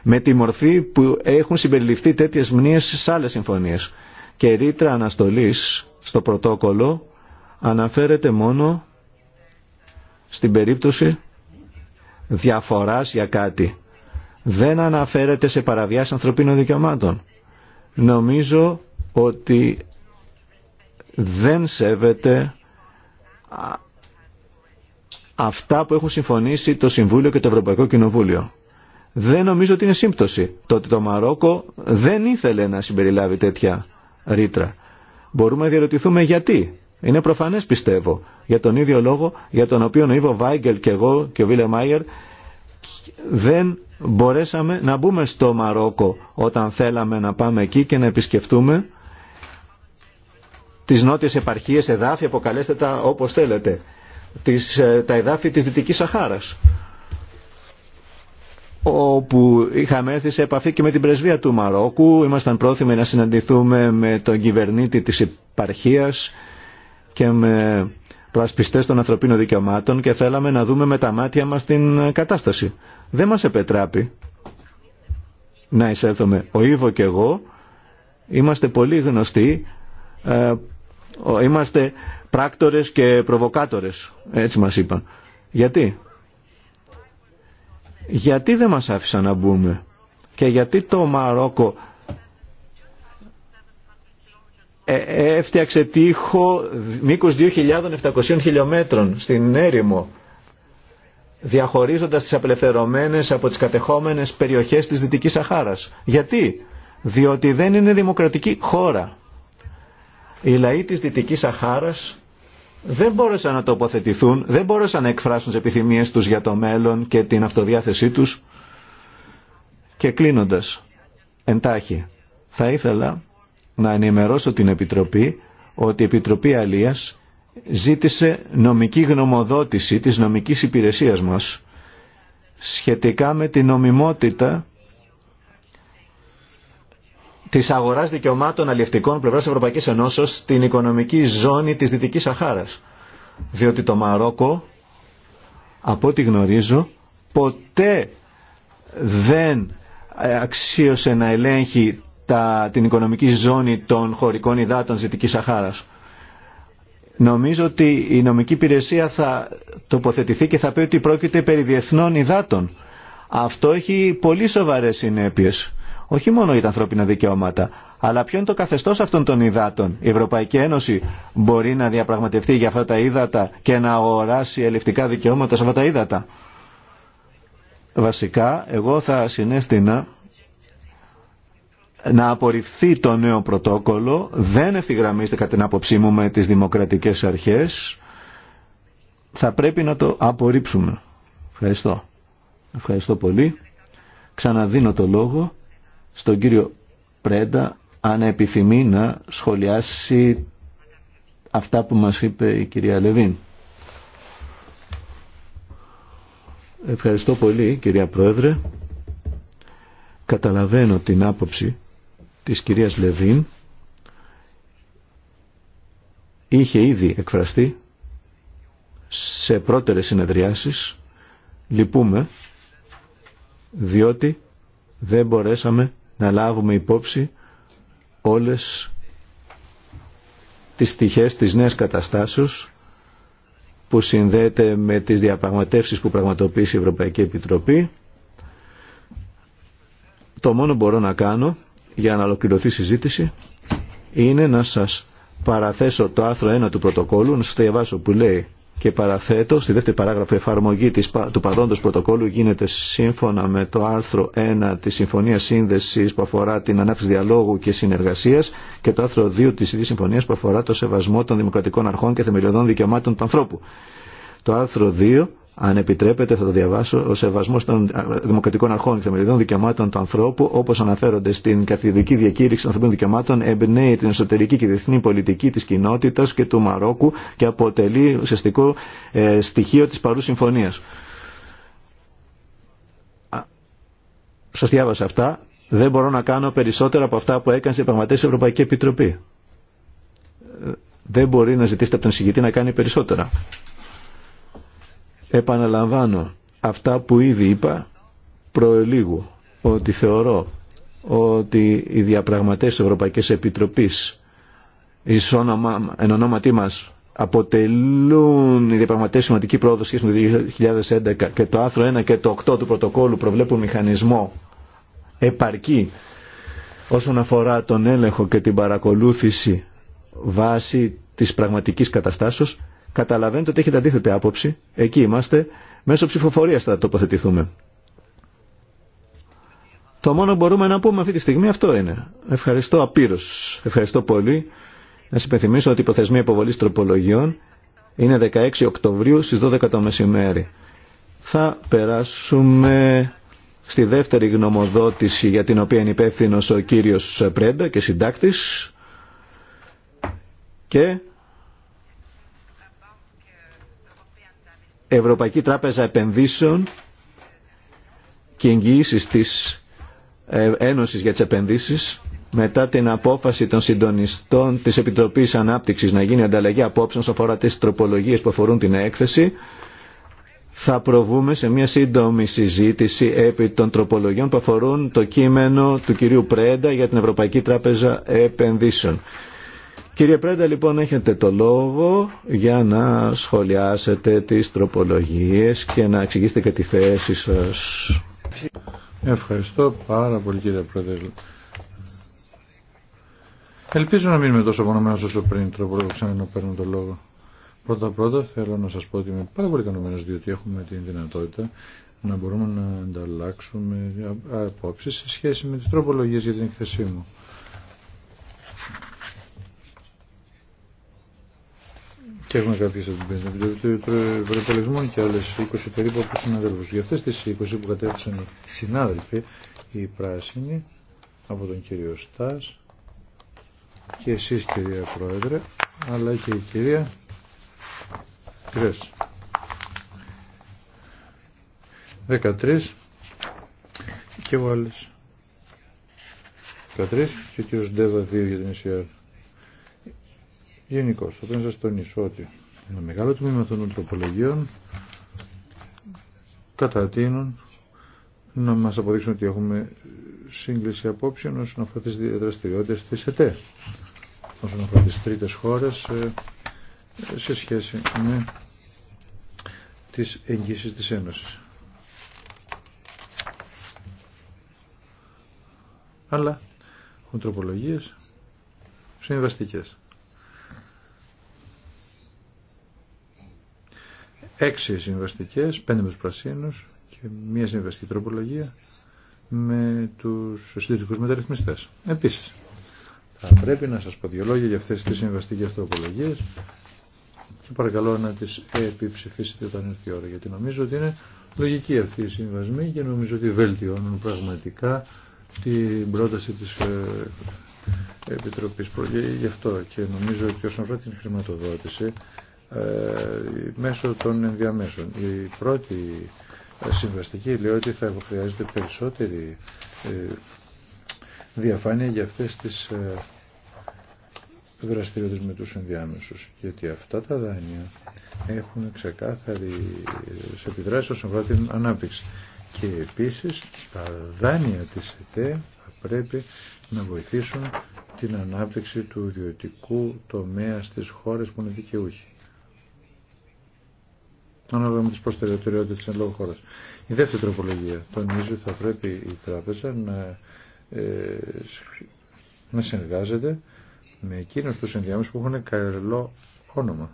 με τη μορφή που έχουν συμπεριληφθεί τέτοιες μνήες σε άλλες συμφωνίες. Και ρήτρα αναστολής στο πρωτόκολλο αναφέρεται μόνο στην περίπτωση διαφοράς για κάτι. Δεν αναφέρεται σε παραβιάσεις ανθρωπίνων δικαιωμάτων. Νομίζω ότι δεν σέβεται αυτά που έχουν συμφωνήσει το Συμβούλιο και το Ευρωπαϊκό Κοινοβούλιο. Δεν νομίζω ότι είναι σύμπτωση το ότι το Μαρόκο δεν ήθελε να συμπεριλάβει τέτοια ρήτρα. Μπορούμε να διαρωτηθούμε γιατί. Είναι προφανές πιστεύω. Για τον ίδιο λόγο για τον οποίο ο Ιβο Βάγκελ και εγώ και ο Βίλε Μάιερ δεν μπορέσαμε να μπούμε στο Μαρόκο όταν θέλαμε να πάμε εκεί και να επισκεφτούμε τι νότιε επαρχιέ εδάφη, αποκαλέστε τα όπως θέλετε, τις, ε, τα εδάφη της Δυτικής Σαχάρας όπου είχαμε έρθει σε επαφή και με την πρεσβεία του Μαρόκου. Ήμασταν πρόθυμοι να συναντηθούμε με τον κυβερνήτη της επαρχίας και με προασπιστές των ανθρωπίνων δικαιωμάτων και θέλαμε να δούμε με τα μάτια μας την κατάσταση. Δεν μας επετράπει να εισέλθουμε. Ο Ήβο και εγώ είμαστε πολύ γνωστοί ε, είμαστε πράκτορες και προβοκάτορες. Έτσι μας είπαν. Γιατί. Γιατί δεν μας άφησαν να μπούμε. Και γιατί το Μαρόκο ε, έφτιαξε τείχο μήκους 2.700 χιλιόμετρων στην έρημο διαχωρίζοντας τις απελευθερωμένες από τις κατεχόμενες περιοχές της Δυτικής Σαχάρας. Γιατί? Διότι δεν είναι δημοκρατική χώρα. Οι λαοί της Δυτικής Αχάρας δεν μπόρεσαν να τοποθετηθούν, δεν μπόρεσαν να εκφράσουν τις επιθυμίες τους για το μέλλον και την αυτοδιάθεσή τους. Και κλείνοντας, εντάχει, θα ήθελα να ενημερώσω την Επιτροπή ότι η Επιτροπή Αλίας ζήτησε νομική γνωμοδότηση της νομικής υπηρεσίας μας σχετικά με την νομιμότητα τη αγορά δικαιωμάτων αλληλευτικών πλευρά Ευρωπαϊκή Ενώσεω στην οικονομική ζώνη τη Δυτική Σαχάρα. Διότι το Μαρόκο, από ό,τι γνωρίζω, ποτέ δεν ε, αξίωσε να ελέγχει τα, την οικονομική ζώνη των χωρικών υδάτων Δυτικής Σαχάρας. Νομίζω ότι η νομική υπηρεσία θα τοποθετηθεί και θα πει ότι πρόκειται περί διεθνών υδάτων. Αυτό έχει πολύ σοβαρές συνέπειες όχι μόνο για τα ανθρώπινα δικαιώματα, αλλά ποιο είναι το καθεστώς αυτών των υδάτων. Η Ευρωπαϊκή Ένωση μπορεί να διαπραγματευτεί για αυτά τα ύδατα και να αγοράσει ελευτικά δικαιώματα σε αυτά τα ύδατα. Βασικά, εγώ θα συνέστηνα να απορριφθεί το νέο πρωτόκολλο, δεν ευθυγραμμίζεται κατά την άποψή μου με τις δημοκρατικές αρχές, θα πρέπει να το απορρίψουμε. Ευχαριστώ. Ευχαριστώ πολύ. Ξαναδίνω το λόγο στον κύριο Πρέντα αν επιθυμεί να σχολιάσει αυτά που μας είπε η κυρία Λεβίν. Ευχαριστώ πολύ κυρία Πρόεδρε. Καταλαβαίνω την άποψη της κυρίας Λεβίν. Είχε ήδη εκφραστεί σε πρώτερες συνεδριάσεις. Λυπούμε διότι δεν μπορέσαμε να λάβουμε υπόψη όλες τις πτυχές της νέας καταστάσεως που συνδέεται με τις διαπραγματεύσεις που πραγματοποιήσει η Ευρωπαϊκή Επιτροπή. Το μόνο μπορώ να κάνω για να ολοκληρωθεί η συζήτηση είναι να σας παραθέσω το άρθρο 1 του πρωτοκόλου, να σας διαβάσω που λέει και παραθέτω στη δεύτερη παράγραφο εφαρμογή του παρόντος πρωτοκόλου γίνεται σύμφωνα με το άρθρο 1 της Συμφωνίας Σύνδεσης που αφορά την ανάπτυξη διαλόγου και συνεργασίας και το άρθρο 2 της ίδιας Συμφωνίας που αφορά το σεβασμό των δημοκρατικών αρχών και θεμελιωδών δικαιωμάτων του ανθρώπου. Το άρθρο 2 αν επιτρέπετε θα το διαβάσω, ο σεβασμό των δημοκρατικών αρχών και θεμελιδών δικαιωμάτων του ανθρώπου, όπω αναφέρονται στην καθηγητική διακήρυξη των ανθρωπίνων δικαιωμάτων, εμπνέει την εσωτερική και διεθνή πολιτική τη κοινότητα και του Μαρόκου και αποτελεί ουσιαστικό ε, στοιχείο τη παρού συμφωνία. Σα διάβασα αυτά. Δεν μπορώ να κάνω περισσότερα από αυτά που έκανε στην πραγματεύση Ευρωπαϊκή Επιτροπή. Ε, δεν μπορεί να ζητήσετε από τον συγκητή να κάνει περισσότερα. Επαναλαμβάνω αυτά που ήδη είπα προελίγου, ότι θεωρώ ότι οι διαπραγματεύσεις της Ευρωπαϊκής Επιτροπής όνομα, εν ονόματί μας αποτελούν οι διαπραγματεύσεις σημαντική πρόοδο σχέση με το 2011 και το άρθρο 1 και το 8 του πρωτοκόλου προβλέπουν μηχανισμό επαρκή όσον αφορά τον έλεγχο και την παρακολούθηση βάση της πραγματικής καταστάσεως Καταλαβαίνετε ότι έχετε αντίθετη άποψη. Εκεί είμαστε. Μέσω ψηφοφορία θα τοποθετηθούμε. Το μόνο που μπορούμε να πούμε αυτή τη στιγμή αυτό είναι. Ευχαριστώ απείρω. Ευχαριστώ πολύ. Να σα υπενθυμίσω ότι η προθεσμία υποβολή τροπολογιών είναι 16 Οκτωβρίου στι 12 το μεσημέρι. Θα περάσουμε στη δεύτερη γνωμοδότηση για την οποία είναι υπεύθυνο ο κύριος Πρέντα και συντάκτης και Ευρωπαϊκή Τράπεζα Επενδύσεων και εγγυήσει της ε, Ένωσης για τις Επενδύσεις μετά την απόφαση των συντονιστών της Επιτροπής Ανάπτυξης να γίνει ανταλλαγή απόψεων αφορά τις τροπολογίες που αφορούν την έκθεση θα προβούμε σε μια σύντομη συζήτηση επί των τροπολογιών που αφορούν το κείμενο του κυρίου Πρέντα για την Ευρωπαϊκή Τράπεζα Επενδύσεων. Κύριε Πρέντα, λοιπόν, έχετε το λόγο για να σχολιάσετε τις τροπολογίες και να εξηγήσετε και τη θέση σας. Ευχαριστώ πάρα πολύ, κύριε Πρόεδρε. Ελπίζω να μην είμαι τόσο απονομένος όσο πριν τροπολογώ ξανά να παίρνω το λόγο. Πρώτα-πρώτα θέλω να σας πω ότι είμαι πάρα πολύ ικανοποιημένος διότι έχουμε την δυνατότητα να μπορούμε να ανταλλάξουμε απόψεις σε σχέση με τις τροπολογίες για την εκθεσή μου. Και έχουμε κάποιες από την Επιτροπή και άλλες 20 περίπου από συναδέλφους. Για αυτές τις 20 που κατέθεσαν οι συνάδελφοι, οι πράσινοι, από τον κύριο Στάς, και εσείς κυρία Πρόεδρε, αλλά και η κυρία Κρέσ. 13 και ο άλλος 13 και ο κύριος Ντέβα 2 για την ΕΣΥΑΡ. Γενικώ, όταν σας τονίσω ότι ένα μεγάλο τμήμα των τροπολογιών κατατείνουν να μας αποδείξουν ότι έχουμε σύγκληση απόψεων όσον αφορά τι δραστηριότητε τη ΕΤΕ, όσον αφορά τι τρίτες χώρες ε, σε σχέση με τις εγγύσει της Ένωσης. Αλλά έχουν τροπολογίες συμβαστικές. έξι συμβαστικέ πέντε με του πρασίνου και μία συμβαστική τροπολογία με του συντηρητικού μεταρρυθμιστέ. Επίση, θα πρέπει να σα πω δύο λόγια για αυτέ τι συμβαστικέ τροπολογίε και παρακαλώ να τι επιψηφίσετε όταν έρθει η ώρα γιατί νομίζω ότι είναι λογική αυτή η συμβασμή και νομίζω ότι βελτιώνουν πραγματικά την πρόταση τη ε, Επιτροπής. Γι' αυτό και νομίζω ότι όσον αφορά την χρηματοδότηση ε, μέσω των ενδιαμέσων. Η πρώτη ε, συμβαστική λέει ότι θα χρειάζεται περισσότερη ε, διαφάνεια για αυτές τις δραστηριότητες με τους ενδιάμεσους. Γιατί αυτά τα δάνεια έχουν ξεκάθαρη σε επιδράσει όσον την ανάπτυξη. Και επίσης τα δάνεια της ΕΤΕ θα πρέπει να βοηθήσουν την ανάπτυξη του ιδιωτικού τομέα στις χώρες που είναι δικαιούχοι ανάλογα με τι προτεραιότητε τη εν λόγω χώρα. Η δεύτερη τροπολογία τονίζει ότι θα πρέπει η τράπεζα να, ε, συνεργάζεται με εκείνους τους ενδιάμεσου που έχουν καλό όνομα.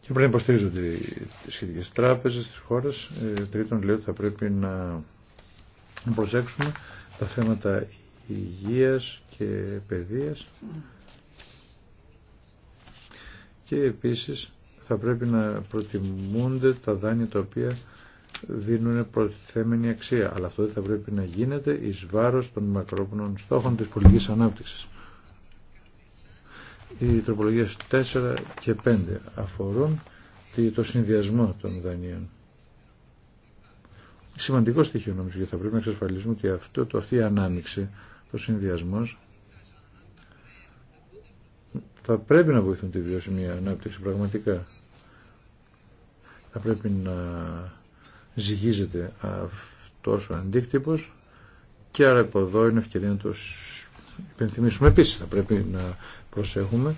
Και πρέπει να υποστηρίζονται οι σχετικέ τράπεζε τη χώρα. Ε, τρίτον, λέω ότι θα πρέπει να προσέξουμε τα θέματα υγείας και παιδείας και επίσης θα πρέπει να προτιμούνται τα δάνεια τα οποία δίνουν προθέμενη αξία. Αλλά αυτό δεν θα πρέπει να γίνεται εις βάρος των μακρόπνων στόχων της πολιτικής ανάπτυξης. Οι τροπολογίες 4 και 5 αφορούν το συνδυασμό των δανείων. Σημαντικό στοιχείο νομίζω γιατί θα πρέπει να εξασφαλίσουμε ότι αυτό, το, αυτή η ανάμειξη, το συνδυασμός θα πρέπει να βοηθούν τη βιώσιμη ανάπτυξη πραγματικά. Θα πρέπει να ζυγίζεται αυτός ο αντίκτυπος και άρα από εδώ είναι ευκαιρία να το υπενθυμίσουμε. Επίσης θα πρέπει να προσέχουμε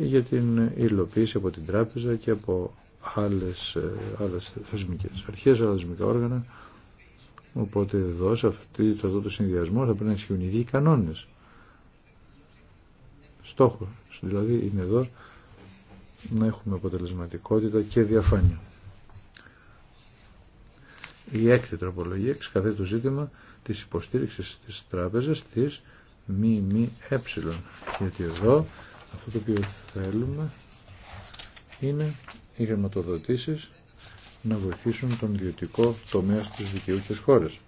για την υλοποίηση από την τράπεζα και από άλλες, άλλες θεσμικές αρχές, άλλες θεσμικά όργανα. Οπότε εδώ σε αυτό το συνδυασμό θα πρέπει να ισχύουν οι ίδιοι κανόνες στόχο. Δηλαδή είναι εδώ να έχουμε αποτελεσματικότητα και διαφάνεια. Η έκτη τροπολογία εξκαθεί το ζήτημα της υποστήριξης της τράπεζας της ΜΜΕ. Γιατί εδώ αυτό το οποίο θέλουμε είναι οι χρηματοδοτήσει να βοηθήσουν τον ιδιωτικό τομέα στις δικαιούχες χώρες.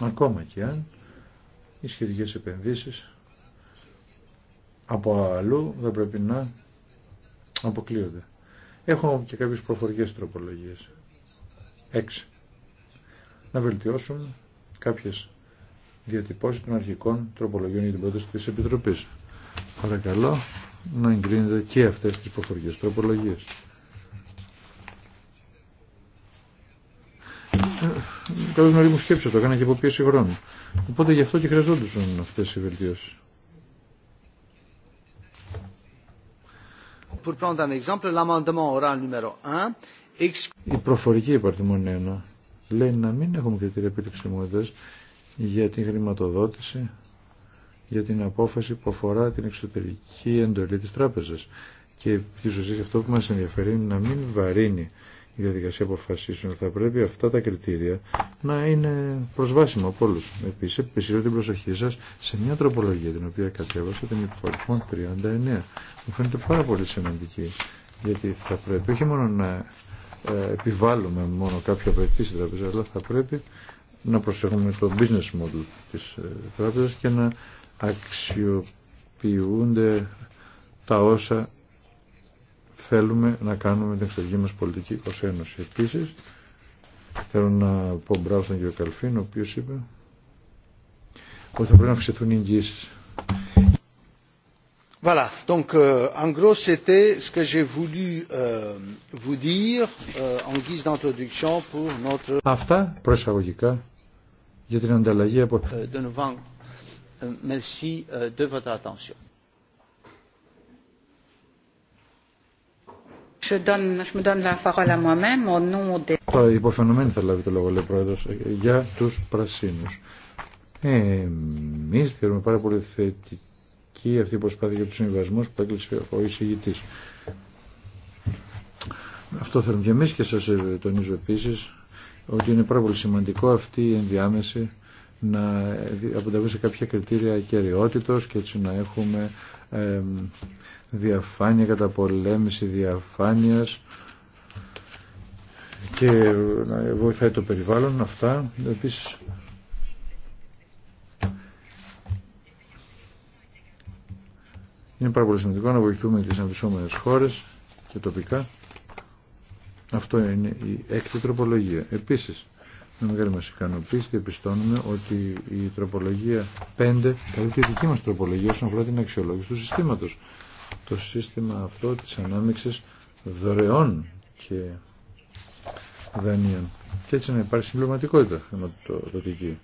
Ακόμα και αν οι σχετικές επενδύσεις από αλλού δεν πρέπει να αποκλείονται. Έχω και κάποιες προφορικές τροπολογίες. Έξι. Να βελτιώσουμε κάποιες διατυπώσεις των αρχικών τροπολογιών για την πρόταση της Επιτροπής. Παρακαλώ να εγκρίνετε και αυτές τις προφορικές τροπολογίες. καλός να σκέψη, το έκανα και πίεση χρόνου. Οπότε γι' αυτό και χρειαζόντουσαν αυτέ οι βελτίωσει. Η προφορική υπαρτιμόν 1 λέει να μην έχουμε κριτήρια επιλεξιμότητα για την χρηματοδότηση, για την απόφαση που αφορά την εξωτερική εντολή της τράπεζας. Και τη αυτό που μας ενδιαφέρει είναι να μην βαρύνει η διαδικασία αποφασίσεων θα πρέπει αυτά τα κριτήρια να είναι προσβάσιμα από όλους. Επίσης, επισηρώ την προσοχή σας σε μια τροπολογία την οποία κατέβασα την υπόλοιπη 39. Μου φαίνεται πάρα πολύ σημαντική, γιατί θα πρέπει όχι μόνο να ε, επιβάλλουμε μόνο κάποια απαιτήσει τράπεζα, αλλά θα πρέπει να προσέχουμε το business model της ε, τράπεζας και να αξιοποιούνται τα όσα θέλουμε να κάνουμε την εξωτερική μας πολιτική ως Ένωση. Επίσης, θέλω να πω μπράβο στον κύριο Καλφίν, ο οποίος είπε ότι θα πρέπει να αυξηθούν οι εγγύσεις. Voilà, donc euh, en gros c'était ce que j'ai voulu euh, vous dire euh, en guise d'introduction pour notre... Αυτά προσαγωγικά για την ανταλλαγή από... Euh, de nouveau, Euh, merci euh, de votre attention. Τώρα υποφαινομένη θα λάβει το λόγο, λέει ο Πρόεδρο, ε, για τους πρασίνους. Ε, εμεί θεωρούμε πάρα πολύ θετική αυτή η προσπάθεια για του συμβιβασμού που έκλεισε ο εισηγητή. Αυτό θέλουμε και εμεί και σα ε, τονίζω επίση ότι είναι πάρα πολύ σημαντικό αυτή η ενδιάμεση να αποτελεί σε κάποια κριτήρια κεραιότητο και έτσι να έχουμε διαφάνεια, καταπολέμηση διαφάνειας και να βοηθάει το περιβάλλον αυτά. Επίσης, είναι πάρα πολύ σημαντικό να βοηθούμε τις αναπτυσσόμενες χώρες και τοπικά. Αυτό είναι η έκτη τροπολογία. Επίσης, με μεγάλη μας ικανοποίηση διαπιστώνουμε ότι η τροπολογία 5 καλύπτει η δική μας τροπολογία όσον αφορά την αξιολόγηση του συστήματος το σύστημα αυτό της ανάμειξης δωρεών και δανείων. Και έτσι να υπάρχει συμπληρωματικότητα χρηματοδοτική.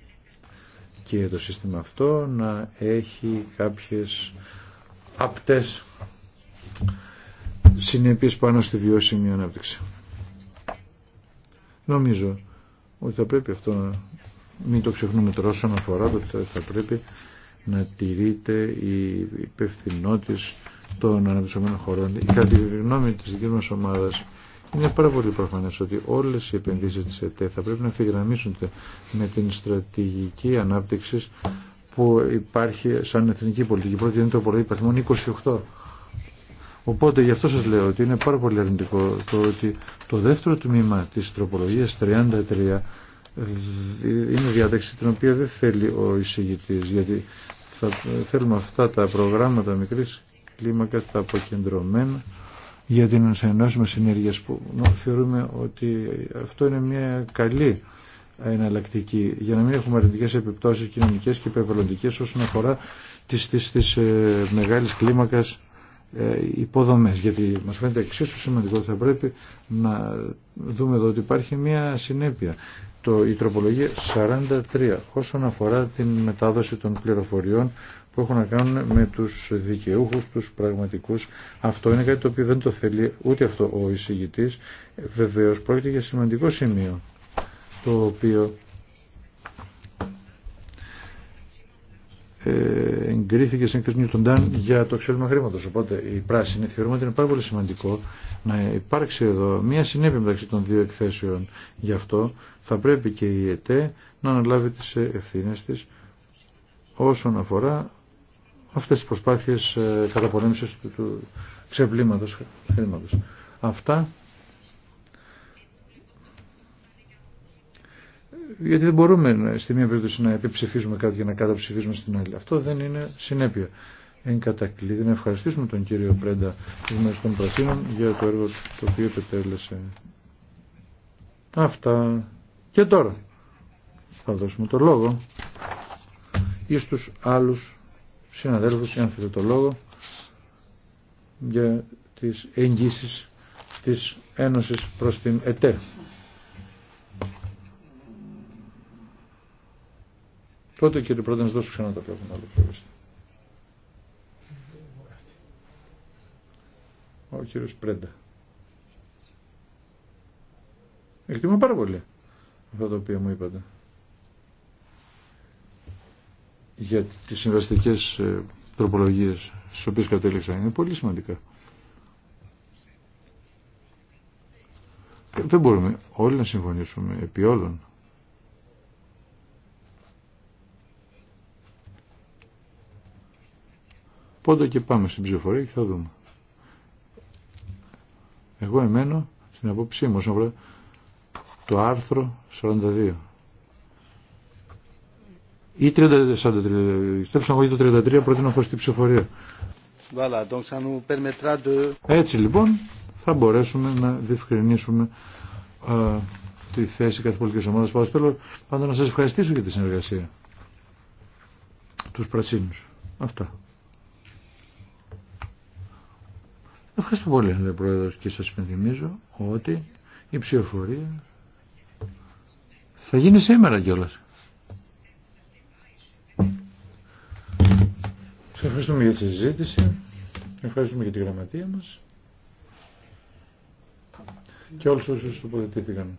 Και το σύστημα αυτό να έχει κάποιες απτές συνέπειες πάνω στη βιώσιμη ανάπτυξη. Νομίζω ότι θα πρέπει αυτό να μην το ξεχνούμε τώρα όσον αφορά ότι θα πρέπει να τηρείται η υπευθυνότητα των αναπτυσσομένων χωρών. Η κατά τη της δικής μας ομάδας είναι πάρα πολύ προφανές ότι όλες οι επενδύσεις της ΕΤΕ θα πρέπει να φυγραμμίσουν με την στρατηγική ανάπτυξη που υπάρχει σαν εθνική πολιτική. Πρώτη είναι το πρωί 28. Οπότε γι' αυτό σας λέω ότι είναι πάρα πολύ αρνητικό το ότι το δεύτερο τμήμα της τροπολογίας 33 είναι διάταξη την οποία δεν θέλει ο εισηγητής γιατί θα θέλουμε αυτά τα προγράμματα μικρής κλίμακα, τα αποκεντρωμένα για την με συνέργειας που θεωρούμε ότι αυτό είναι μια καλή εναλλακτική για να μην έχουμε αρνητικές επιπτώσεις κοινωνικές και περιβαλλοντικές όσον αφορά τις, τις, τις ε, μεγάλες κλίμακας ε, υποδομές γιατί μας φαίνεται εξίσου σημαντικό ότι θα πρέπει να δούμε εδώ ότι υπάρχει μια συνέπεια το, η τροπολογία 43 όσον αφορά την μετάδοση των πληροφοριών που έχουν να κάνουν με τους δικαιούχου, τους πραγματικού. Αυτό είναι κάτι το οποίο δεν το θέλει ούτε αυτό ο εισήγητη. Βεβαίω πρόκειται για σημαντικό σημείο το οποίο ε, εγκρίθηκε στην εκθεσμή του Ντάν για το εξέλιμα χρήματο. Οπότε η πράσινη θεωρούμε ότι είναι πάρα πολύ σημαντικό να υπάρξει εδώ μια συνέπεια μεταξύ των δύο εκθέσεων. Γι' αυτό θα πρέπει και η ΕΤΕ να αναλάβει τι ευθύνε τη όσον αφορά αυτές τις προσπάθειες ε, καταπολέμησης του, του ξεβλήματος χρήματος. Αυτά γιατί δεν μπορούμε ε, στη μία περίπτωση να επιψηφίζουμε κάτι για να καταψηφίζουμε στην άλλη. Αυτό δεν είναι συνέπεια. Εν κατακλείδη να ευχαριστήσουμε τον κύριο Πρέντα της μας των Πρασίνων για το έργο το οποίο επιτέλεσε Αυτά. Και τώρα θα δώσουμε το λόγο εις τους άλλους συναδέλφους, εάν θέλετε το λόγο, για τις εγγύσεις της Ένωσης προς την ΕΤΕ. Τότε κύριε Πρόεδρε, να σας δώσω ξανά τα πράγματα. Ο κύριος Πρέντα. Εκτιμώ πάρα πολύ αυτό το οποίο μου είπατε για τις συμβαστικέ ε, τροπολογίες στις οποίες κατέληξα. είναι πολύ σημαντικά. Ε, δεν μπορούμε όλοι να συμφωνήσουμε επί όλων. Πότε και πάμε στην ψηφοφορία και θα δούμε. Εγώ εμένω στην απόψή μου το άρθρο 42 ή 30, 43. εγώ το 33 προτείνω χωρίς την ψηφορία. Έτσι λοιπόν θα μπορέσουμε να διευκρινίσουμε τη θέση κάθε πολιτική ομάδα. Πάντω θέλω πάντα να σα ευχαριστήσω για τη συνεργασία του Πρασίνου. Αυτά. Ευχαριστώ πολύ, λέει ο Πρόεδρο, και σας υπενθυμίζω ότι η ψηφοφορία θα γίνει σήμερα κιόλα. Ευχαριστούμε για τη συζήτηση. Ευχαριστούμε για τη γραμματεία μας. Και όλους όσους τοποθετήθηκαν.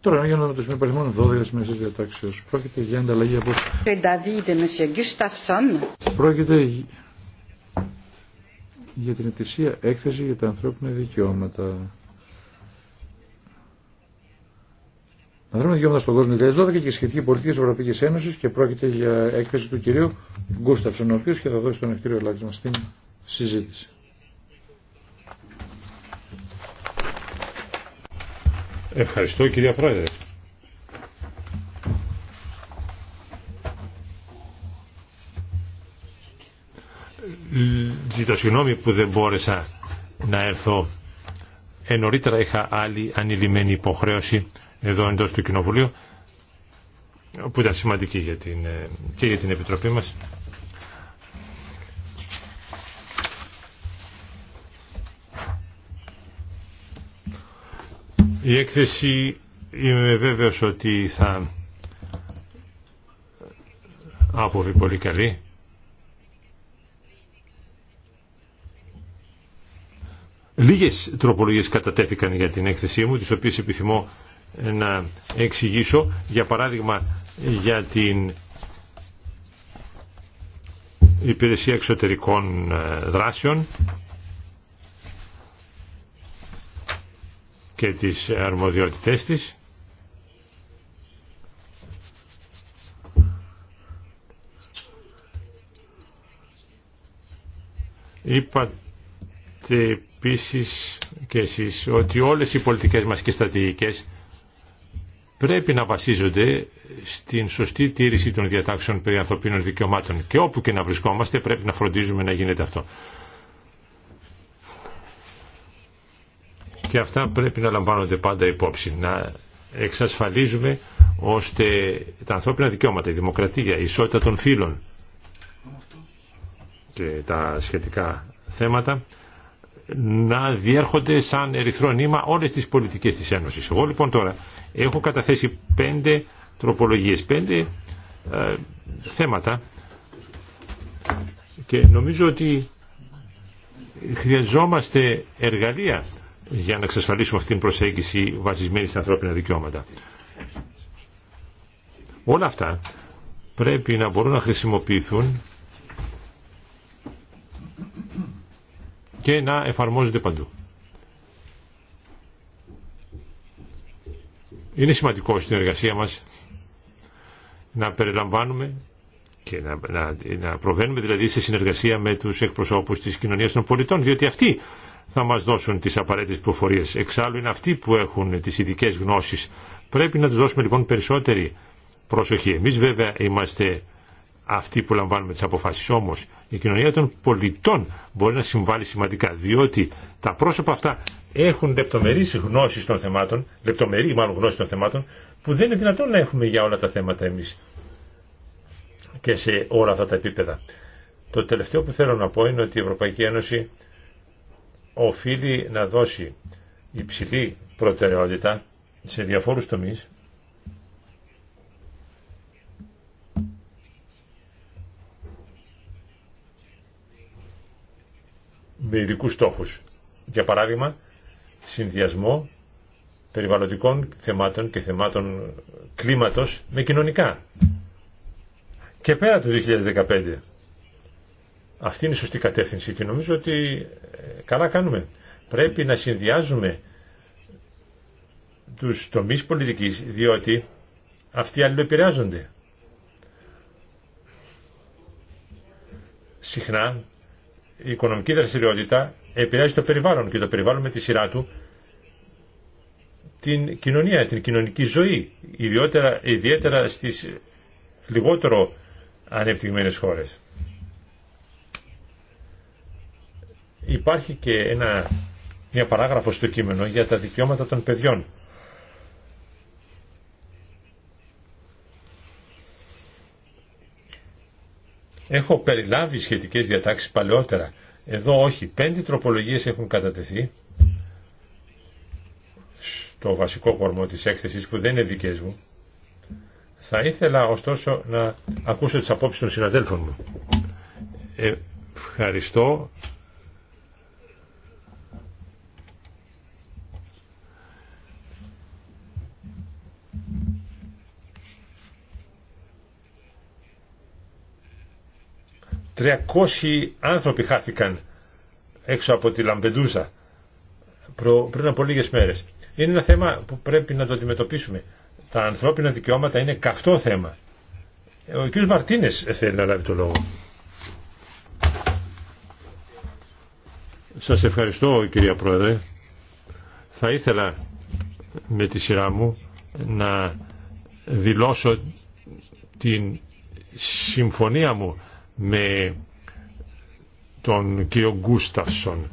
Τώρα, για να το σημείο παρελθόν 12 σημερινή διατάξεω. Πρόκειται για ανταλλαγή από. Πρόκειται για την ετησία έκθεση για τα ανθρώπινα δικαιώματα. δούμε δικαιώματα στον κόσμο 2012 και σχετική πολιτική τη Ευρωπαϊκή Ένωση και πρόκειται για έκθεση του κυρίου Γκούσταψον, ο οποίο και θα δώσει τον ευκαιρίο ελάχισμα στην συζήτηση. Ευχαριστώ κυρία Πρόεδρε. Ζητώ συγγνώμη που δεν μπόρεσα να έρθω. Ενωρίτερα είχα άλλη ανηλυμένη υποχρέωση εδώ εντός του Κοινοβουλίου που ήταν σημαντική για την, ε, και για την Επιτροπή μας. Η έκθεση είμαι βέβαιος ότι θα αποβεί πολύ καλή. Λίγες τροπολογίες κατατέθηκαν για την έκθεσή μου, τις οποίες επιθυμώ να εξηγήσω, για παράδειγμα για την υπηρεσία εξωτερικών ε, δράσεων και τις αρμοδιότητές της. Είπατε επίσης και εσείς ότι όλες οι πολιτικές μας και στρατηγικές πρέπει να βασίζονται στην σωστή τήρηση των διατάξεων περί ανθρωπίνων δικαιωμάτων και όπου και να βρισκόμαστε πρέπει να φροντίζουμε να γίνεται αυτό. Και αυτά πρέπει να λαμβάνονται πάντα υπόψη. Να εξασφαλίζουμε ώστε τα ανθρώπινα δικαιώματα, η δημοκρατία, η ισότητα των φύλων και τα σχετικά θέματα να διέρχονται σαν ερυθρό νήμα όλες τις πολιτικές της Ένωσης. Εγώ λοιπόν τώρα έχω καταθέσει πέντε τροπολογίες, πέντε ε, θέματα και νομίζω ότι χρειαζόμαστε εργαλεία για να εξασφαλίσουμε αυτή την προσέγγιση βασισμένη στα ανθρώπινα δικαιώματα. Όλα αυτά πρέπει να μπορούν να χρησιμοποιηθούν και να εφαρμόζονται παντού. Είναι σημαντικό στην εργασία μας να περιλαμβάνουμε και να, να, να προβαίνουμε δηλαδή σε συνεργασία με τους εκπροσώπους της κοινωνίας των πολιτών, διότι αυτοί θα μας δώσουν τις απαραίτητες προφορίες. Εξάλλου είναι αυτοί που έχουν τις ειδικές γνώσεις. Πρέπει να τους δώσουμε λοιπόν περισσότερη προσοχή. Εμείς βέβαια είμαστε αυτοί που λαμβάνουμε τις αποφάσεις. Όμως η κοινωνία των πολιτών μπορεί να συμβάλλει σημαντικά διότι τα πρόσωπα αυτά έχουν λεπτομερείς γνώσεις των θεμάτων, λεπτομερή μάλλον γνώση των θεμάτων που δεν είναι δυνατόν να έχουμε για όλα τα θέματα εμείς και σε όλα αυτά τα επίπεδα. Το τελευταίο που θέλω να πω είναι ότι η Ευρωπαϊκή Ένωση οφείλει να δώσει υψηλή προτεραιότητα σε διαφόρους τομείς με ειδικού στόχους. Για παράδειγμα, συνδυασμό περιβαλλοντικών θεμάτων και θεμάτων κλίματος με κοινωνικά. Και πέρα το 2015. Αυτή είναι η σωστή κατεύθυνση και νομίζω ότι ε, καλά κάνουμε. Πρέπει να συνδυάζουμε τους τομείς πολιτικής, διότι αυτοί αλληλοεπηρεάζονται. Συχνά η οικονομική δραστηριότητα επηρεάζει το περιβάλλον και το περιβάλλον με τη σειρά του την κοινωνία, την κοινωνική ζωή, ιδιότερα, ιδιαίτερα στις λιγότερο ανεπτυγμένες χώρες. Υπάρχει και ένα, μια παράγραφο στο κείμενο για τα δικαιώματα των παιδιών. Έχω περιλάβει σχετικές διατάξεις παλαιότερα. Εδώ όχι. Πέντε τροπολογίες έχουν κατατεθεί στο βασικό κορμό της έκθεσης που δεν είναι δικές μου. Θα ήθελα ωστόσο να ακούσω τις απόψεις των συναδέλφων μου. Ε, ευχαριστώ 300 άνθρωποι χάθηκαν έξω από τη Λαμπεντούζα πριν από λίγες μέρες. Είναι ένα θέμα που πρέπει να το αντιμετωπίσουμε. Τα ανθρώπινα δικαιώματα είναι καυτό θέμα. Ο κ. Μαρτίνες θέλει να λάβει το λόγο. Σας ευχαριστώ κυρία Πρόεδρε. Θα ήθελα με τη σειρά μου να δηλώσω την συμφωνία μου με τον κύριο Γκούστασον.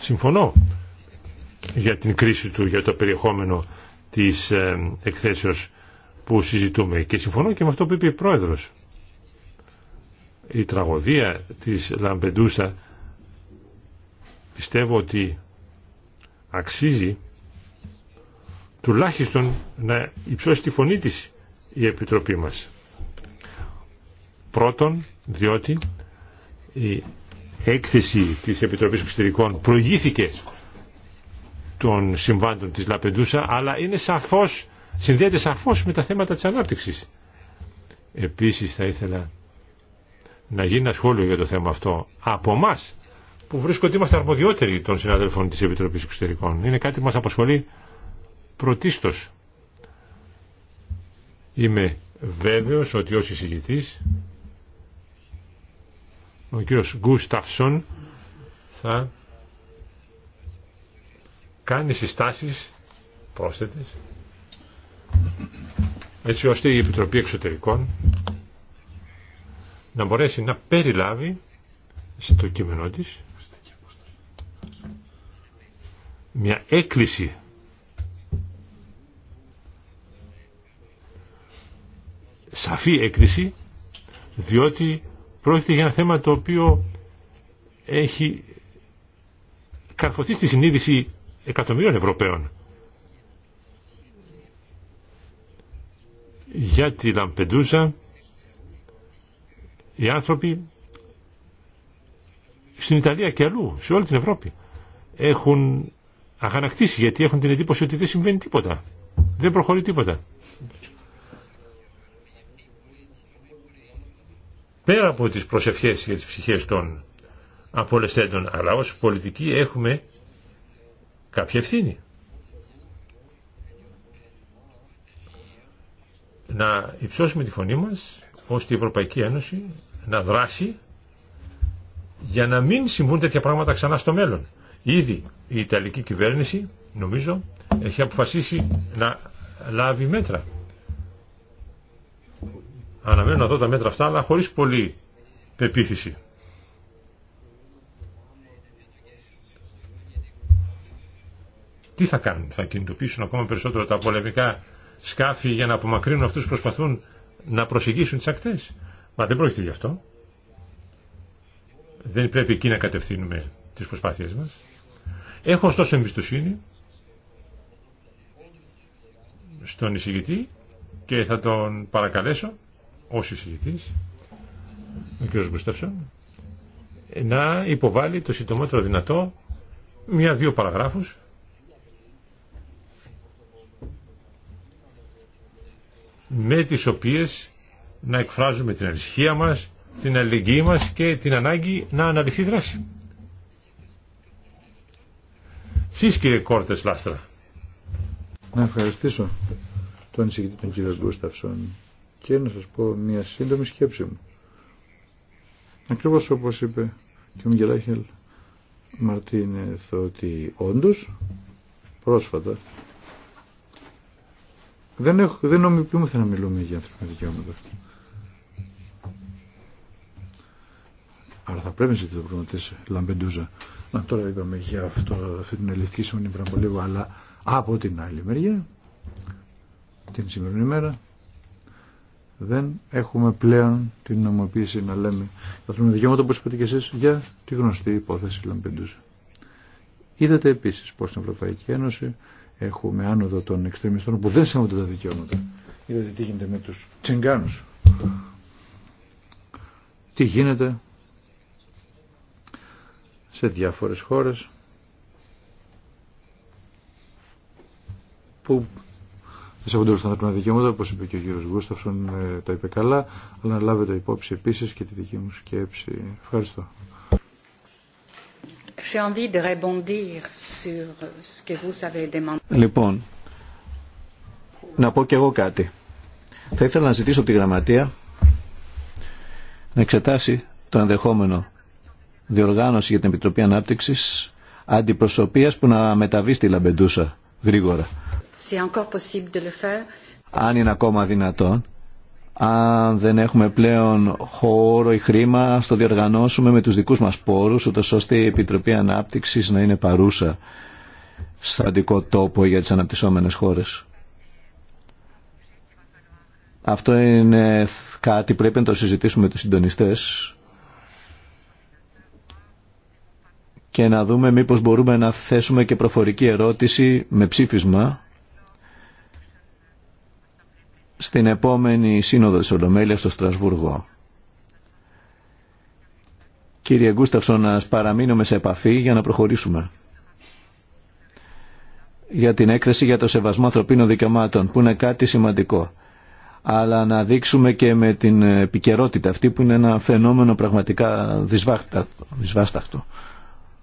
Συμφωνώ για την κρίση του, για το περιεχόμενο της ε, εκθέσεως που συζητούμε και συμφωνώ και με αυτό που είπε η Πρόεδρος. Η τραγωδία της Λαμπεντούσα πιστεύω ότι αξίζει τουλάχιστον να υψώσει τη φωνή της η Επιτροπή μας. Πρώτον, διότι η έκθεση της Επιτροπής Εξωτερικών προηγήθηκε των συμβάντων της Λαπεντούσα, αλλά είναι σαφώς, συνδέεται σαφώς με τα θέματα της ανάπτυξης. Επίσης θα ήθελα να γίνει ένα σχόλιο για το θέμα αυτό από εμά που βρίσκω ότι είμαστε αρμοδιότεροι των συναδέλφων της Επιτροπής Εξωτερικών. Είναι κάτι που μας απασχολεί Πρωτίστως, είμαι βέβαιος ότι ως εισηγητής ο κύριος Γκούσταυσον θα κάνει συστάσεις πρόσθετες έτσι ώστε η Επιτροπή Εξωτερικών να μπορέσει να περιλάβει στο κείμενό της μια έκκληση σαφή έκκληση διότι πρόκειται για ένα θέμα το οποίο έχει καρφωθεί στη συνείδηση εκατομμυρίων Ευρωπαίων. Για τη Λαμπεντούζα οι άνθρωποι στην Ιταλία και αλλού, σε όλη την Ευρώπη έχουν αγανακτήσει γιατί έχουν την εντύπωση ότι δεν συμβαίνει τίποτα. Δεν προχωρεί τίποτα. πέρα από τις προσευχές για τις ψυχές των απολεσθέντων, αλλά ως πολιτικοί έχουμε κάποια ευθύνη. Να υψώσουμε τη φωνή μας, ώστε η Ευρωπαϊκή Ένωση να δράσει για να μην συμβούν τέτοια πράγματα ξανά στο μέλλον. Ήδη η Ιταλική κυβέρνηση, νομίζω, έχει αποφασίσει να λάβει μέτρα. Αναμένω να δω τα μέτρα αυτά, αλλά χωρίς πολύ πεποίθηση. Τι θα κάνουν, θα κινητοποιήσουν ακόμα περισσότερο τα πολεμικά σκάφη για να απομακρύνουν αυτούς που προσπαθούν να προσεγγίσουν τις ακτές. Μα δεν πρόκειται γι' αυτό. Δεν πρέπει εκεί να κατευθύνουμε τις προσπάθειές μας. Έχω ωστόσο εμπιστοσύνη στον εισηγητή και θα τον παρακαλέσω ως εισηγητής, ο κ. Γκουσταύσον, να υποβάλει το συντομότερο δυνατό μία-δύο παραγράφους με τις οποίες να εκφράζουμε την αρισχία μας, την αλληλεγγύη μας και την ανάγκη να αναλυθεί δράση. Σεις κύριε Κόρτες Λάστρα. Να ευχαριστήσω τον εισηγητή τον κύριο Γκούσταυσον και να σας πω μια σύντομη σκέψη μου. Ακριβώς όπως είπε και ο Μιγελάχελ Μαρτίνεθ ότι όντως πρόσφατα δεν, έχω, δεν νομιμοποιούμεθα να μιλούμε για ανθρώπινα δικαιώματα. Άρα θα πρέπει να ζητήσουμε το πρόβλημα της Λαμπεντούζα. Να τώρα είπαμε για αυτό, αυτή την ελληνική συμφωνία πριν από λίγο, αλλά από την άλλη μεριά, την σημερινή μέρα, δεν έχουμε πλέον την νομοποίηση να λέμε το δικαιώματα, όπως είπατε και εσείς, για τη γνωστή υπόθεση Λαμπεντούζα. Είδατε επίσης πως στην Ευρωπαϊκή Ένωση έχουμε άνοδο των εξτρεμιστών που δεν σέβονται τα δικαιώματα. Είδατε τι γίνεται με τους Τσιγκάνου. Τι γίνεται σε διάφορες χώρες που σε όλους τα δικαιώματα, όπως είπε και ο κύριος Γκούσταυσον, ε, τα είπε καλά, αλλά να λάβετε υπόψη επίσης και τη δική μου σκέψη. Ευχαριστώ. Λοιπόν, να πω και εγώ κάτι. Θα ήθελα να ζητήσω τη Γραμματεία να εξετάσει το ενδεχόμενο διοργάνωση για την Επιτροπή Ανάπτυξης αντιπροσωπείας που να μεταβεί στη Λαμπεντούσα γρήγορα αν είναι ακόμα δυνατόν, αν δεν έχουμε πλέον χώρο ή χρήμα, στο το διοργανώσουμε με τους δικούς μας πόρους, ούτως ώστε η Επιτροπή Ανάπτυξης να είναι παρούσα στρατικό τόπο για τις αναπτυσσόμενες χώρες. Αυτό είναι κάτι πρέπει να το συζητήσουμε με τους συντονιστές και να δούμε μήπως μπορούμε να θέσουμε και προφορική ερώτηση με ψήφισμα στην επόμενη σύνοδο της Ολομέλειας στο Στρασβούργο. Κύριε Γκούσταυσο, να παραμείνουμε σε επαφή για να προχωρήσουμε. Για την έκθεση για το σεβασμό ανθρωπίνων δικαιωμάτων, που είναι κάτι σημαντικό. Αλλά να δείξουμε και με την επικαιρότητα αυτή που είναι ένα φαινόμενο πραγματικά δυσβάσταχτο,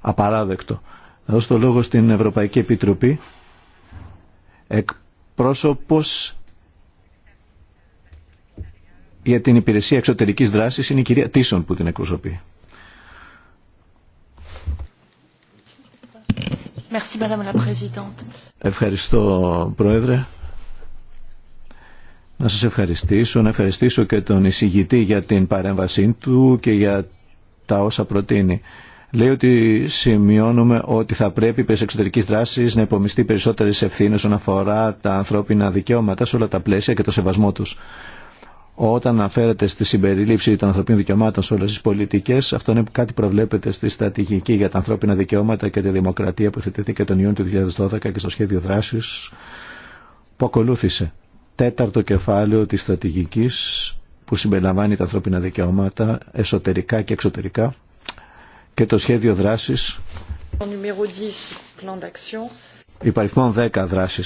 απαράδεκτο. Να δώσω το λόγο στην Ευρωπαϊκή Επιτροπή. Εκπρόσωπος για την υπηρεσία εξωτερικής δράσης είναι η κυρία Τίσον που την εκπροσωπεί. Ευχαριστώ Πρόεδρε. Να σας ευχαριστήσω, να ευχαριστήσω και τον εισηγητή για την παρέμβασή του και για τα όσα προτείνει. Λέει ότι σημειώνουμε ότι θα πρέπει περί εξωτερική δράση να υπομειστεί περισσότερε ευθύνε όσον αφορά τα ανθρώπινα δικαιώματα σε όλα τα πλαίσια και το σεβασμό του όταν αναφέρεται στη συμπερίληψη των ανθρωπίνων δικαιωμάτων σε όλε τι πολιτικέ, αυτό είναι κάτι προβλέπεται στη στρατηγική για τα ανθρώπινα δικαιώματα και τη δημοκρατία που θετήθηκε τον Ιούνιο του 2012 και στο σχέδιο δράση, που ακολούθησε. Τέταρτο κεφάλαιο τη στρατηγική που συμπεριλαμβάνει τα ανθρώπινα δικαιώματα εσωτερικά και εξωτερικά και το σχέδιο δράση, υπαριθμών 10 δράσει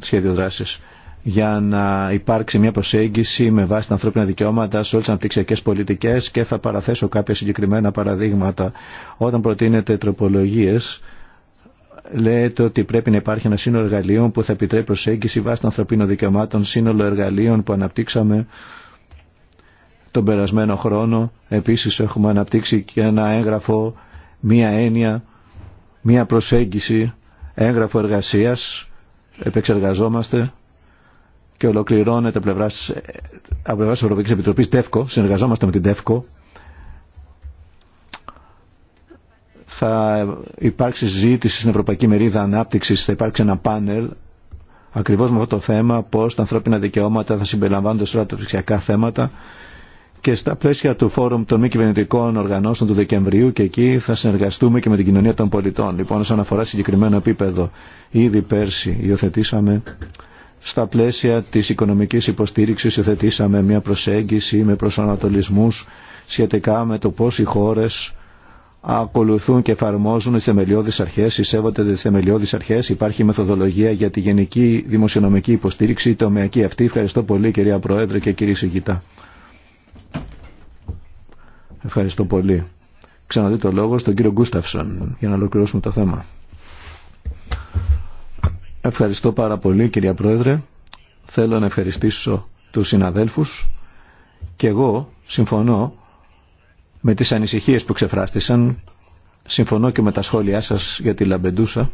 σχέδιο δράσης για να υπάρξει μια προσέγγιση με βάση τα ανθρώπινα δικαιώματα σε όλε τι αναπτυξιακέ πολιτικέ και θα παραθέσω κάποια συγκεκριμένα παραδείγματα. Όταν προτείνεται τροπολογίε, λέτε ότι πρέπει να υπάρχει ένα σύνολο εργαλείων που θα επιτρέπει προσέγγιση βάσει των ανθρωπίνων δικαιωμάτων, σύνολο εργαλείων που αναπτύξαμε τον περασμένο χρόνο. Επίσης έχουμε αναπτύξει και ένα έγγραφο, μία έννοια, μία προσέγγιση, έγγραφο εργασίας, επεξεργαζόμαστε και ολοκληρώνεται από πλευρά τη Ευρωπαϊκή Επιτροπή ΤΕΦΚΟ. Συνεργαζόμαστε με την ΤΕΦΚΟ. Θα υπάρξει συζήτηση στην Ευρωπαϊκή Μερίδα Ανάπτυξη, θα υπάρξει ένα πάνελ ακριβώ με αυτό το θέμα, πώ τα ανθρώπινα δικαιώματα θα συμπεριλαμβάνονται σε όλα τα ψηφιακά θέματα. Και στα πλαίσια του Φόρουμ των Μη Κυβερνητικών Οργανώσεων του Δεκεμβρίου και εκεί θα συνεργαστούμε και με την κοινωνία των πολιτών. Λοιπόν, όσον αφορά συγκεκριμένο επίπεδο, ήδη πέρσι υιοθετήσαμε στα πλαίσια της οικονομικής υποστήριξης υιοθετήσαμε μια προσέγγιση με προσανατολισμούς σχετικά με το πώς οι χώρες ακολουθούν και εφαρμόζουν τις θεμελιώδεις αρχές, εισέβονται τις θεμελιώδεις αρχές, υπάρχει μεθοδολογία για τη γενική δημοσιονομική υποστήριξη, η τομεακή αυτή. Ευχαριστώ πολύ κυρία Πρόεδρε και κύριε Σιγητά. Ευχαριστώ πολύ. Ξαναδεί το λόγο στον κύριο Γκούσταυσον για να ολοκληρώσουμε το θέμα. Ευχαριστώ πάρα πολύ κυρία Πρόεδρε. Θέλω να ευχαριστήσω τους συναδέλφους και εγώ συμφωνώ με τις ανησυχίες που ξεφράστησαν. Συμφωνώ και με τα σχόλιά σας για τη Λαμπεντούσα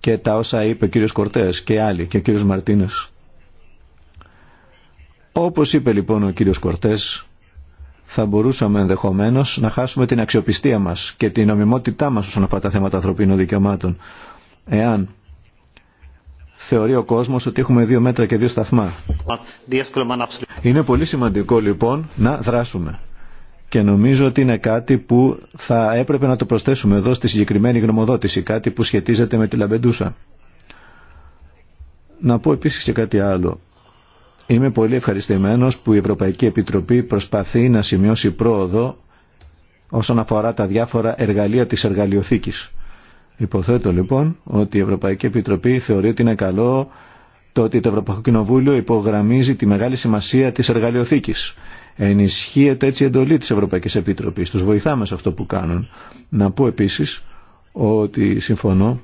και τα όσα είπε ο κύριος Κορτές και άλλοι και ο κύριος Μαρτίνες. Όπως είπε λοιπόν ο κύριος Κορτές, θα μπορούσαμε ενδεχομένως να χάσουμε την αξιοπιστία μας και την νομιμότητά μας όσον αφορά τα θέματα ανθρωπίνων δικαιωμάτων εάν θεωρεί ο κόσμος ότι έχουμε δύο μέτρα και δύο σταθμά. Είναι πολύ σημαντικό λοιπόν να δράσουμε. Και νομίζω ότι είναι κάτι που θα έπρεπε να το προσθέσουμε εδώ στη συγκεκριμένη γνωμοδότηση, κάτι που σχετίζεται με τη Λαμπεντούσα. Να πω επίσης και κάτι άλλο. Είμαι πολύ ευχαριστημένος που η Ευρωπαϊκή Επιτροπή προσπαθεί να σημειώσει πρόοδο όσον αφορά τα διάφορα εργαλεία της εργαλειοθήκης. Υποθέτω λοιπόν ότι η Ευρωπαϊκή Επιτροπή θεωρεί ότι είναι καλό το ότι το Ευρωπαϊκό Κοινοβούλιο υπογραμμίζει τη μεγάλη σημασία της εργαλειοθήκης. Ενισχύεται έτσι η εντολή της Ευρωπαϊκής Επιτροπής. Τους βοηθάμε σε αυτό που κάνουν. Να πω επίσης ότι συμφωνώ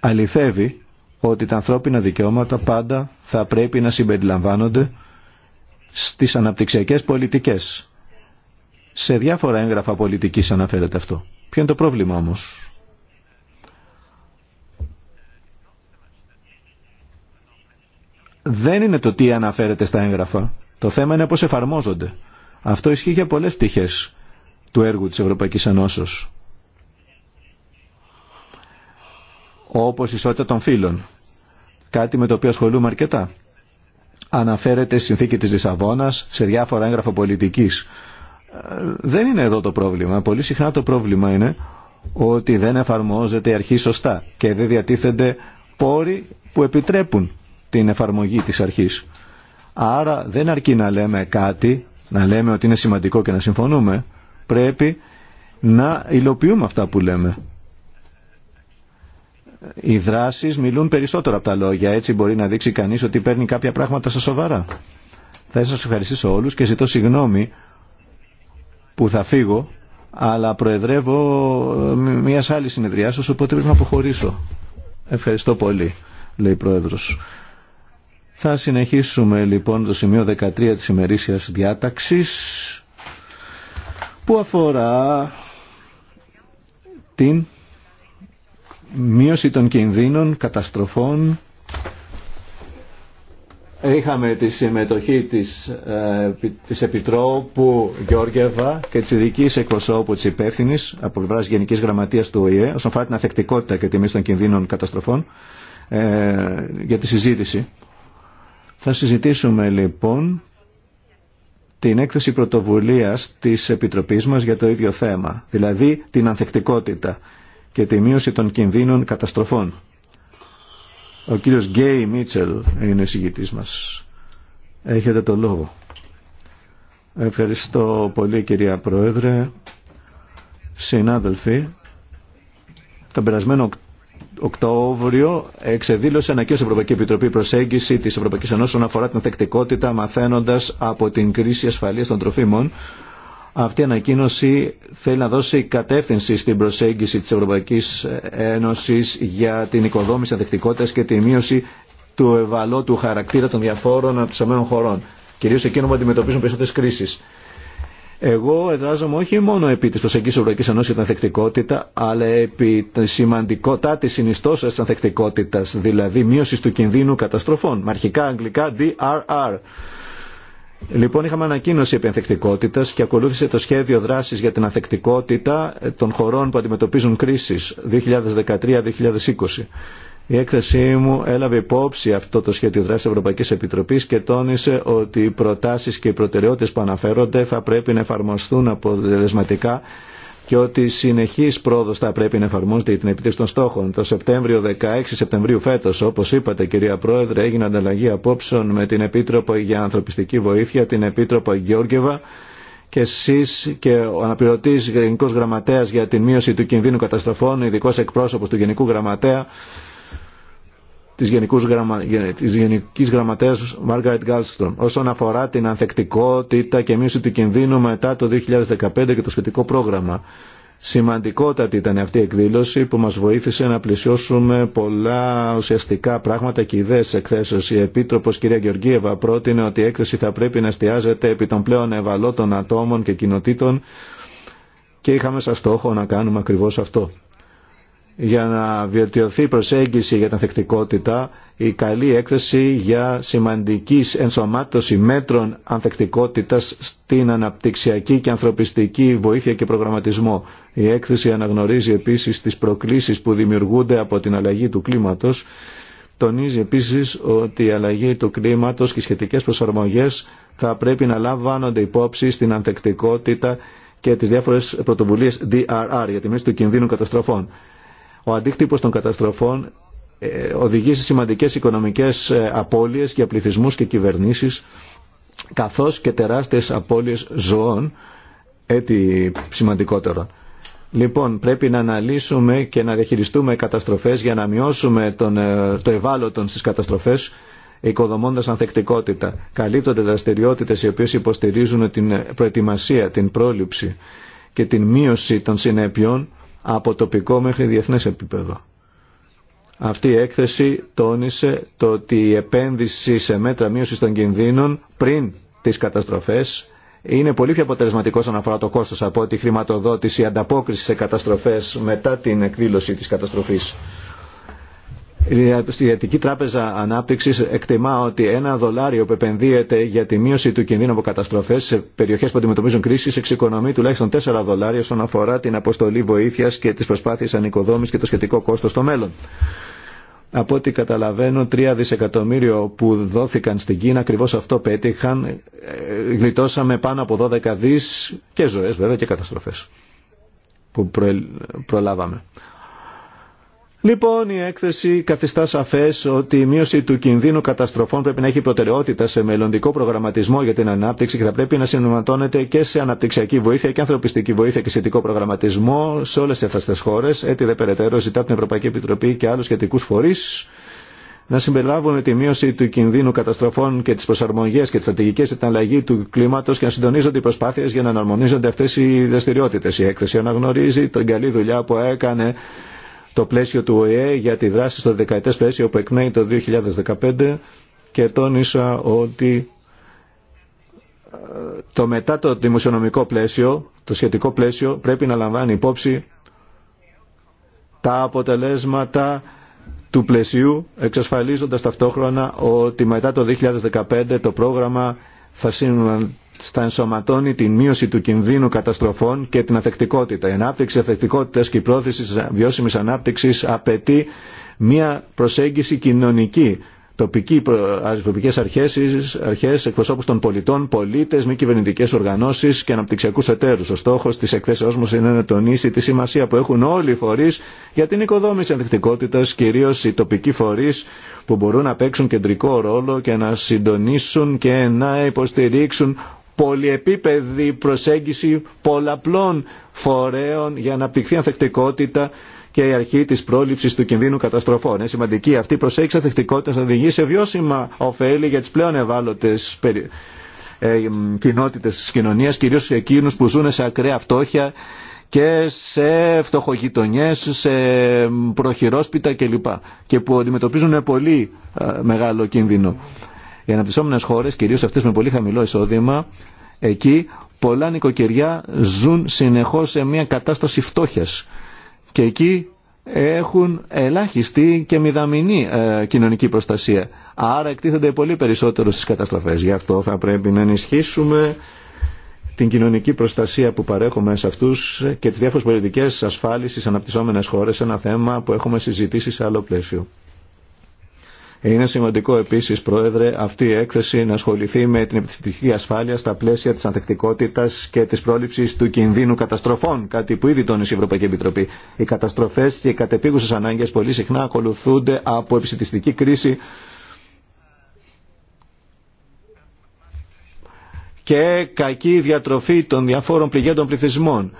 αληθεύει ότι τα ανθρώπινα δικαιώματα πάντα θα πρέπει να συμπεριλαμβάνονται στις αναπτυξιακές πολιτικές. Σε διάφορα έγγραφα πολιτικής αναφέρεται αυτό. Ποιο είναι το πρόβλημα όμως. Δεν είναι το τι αναφέρεται στα έγγραφα. Το θέμα είναι πώς εφαρμόζονται. Αυτό ισχύει για πολλές πτυχές του έργου της Ευρωπαϊκής Ενώσεως. Όπως η ισότητα των φύλων. Κάτι με το οποίο ασχολούμαι αρκετά. Αναφέρεται στη συνθήκη της Λισαβόνας σε διάφορα έγγραφα πολιτικής δεν είναι εδώ το πρόβλημα. Πολύ συχνά το πρόβλημα είναι ότι δεν εφαρμόζεται η αρχή σωστά και δεν διατίθενται πόροι που επιτρέπουν την εφαρμογή της αρχής. Άρα δεν αρκεί να λέμε κάτι, να λέμε ότι είναι σημαντικό και να συμφωνούμε. Πρέπει να υλοποιούμε αυτά που λέμε. Οι δράσεις μιλούν περισσότερο από τα λόγια, έτσι μπορεί να δείξει κανείς ότι παίρνει κάποια πράγματα στα σοβαρά. Θα σας ευχαριστήσω όλους και ζητώ συγγνώμη που θα φύγω, αλλά προεδρεύω ε, μια άλλη συνεδριάσεω, οπότε πρέπει να αποχωρήσω. Ευχαριστώ πολύ, λέει η Πρόεδρος. Θα συνεχίσουμε λοιπόν το σημείο 13 της ημερήσιας διάταξης που αφορά την μείωση των κινδύνων, καταστροφών Είχαμε τη συμμετοχή της, ε, της Επιτρόπου Γιώργεβα και της ειδική εκπροσώπου της υπεύθυνη από πλευρά Γενικής Γραμματείας του ΟΗΕ όσον αφορά την ανθεκτικότητα και τιμή των κινδύνων καταστροφών ε, για τη συζήτηση. Θα συζητήσουμε λοιπόν την έκθεση πρωτοβουλίας της Επιτροπής μας για το ίδιο θέμα, δηλαδή την ανθεκτικότητα και τη μείωση των κινδύνων καταστροφών. Ο κύριος Γκέι Μίτσελ είναι εισηγητής μας. Έχετε το λόγο. Ευχαριστώ πολύ κυρία Πρόεδρε. Συνάδελφοι, τον περασμένο Οκτώβριο εξεδήλωσε ανακοίνωση Ευρωπαϊκή Επιτροπή προσέγγιση της Ευρωπαϊκής Ενώσης όσον αφορά την ανθεκτικότητα μαθαίνοντας από την κρίση ασφαλείας των τροφίμων αυτή η ανακοίνωση θέλει να δώσει κατεύθυνση στην προσέγγιση της Ευρωπαϊκής Ένωσης για την οικοδόμηση ανθεκτικότητας και τη μείωση του ευαλότου χαρακτήρα των διαφόρων αναπτυσσομένων χωρών, κυρίως εκείνων που αντιμετωπίζουν περισσότερες κρίσεις. Εγώ εδράζομαι όχι μόνο επί της προσεγγής Ευρωπαϊκής Ενώσης για την ανθεκτικότητα, αλλά επί τη σημαντικότητα της συνιστώσεως της ανθεκτικότητας, δηλαδή μείωση του κινδύνου καταστροφών, με αρχικά αγγλικά DRR Λοιπόν, είχαμε ανακοίνωση επενθεκτικότητα και ακολούθησε το σχέδιο δράση για την ανθεκτικότητα των χωρών που αντιμετωπίζουν κρίσει 2013-2020. Η έκθεσή μου έλαβε υπόψη αυτό το σχέδιο δράση τη Ευρωπαϊκή Επιτροπή και τόνισε ότι οι προτάσει και οι προτεραιότητε που αναφέρονται θα πρέπει να εφαρμοστούν αποτελεσματικά και ότι συνεχής πρόοδο θα πρέπει να εφαρμόζεται για την επίτευξη των στόχων. Το Σεπτέμβριο 16 Σεπτεμβρίου φέτος, όπως είπατε κυρία Πρόεδρε, έγινε ανταλλαγή απόψεων με την Επίτροπο για Ανθρωπιστική Βοήθεια, την Επίτροπο Γεώργεβα και εσεί και ο αναπληρωτής Γενικός Γραμματέας για την μείωση του κινδύνου καταστροφών, ειδικό εκπρόσωπο του Γενικού Γραμματέα, της, Γενικούς Γραμμα... της Γενικής Γραμματέας Μάργαρετ Galston όσον αφορά την ανθεκτικότητα και μείωση του κινδύνου μετά το 2015 και το σχετικό πρόγραμμα. Σημαντικότατη ήταν αυτή η εκδήλωση που μας βοήθησε να πλησιώσουμε πολλά ουσιαστικά πράγματα και ιδέες εκθέσεως. Η Επίτροπος κυρία Γεωργίευα πρότεινε ότι η έκθεση θα πρέπει να εστιάζεται επί των πλέον ευαλώτων ατόμων και κοινοτήτων και είχαμε σαν στόχο να κάνουμε ακριβώς αυτό για να βελτιωθεί η προσέγγιση για την ανθεκτικότητα, η καλή έκθεση για σημαντική ενσωμάτωση μέτρων ανθεκτικότητας στην αναπτυξιακή και ανθρωπιστική βοήθεια και προγραμματισμό. Η έκθεση αναγνωρίζει επίσης τις προκλήσεις που δημιουργούνται από την αλλαγή του κλίματος. Τονίζει επίσης ότι η αλλαγή του κλίματος και οι σχετικές προσαρμογές θα πρέπει να λαμβάνονται υπόψη στην ανθεκτικότητα και τις διάφορες πρωτοβουλίες DRR για τη μέση του κινδύνου καταστροφών. Ο αντίκτυπος των καταστροφών ε, οδηγεί σε σημαντικές οικονομικές ε, απώλειες για πληθυσμούς και κυβερνήσεις καθώς και τεράστιες απώλειες ζωών, έτσι σημαντικότερο. Λοιπόν, πρέπει να αναλύσουμε και να διαχειριστούμε καταστροφές για να μειώσουμε τον, ε, το ευάλωτο στις καταστροφές οικοδομώντας ανθεκτικότητα. Καλύπτονται δραστηριότητες οι οποίες υποστηρίζουν την προετοιμασία, την πρόληψη και την μείωση των συνέπειων από τοπικό μέχρι διεθνές επίπεδο. Αυτή η έκθεση τόνισε το ότι η επένδυση σε μέτρα μείωσης των κινδύνων πριν τις καταστροφές είναι πολύ πιο αποτελεσματικό όσον αφορά το κόστος από τη χρηματοδότηση, ανταπόκριση σε καταστροφές μετά την εκδήλωση της καταστροφής. Η Ιατρική Τράπεζα Ανάπτυξη εκτιμά ότι ένα δολάριο που επενδύεται για τη μείωση του κινδύνου από καταστροφέ σε περιοχέ που αντιμετωπίζουν κρίσει εξοικονομεί τουλάχιστον 4 δολάρια όσον αφορά την αποστολή βοήθεια και τι προσπάθειε ανοικοδόμηση και το σχετικό κόστο στο μέλλον. Από ό,τι καταλαβαίνω, 3 δισεκατομμύρια που δόθηκαν στην Κίνα, ακριβώ αυτό πέτυχαν. Ε, γλιτώσαμε πάνω από 12 δι και ζωέ βέβαια και καταστροφέ που προλάβαμε. Λοιπόν, η έκθεση καθιστά σαφέ ότι η μείωση του κινδύνου καταστροφών πρέπει να έχει προτεραιότητα σε μελλοντικό προγραμματισμό για την ανάπτυξη και θα πρέπει να συνωματώνεται και σε αναπτυξιακή βοήθεια και ανθρωπιστική βοήθεια και σχετικό προγραμματισμό σε όλε αυτέ τι χώρε. Έτσι, δε περαιτέρω, ζητά την Ευρωπαϊκή Επιτροπή και άλλου σχετικού φορεί να συμπεριλάβουν τη μείωση του κινδύνου καταστροφών και τι προσαρμογέ και τι στρατηγικέ την του κλίματο και να συντονίζονται οι προσπάθειε για να αναρμονίζονται αυτέ οι δραστηριότητε. Η έκθεση αναγνωρίζει την καλή δουλειά που έκανε το πλαίσιο του ΟΕΕ για τη δράση στο δεκαετές πλαίσιο που εκμένει το 2015 και τόνισα ότι ε, το μετά το δημοσιονομικό πλαίσιο, το σχετικό πλαίσιο πρέπει να λαμβάνει υπόψη τα αποτελέσματα του πλαισίου εξασφαλίζοντας ταυτόχρονα ότι μετά το 2015 το πρόγραμμα θα θα ενσωματώνει την μείωση του κινδύνου καταστροφών και την αθεκτικότητα. Η ανάπτυξη αθεκτικότητας και η πρόθεση της βιώσιμης ανάπτυξης απαιτεί μια προσέγγιση κοινωνική, τοπική, τοπικές αρχές, αρχές εκπροσώπους των πολιτών, πολίτες, μη κυβερνητικέ οργανώσεις και αναπτυξιακού εταίρους. Ο στόχος της εκθέσεώς μας είναι να τονίσει τη σημασία που έχουν όλοι οι φορείς για την οικοδόμηση ανθεκτικότητας, κυρίως οι τοπικοί φορείς που μπορούν να παίξουν κεντρικό ρόλο και να συντονίσουν και να υποστηρίξουν πολυεπίπεδη προσέγγιση πολλαπλών φορέων για να απτυχθεί ανθεκτικότητα και η αρχή τη πρόληψη του κινδύνου καταστροφών. Είναι σημαντική αυτή η προσέγγιση ανθεκτικότητα να οδηγεί σε βιώσιμα ωφέλη για τι πλέον ευάλωτε περι... ε, κοινότητε τη κοινωνία, κυρίω εκείνου που ζουν σε ακραία φτώχεια και σε φτωχογειτονιέ, σε προχειρόσπιτα κλπ. Και που αντιμετωπίζουν πολύ ε, μεγάλο κίνδυνο. Οι αναπτυσσόμενες χώρες, κυρίως αυτές με πολύ χαμηλό εισόδημα, εκεί πολλά νοικοκυριά ζουν συνεχώς σε μια κατάσταση φτώχειας. Και εκεί έχουν ελάχιστη και μηδαμινή ε, κοινωνική προστασία. Άρα εκτίθενται πολύ περισσότερο στις καταστροφές. Γι' αυτό θα πρέπει να ενισχύσουμε την κοινωνική προστασία που παρέχουμε σε αυτούς και τις διάφορες πολιτικές ασφάλισης αναπτυσσόμενες χώρες, ένα θέμα που έχουμε συζητήσει σε άλλο πλαίσιο. Είναι σημαντικό επίση, Πρόεδρε, αυτή η έκθεση να ασχοληθεί με την επιστημική ασφάλεια στα πλαίσια τη ανθεκτικότητα και τη πρόληψη του κινδύνου καταστροφών, κάτι που ήδη τόνισε η Ευρωπαϊκή Επιτροπή. Οι καταστροφέ και οι κατεπίγουσε ανάγκε πολύ συχνά ακολουθούνται από επιστημική κρίση και κακή διατροφή των διαφόρων πληγέντων πληθυσμών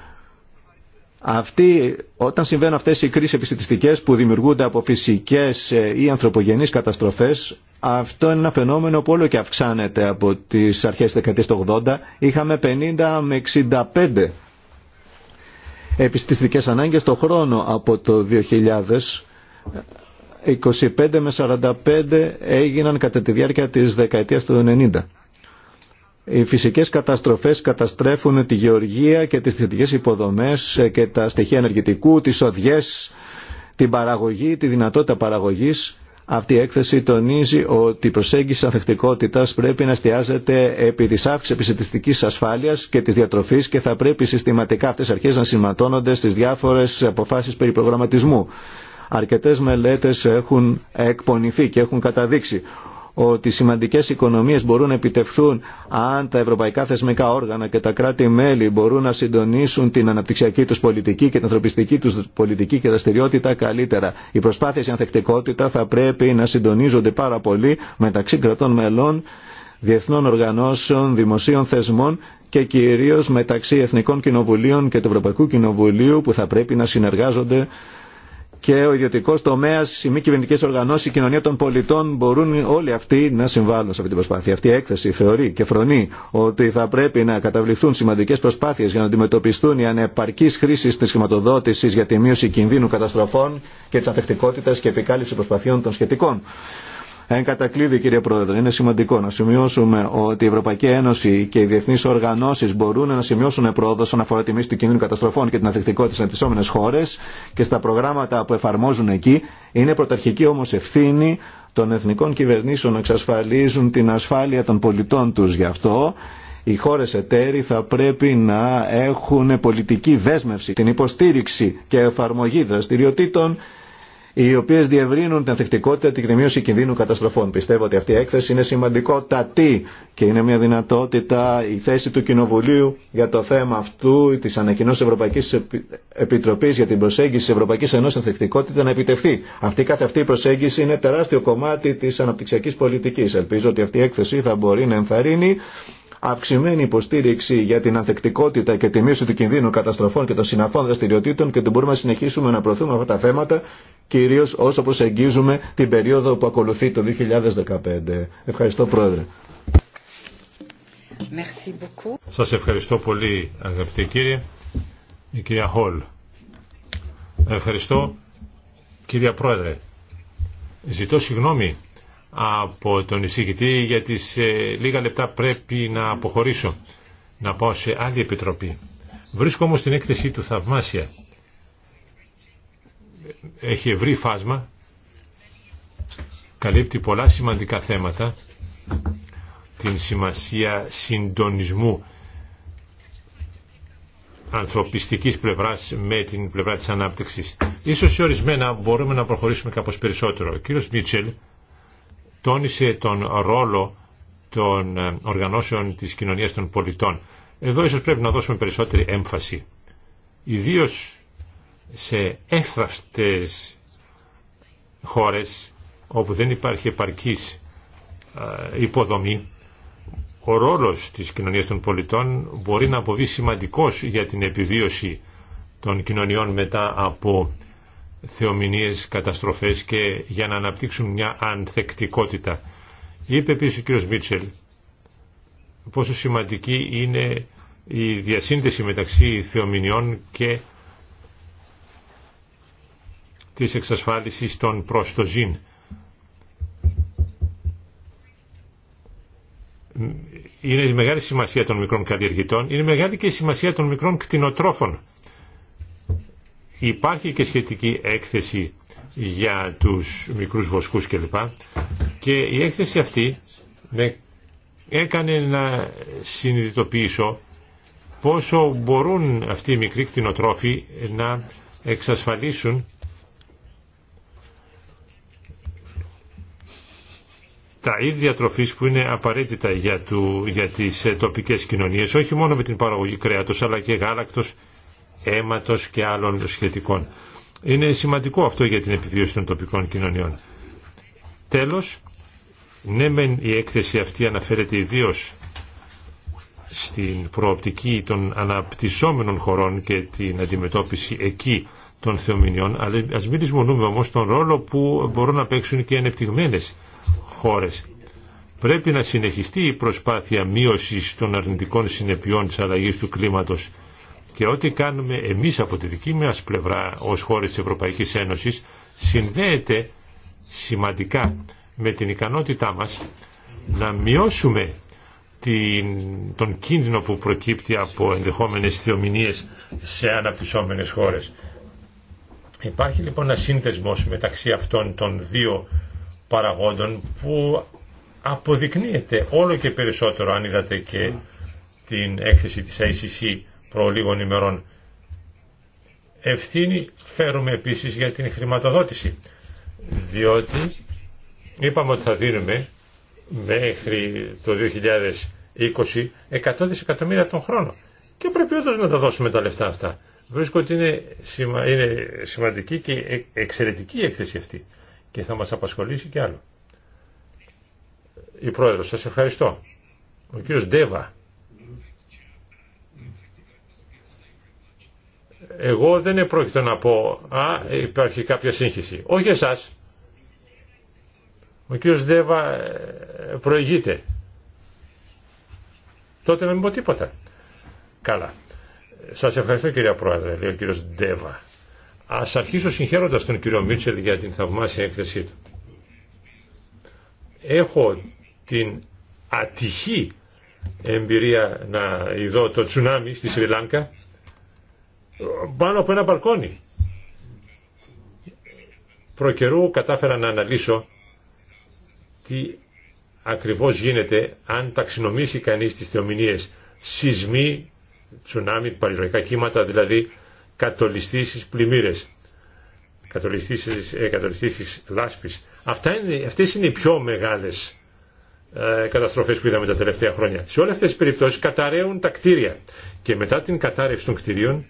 αυτή, όταν συμβαίνουν αυτές οι κρίσεις επιστημιστικές που δημιουργούνται από φυσικές ε, ή ανθρωπογενείς καταστροφές, αυτό είναι ένα φαινόμενο που όλο και αυξάνεται από τις αρχές της δεκαετίας του 80. Είχαμε 50 με 65 επιστημιστικές ανάγκες το χρόνο από το 2000. 25 με 45 έγιναν κατά τη διάρκεια της δεκαετίας του 90. Οι φυσικές καταστροφές καταστρέφουν τη γεωργία και τις θετικές υποδομές ε, και τα στοιχεία ενεργητικού, τις οδιές, την παραγωγή, τη δυνατότητα παραγωγής. Αυτή η έκθεση τονίζει ότι η προσέγγιση ανθεκτικότητα πρέπει να εστιάζεται επί τη αύξηση επιστημιστική ασφάλεια και τη διατροφή και θα πρέπει συστηματικά αυτέ οι αρχέ να σηματώνονται στι διάφορε αποφάσει περί προγραμματισμού. Αρκετέ μελέτε έχουν εκπονηθεί και έχουν καταδείξει ότι σημαντικές οικονομίες μπορούν να επιτευχθούν αν τα ευρωπαϊκά θεσμικά όργανα και τα κράτη-μέλη μπορούν να συντονίσουν την αναπτυξιακή τους πολιτική και την ανθρωπιστική τους πολιτική και δραστηριότητα καλύτερα. Οι προσπάθειες για ανθεκτικότητα θα πρέπει να συντονίζονται πάρα πολύ μεταξύ κρατών μελών διεθνών οργανώσεων, δημοσίων θεσμών και κυρίως μεταξύ Εθνικών Κοινοβουλίων και του Ευρωπαϊκού Κοινοβουλίου που θα πρέπει να συνεργάζονται και ο ιδιωτικό τομέα, οι μη κυβερνητικέ οργανώσει, η κοινωνία των πολιτών μπορούν όλοι αυτοί να συμβάλλουν σε αυτή την προσπάθεια. Αυτή η έκθεση θεωρεί και φρονεί ότι θα πρέπει να καταβληθούν σημαντικέ προσπάθειε για να αντιμετωπιστούν οι ανεπαρκή χρήση τη χρηματοδότηση για τη μείωση κινδύνου καταστροφών και τη ανθεκτικότητα και επικάλυψη προσπαθειών των σχετικών. Εν κατακλείδη, κύριε Πρόεδρε, είναι σημαντικό να σημειώσουμε ότι η Ευρωπαϊκή Ένωση και οι διεθνεί οργανώσει μπορούν να σημειώσουν πρόοδο όσον αφορά τη μίση του κινδύνου καταστροφών και την ανθεκτικότητα στι αντισόμενε χώρε και στα προγράμματα που εφαρμόζουν εκεί. Είναι πρωταρχική όμω ευθύνη των εθνικών κυβερνήσεων να εξασφαλίζουν την ασφάλεια των πολιτών του. Γι' αυτό οι χώρε εταίροι θα πρέπει να έχουν πολιτική δέσμευση, την υποστήριξη και εφαρμογή δραστηριοτήτων οι οποίε διευρύνουν την ανθεκτικότητα και τη μείωση κινδύνου καταστροφών. Πιστεύω ότι αυτή η έκθεση είναι σημαντικότατη και είναι μια δυνατότητα η θέση του Κοινοβουλίου για το θέμα αυτού τη ανακοινώση Ευρωπαϊκή Επιτροπή για την προσέγγιση τη Ευρωπαϊκή Ενώση Ανθεκτικότητα να επιτευχθεί. Αυτή καθ' αυτή η προσέγγιση είναι τεράστιο κομμάτι τη αναπτυξιακή πολιτική. Ελπίζω ότι αυτή η έκθεση θα μπορεί να ενθαρρύνει αυξημένη υποστήριξη για την ανθεκτικότητα και τη μείωση του κινδύνου καταστροφών και των συναφών δραστηριοτήτων και ότι μπορούμε να συνεχίσουμε να προωθούμε αυτά τα θέματα, κυρίω όσο προσεγγίζουμε την περίοδο που ακολουθεί το 2015. Ευχαριστώ, Πρόεδρε. Σα ευχαριστώ πολύ αγαπητοί κύριε. Η κυρία Χολ. Ευχαριστώ κυρία Πρόεδρε. Ζητώ συγγνώμη από τον εισηγητή γιατί σε λίγα λεπτά πρέπει να αποχωρήσω, να πάω σε άλλη επιτροπή. Βρίσκω όμως την έκθεσή του θαυμάσια. Έχει ευρύ φάσμα, καλύπτει πολλά σημαντικά θέματα, την σημασία συντονισμού ανθρωπιστικής πλευράς με την πλευρά της ανάπτυξης. Ίσως σε ορισμένα μπορούμε να προχωρήσουμε κάπως περισσότερο. Ο κύριος Μίτσελ τόνισε τον ρόλο των ε, οργανώσεων της κοινωνίας των πολιτών. Εδώ ίσως πρέπει να δώσουμε περισσότερη έμφαση. Ιδίως σε εύθραυστες χώρες όπου δεν υπάρχει επαρκής ε, υποδομή, ο ρόλος της κοινωνίας των πολιτών μπορεί να αποβεί σημαντικός για την επιβίωση των κοινωνιών μετά από θεομηνίες, καταστροφές και για να αναπτύξουν μια ανθεκτικότητα. Είπε επίση ο κύριος Μίτσελ πόσο σημαντική είναι η διασύνδεση μεταξύ θεομηνιών και της εξασφάλισης των προστοζήν. Είναι η μεγάλη σημασία των μικρών καλλιεργητών, είναι μεγάλη και η σημασία των μικρών κτηνοτρόφων Υπάρχει και σχετική έκθεση για τους μικρούς βοσκούς κλπ. Και η έκθεση αυτή με έκανε να συνειδητοποιήσω πόσο μπορούν αυτοί οι μικροί κτηνοτρόφοι να εξασφαλίσουν τα ίδια τροφής που είναι απαραίτητα για, του, για τις τοπικές κοινωνίες, όχι μόνο με την παραγωγή κρέατος αλλά και γάλακτος αίματος και άλλων σχετικών. Είναι σημαντικό αυτό για την επιβίωση των τοπικών κοινωνιών. Τέλος, ναι μεν η έκθεση αυτή αναφέρεται ιδίω στην προοπτική των αναπτυσσόμενων χωρών και την αντιμετώπιση εκεί των θεομηνιών, αλλά ας μην δυσμονούμε όμως τον ρόλο που μπορούν να παίξουν και οι ανεπτυγμένες χώρες. Πρέπει να συνεχιστεί η προσπάθεια μείωσης των αρνητικών συνεπειών της αλλαγής του κλίματος και ό,τι κάνουμε εμείς από τη δική μας πλευρά ως χώρες της Ευρωπαϊκής Ένωσης συνδέεται σημαντικά με την ικανότητά μας να μειώσουμε την, τον κίνδυνο που προκύπτει από ενδεχόμενες θεομηνίες σε αναπτυσσόμενες χώρες. Υπάρχει λοιπόν ένα σύνδεσμος μεταξύ αυτών των δύο παραγόντων που αποδεικνύεται όλο και περισσότερο αν είδατε και την έκθεση της ICC προ λίγων ημερών. Ευθύνη φέρουμε επίσης για την χρηματοδότηση, διότι είπαμε ότι θα δίνουμε μέχρι το 2020 100 δισεκατομμύρια τον χρόνο και πρέπει όντως να τα δώσουμε τα λεφτά αυτά. Βρίσκω ότι είναι, είναι σημαντική και ε, εξαιρετική η έκθεση αυτή και θα μας απασχολήσει και άλλο. Η Πρόεδρος, σας ευχαριστώ. Ο κύριος Ντέβα. εγώ δεν επρόκειτο να πω «Α, υπάρχει κάποια σύγχυση». Όχι εσάς. Ο κύριος Δέβα ε, προηγείται. Τότε να μην πω τίποτα. Καλά. Σας ευχαριστώ κυρία Πρόεδρε, λέει ο κύριος Ντέβα. Ας αρχίσω συγχαίροντας τον κύριο Μίτσελ για την θαυμάσια έκθεσή του. Έχω την ατυχή εμπειρία να ειδώ το τσουνάμι στη Σρι πάνω από ένα μπαλκόνι. Προκαιρού κατάφερα να αναλύσω τι ακριβώς γίνεται αν ταξινομήσει κανείς τις θεομηνίες σεισμοί, τσουνάμι, παλιροϊκά κύματα, δηλαδή κατολιστήσεις πλημμύρες, κατολιστήσεις, ε, κατολιστήσεις λάσπης. Αυτά είναι, αυτές είναι οι πιο μεγάλες ε, καταστροφές που είδαμε τα τελευταία χρόνια. Σε όλες αυτές τις περιπτώσεις καταραίουν τα κτίρια και μετά την κατάρρευση των κτιρίων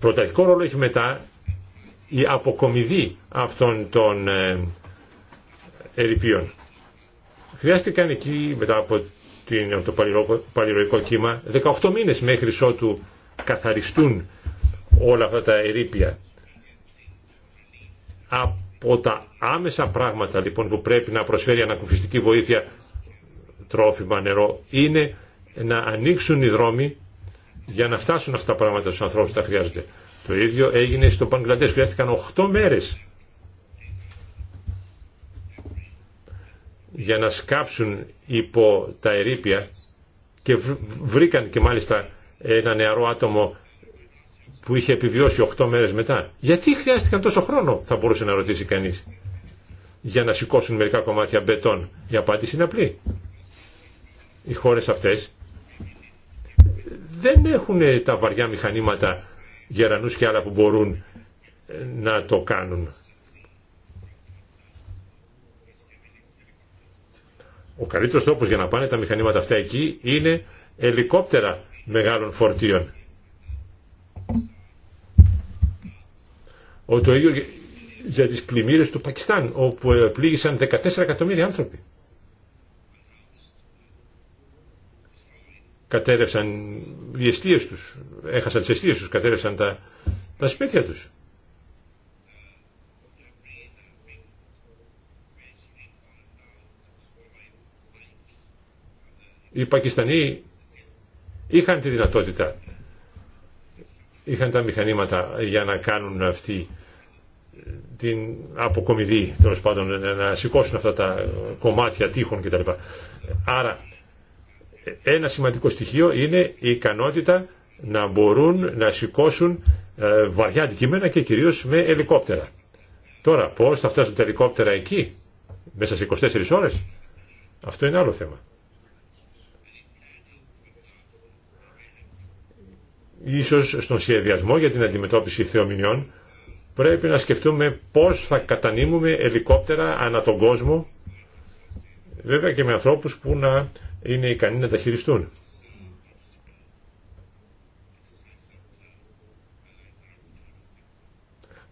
Πρωταρχικό ρόλο έχει μετά η αποκομιδή αυτών των ε, ερηπείων. Χρειάστηκαν εκεί μετά από το παλιροϊκό κύμα 18 μήνες μέχρι ότου καθαριστούν όλα αυτά τα ερήπια. Από τα άμεσα πράγματα λοιπόν που πρέπει να προσφέρει ανακουφιστική βοήθεια τρόφιμα, νερό, είναι να ανοίξουν οι δρόμοι για να φτάσουν αυτά τα πράγματα στους ανθρώπους που τα χρειάζονται. Το ίδιο έγινε στο Παγκλαντές, χρειάστηκαν 8 μέρες για να σκάψουν υπό τα ερήπια και βρήκαν και μάλιστα ένα νεαρό άτομο που είχε επιβιώσει 8 μέρες μετά. Γιατί χρειάστηκαν τόσο χρόνο, θα μπορούσε να ρωτήσει κανείς, για να σηκώσουν μερικά κομμάτια μπετών. Η απάντηση είναι απλή οι χώρες αυτές δεν έχουν τα βαριά μηχανήματα γερανούς και άλλα που μπορούν ε, να το κάνουν. Ο καλύτερος τρόπος για να πάνε τα μηχανήματα αυτά εκεί είναι ελικόπτερα μεγάλων φορτίων. Ο το ίδιο για τις πλημμύρες του Πακιστάν, όπου ε, πλήγησαν 14 εκατομμύρια άνθρωποι. κατέρευσαν οι αιστείες τους, έχασαν τις αιστείες τους, κατέρευσαν τα, τα σπίτια τους. Οι Πακιστανοί είχαν τη δυνατότητα, είχαν τα μηχανήματα για να κάνουν αυτή την αποκομιδή, τέλο πάντων, να σηκώσουν αυτά τα κομμάτια τείχων κτλ. Άρα ένα σημαντικό στοιχείο είναι η ικανότητα να μπορούν να σηκώσουν ε, βαριά αντικείμενα και κυρίως με ελικόπτερα. Τώρα πώς θα φτάσουν τα ελικόπτερα εκεί μέσα σε 24 ώρες αυτό είναι άλλο θέμα. Ίσως στον σχεδιασμό για την αντιμετώπιση θεομηνιών πρέπει να σκεφτούμε πώς θα κατανείμουμε ελικόπτερα ανά τον κόσμο βέβαια και με ανθρώπους που να είναι ικανοί να τα χειριστούν.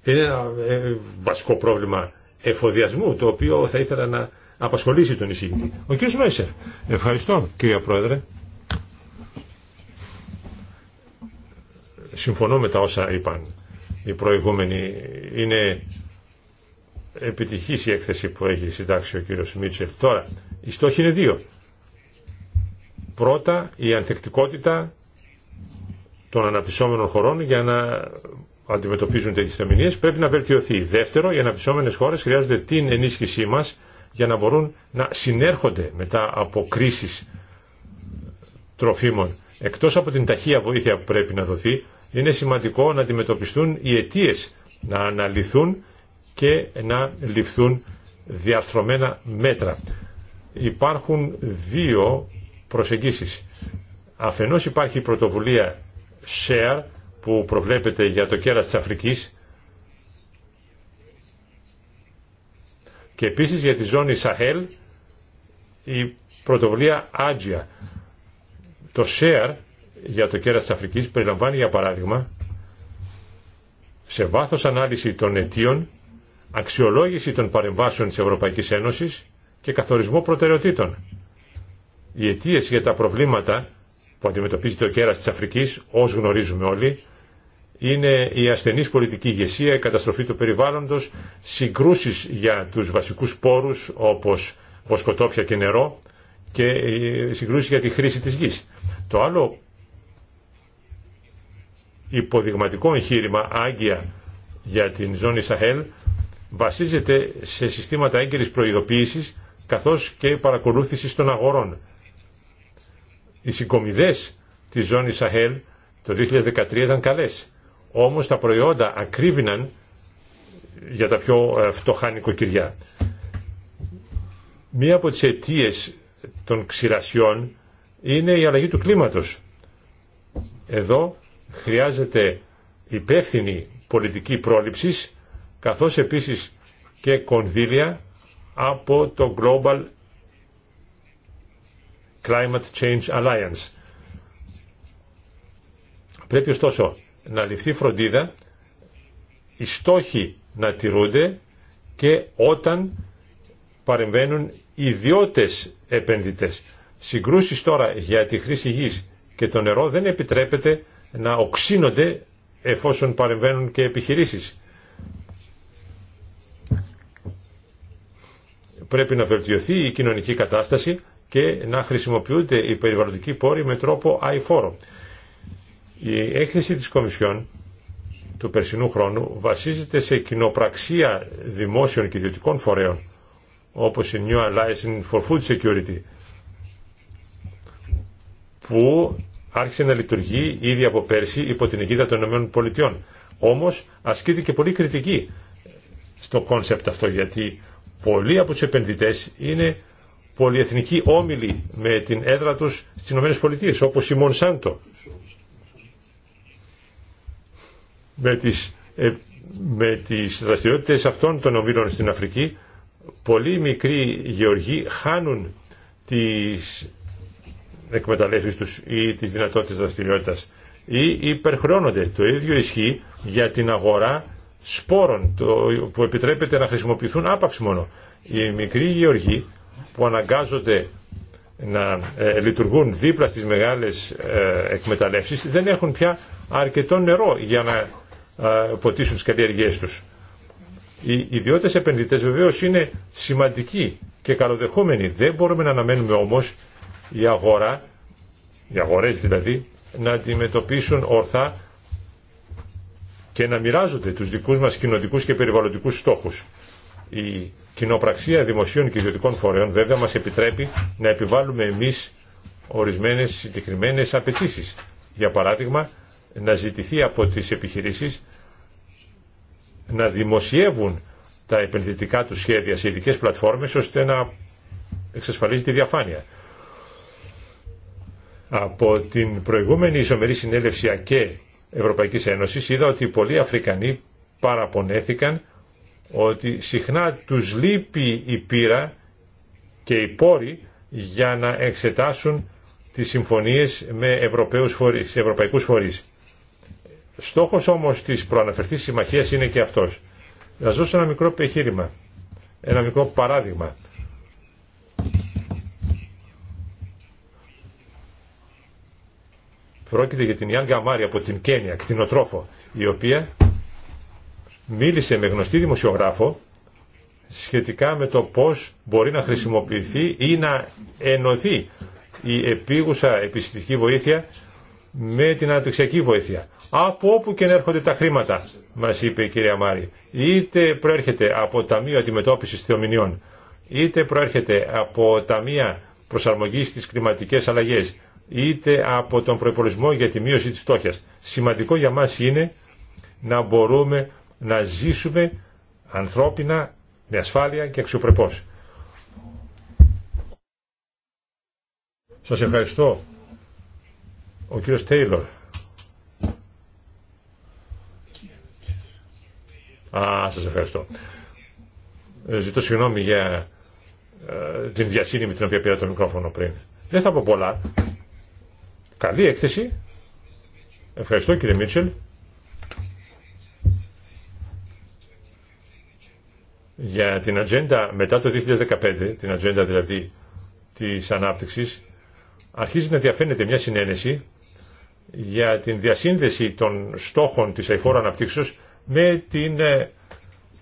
Είναι ένα ε, ε, βασικό πρόβλημα εφοδιασμού το οποίο θα ήθελα να απασχολήσει τον εισηγητή. Ο κ. Μέσερ. Ευχαριστώ κύριε Πρόεδρε. Συμφωνώ με τα όσα είπαν οι προηγούμενοι. Είναι επιτυχής η έκθεση που έχει συντάξει ο κύριος Μίτσελ. Τώρα, οι στόχοι είναι δύο. Πρώτα, η ανθεκτικότητα των αναπτυσσόμενων χωρών για να αντιμετωπίζουν τέτοιες αμυνίες πρέπει να βελτιωθεί. Δεύτερο, οι αναπτυσσόμενες χώρες χρειάζονται την ενίσχυσή μας για να μπορούν να συνέρχονται μετά από κρίσεις τροφίμων. Εκτός από την ταχεία βοήθεια που πρέπει να δοθεί, είναι σημαντικό να αντιμετωπιστούν οι αιτίες να αναλυθούν και να ληφθούν διαρθρωμένα μέτρα. Υπάρχουν δύο προσεγγίσεις. Αφενός υπάρχει η πρωτοβουλία SHARE που προβλέπεται για το κέρας της Αφρικής και επίσης για τη ζώνη Σαχέλ η πρωτοβουλία Άτζια. Το SHARE για το κέρας της Αφρικής περιλαμβάνει για παράδειγμα σε βάθος ανάλυση των αιτίων, αξιολόγηση των παρεμβάσεων της Ευρωπαϊκής Ένωσης και καθορισμό προτεραιοτήτων. Οι αιτίε για τα προβλήματα που αντιμετωπίζει ο κέρας της Αφρικής, ως γνωρίζουμε όλοι, είναι η ασθενής πολιτική ηγεσία, η καταστροφή του περιβάλλοντος, συγκρούσεις για τους βασικούς πόρους όπως βοσκοτόπια και νερό και συγκρούσεις για τη χρήση της γης. Το άλλο υποδειγματικό εγχείρημα, άγια για την ζώνη Σαχέλ, βασίζεται σε συστήματα έγκαιρης προειδοποίησης καθώς και παρακολούθηση των αγορών. Οι συγκομιδές της ζώνης Σαχέλ το 2013 ήταν καλές. Όμως τα προϊόντα ακρίβηναν για τα πιο ε, φτωχά νοικοκυριά. Μία από τις αιτίε των ξηρασιών είναι η αλλαγή του κλίματος. Εδώ χρειάζεται υπεύθυνη πολιτική πρόληψης καθώς επίσης και κονδύλια από το Global Climate Change Alliance. Πρέπει ωστόσο να ληφθεί φροντίδα οι στόχοι να τηρούνται και όταν παρεμβαίνουν ιδιώτες επενδυτές. Συγκρούσεις τώρα για τη χρήση γης και το νερό δεν επιτρέπεται να οξύνονται εφόσον παρεμβαίνουν και επιχειρήσεις. Πρέπει να βελτιωθεί η κοινωνική κατάσταση και να χρησιμοποιούνται οι περιβαλλοντικοί πόροι με τρόπο αηφόρο. Η έκθεση της Κομισιόν του περσινού χρόνου βασίζεται σε κοινοπραξία δημόσιων και ιδιωτικών φορέων όπως η New Alliance for Food Security που άρχισε να λειτουργεί ήδη από πέρσι υπό την αιγύδα των ΗΠΑ. Όμως ασκείται και πολύ κριτική στο κόνσεπτ αυτό γιατί πολλοί από τους επενδυτές είναι πολυεθνικοί όμιλοι με την έδρα τους στις Πολιτείες όπως η Μονσάντο με τις, ε, με τις δραστηριότητες αυτών των ομίλων στην Αφρική πολλοί μικροί γεωργοί χάνουν τις εκμεταλλεύσεις τους ή τις δυνατότητες δραστηριότητας ή υπερχρώνονται. Το ίδιο ισχύει για την αγορά σπόρων το, που επιτρέπεται να χρησιμοποιηθούν άπαξ μόνο. Οι μικροί γεωργοί που αναγκάζονται να ε, λειτουργούν δίπλα στις μεγάλες ε, εκμεταλλεύσεις δεν έχουν πια αρκετό νερό για να ε, ποτίσουν τις καλλιεργίες τους. Οι ιδιώτες επενδυτές βεβαίως είναι σημαντικοί και καλοδεχόμενοι. Δεν μπορούμε να αναμένουμε όμως η αγορά, οι αγορές δηλαδή, να αντιμετωπίσουν ορθά και να μοιράζονται τους δικούς μας και περιβαλλοντικού στόχους. Η κοινοπραξία δημοσίων και ιδιωτικών φορέων βέβαια μας επιτρέπει να επιβάλλουμε εμείς ορισμένες συγκεκριμένες απαιτήσει. Για παράδειγμα, να ζητηθεί από τις επιχειρήσεις να δημοσιεύουν τα επενδυτικά του σχέδια σε ειδικές πλατφόρμες ώστε να εξασφαλίζει τη διαφάνεια. Από την προηγούμενη ισομερή συνέλευση ΑΚΕ Ευρωπαϊκής Ένωσης είδα ότι πολλοί Αφρικανοί παραπονέθηκαν ότι συχνά τους λείπει η πύρα και οι πόροι για να εξετάσουν τις συμφωνίες με Ευρωπαίους φορείς, ευρωπαϊκούς φορείς. Στόχος όμως της προαναφερθής συμμαχίας είναι και αυτός. Να δώσω ένα μικρό επιχείρημα, ένα μικρό παράδειγμα. Πρόκειται για την Ιάν Γκαμάρη από την Κένια, κτηνοτρόφο, η οποία μίλησε με γνωστή δημοσιογράφο σχετικά με το πώς μπορεί να χρησιμοποιηθεί ή να ενωθεί η επίγουσα επιστημική βοήθεια με την αναπτυξιακή βοήθεια. Από όπου και να έρχονται τα χρήματα, μας είπε η κυρία Μάρη. Είτε προέρχεται από Ταμείο Αντιμετώπισης Θεομηνιών, είτε προέρχεται από Ταμεία Προσαρμογής στις Κλιματικές Αλλαγές, είτε από τον προπολογισμό για τη μείωση της φτώχειας. Σημαντικό για μας είναι να μπορούμε να ζήσουμε ανθρώπινα με ασφάλεια και αξιοπρεπώς. Σας ευχαριστώ. Ο κύριος Τέιλορ. Α, σας ευχαριστώ. Ε, ζητώ συγγνώμη για ε, την διασύνη με την οποία πήρα το μικρόφωνο πριν. Δεν θα πω πολλά. Καλή έκθεση. Ευχαριστώ κύριε Μίτσελ. για την ατζέντα μετά το 2015, την ατζέντα δηλαδή της ανάπτυξης, αρχίζει να διαφαίνεται μια συνένεση για την διασύνδεση των στόχων της αηφόρου αναπτύξεως με, την, ε,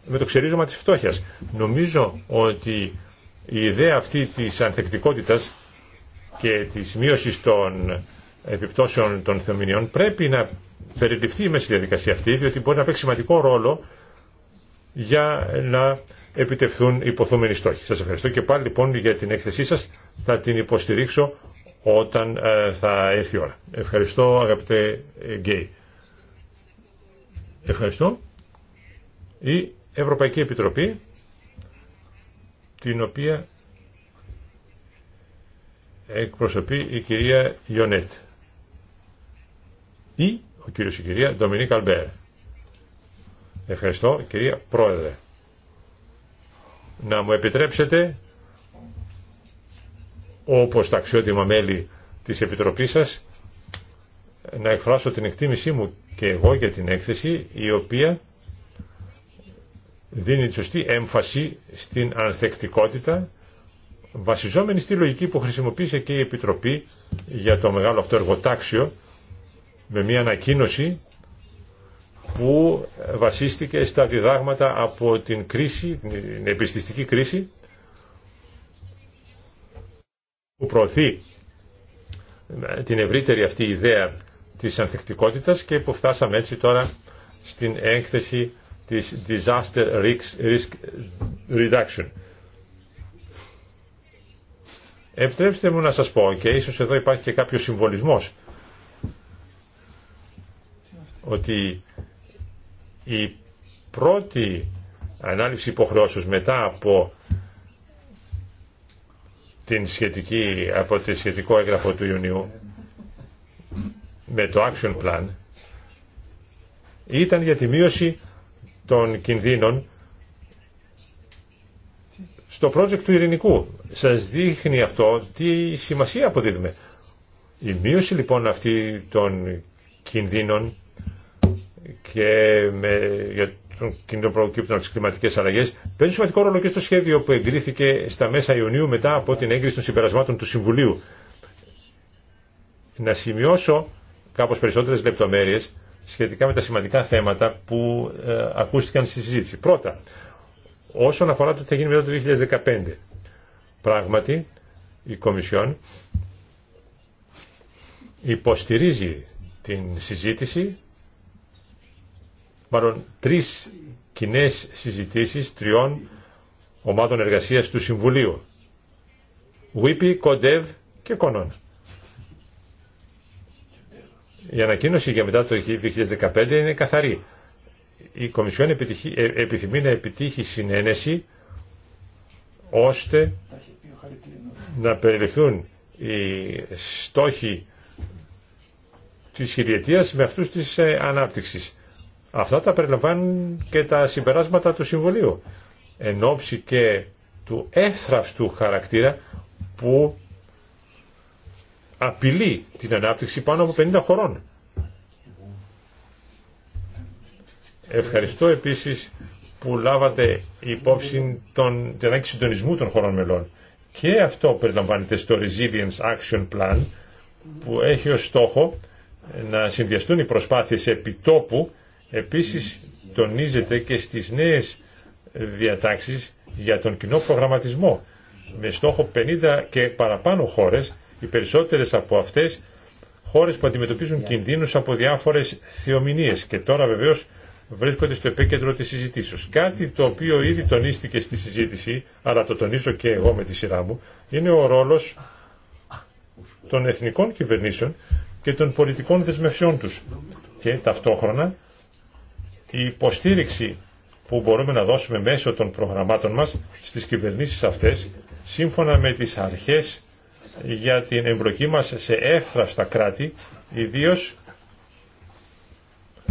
με το ξερίζωμα της φτώχειας. Νομίζω ότι η ιδέα αυτή της ανθεκτικότητας και της μείωσης των επιπτώσεων των θεομηνιών πρέπει να περιληφθεί μέσα στη διαδικασία αυτή, διότι μπορεί να παίξει σημαντικό ρόλο για να επιτευχθούν υποθούμενοι στόχοι. Σας ευχαριστώ και πάλι λοιπόν για την έκθεσή σας. Θα την υποστηρίξω όταν ε, θα έρθει η ώρα. Ευχαριστώ αγαπητέ Γκέι. Ευχαριστώ. Η Ευρωπαϊκή Επιτροπή την οποία εκπροσωπεί η κυρία Ιονέτ ή ο κύριος η κυρία Ντομινίκ Αλμπέρ. Ευχαριστώ κυρία Πρόεδρε. Να μου επιτρέψετε όπως τα αξιότιμα μέλη της Επιτροπής σας να εκφράσω την εκτίμησή μου και εγώ για την έκθεση η οποία δίνει τη σωστή έμφαση στην ανθεκτικότητα βασιζόμενη στη λογική που χρησιμοποίησε και η Επιτροπή για το μεγάλο αυτό εργοτάξιο με μια ανακοίνωση που βασίστηκε στα διδάγματα από την κρίση, την επιστηστική κρίση που προωθεί την ευρύτερη αυτή ιδέα της ανθεκτικότητας και που φτάσαμε έτσι τώρα στην έκθεση της Disaster Risk Reduction. Επιτρέψτε μου να σας πω και ίσως εδώ υπάρχει και κάποιο συμβολισμός ότι η πρώτη ανάληψη υποχρεώσεως μετά από την σχετική, από το σχετικό έγγραφο του Ιουνίου με το Action Plan ήταν για τη μείωση των κινδύνων στο project του ειρηνικού. Σας δείχνει αυτό τι σημασία αποδίδουμε. Η μείωση λοιπόν αυτή των κινδύνων και για τον κίνδυνο προκύπτων από τι κλιματικέ αλλαγέ παίζει σημαντικό ρόλο και στο σχέδιο που εγκρίθηκε στα μέσα Ιουνίου μετά από την έγκριση των συμπερασμάτων του Συμβουλίου. Να σημειώσω κάπως περισσότερες λεπτομέρειες σχετικά με τα σημαντικά θέματα που ε, ακούστηκαν στη συζήτηση. Πρώτα, όσον αφορά το τι θα γίνει μετά το 2015. Πράγματι, η Κομισιόν υποστηρίζει την συζήτηση μάλλον τρεις κοινέ συζητήσεις τριών ομάδων εργασίας του Συμβουλίου. Βίπι, CODEV και Κονόν. Η ανακοίνωση για μετά το 2015 είναι καθαρή. Η Κομισιόν ε, επιθυμεί να επιτύχει συνένεση ώστε να περιληφθούν οι στόχοι της χιλιετίας με αυτούς της ε, ανάπτυξης. Αυτά τα περιλαμβάνουν και τα συμπεράσματα του Συμβολίου. εν ώψη και του έθραυστου χαρακτήρα που απειλεί την ανάπτυξη πάνω από 50 χωρών. Ευχαριστώ επίσης που λάβατε υπόψη τον, την ανάγκη συντονισμού των χωρών μελών. Και αυτό περιλαμβάνεται στο Resilience Action Plan που έχει ως στόχο να συνδυαστούν οι προσπάθειες επιτόπου Επίσης τονίζεται και στις νέες διατάξεις για τον κοινό προγραμματισμό. Με στόχο 50 και παραπάνω χώρες, οι περισσότερες από αυτές χώρες που αντιμετωπίζουν κινδύνους από διάφορες θεομηνίες και τώρα βεβαίως βρίσκονται στο επίκεντρο της συζητήσεως. Κάτι το οποίο ήδη τονίστηκε στη συζήτηση, αλλά το τονίζω και εγώ με τη σειρά μου, είναι ο ρόλος των εθνικών κυβερνήσεων και των πολιτικών δεσμευσιών τους και ταυτόχρονα η υποστήριξη που μπορούμε να δώσουμε μέσω των προγραμμάτων μας στις κυβερνήσεις αυτές σύμφωνα με τις αρχές για την εμπλοκή μας σε εύθραστα κράτη ιδίως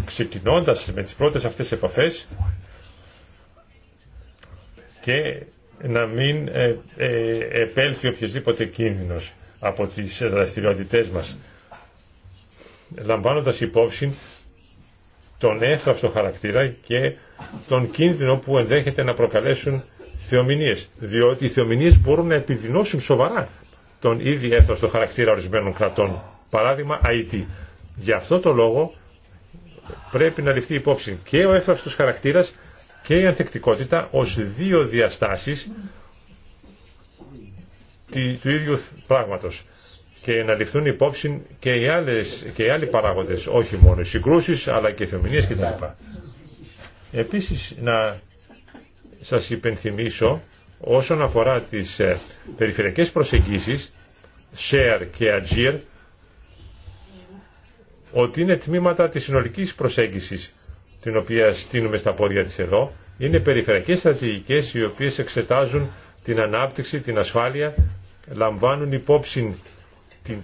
ξεκινώντας με τις πρώτες αυτές επαφές και να μην ε, ε, επέλθει οποιοδήποτε κίνδυνος από τις δραστηριότητές μας λαμβάνοντας υπόψη τον έφραυστο χαρακτήρα και τον κίνδυνο που ενδέχεται να προκαλέσουν θεομηνίες. Διότι οι θεομηνίες μπορούν να επιδεινώσουν σοβαρά τον ήδη έφραυστο χαρακτήρα ορισμένων κρατών. Παράδειγμα, IT. Για αυτό το λόγο πρέπει να ληφθεί υπόψη και ο έθραυστος χαρακτήρας και η ανθεκτικότητα ως δύο διαστάσεις του ίδιου πράγματος και να ληφθούν υπόψη και οι, άλλες, και οι άλλοι παράγοντες, όχι μόνο οι συγκρούσεις αλλά και οι κτλ. Επίσης να σας υπενθυμίσω όσον αφορά τις ε, περιφερειακές προσεγγίσεις, share και agir, ότι είναι τμήματα της συνολικής προσέγγισης την οποία στείλουμε στα πόδια της εδώ, είναι περιφερειακές στρατηγικές οι οποίες εξετάζουν την ανάπτυξη, την ασφάλεια, λαμβάνουν υπόψη την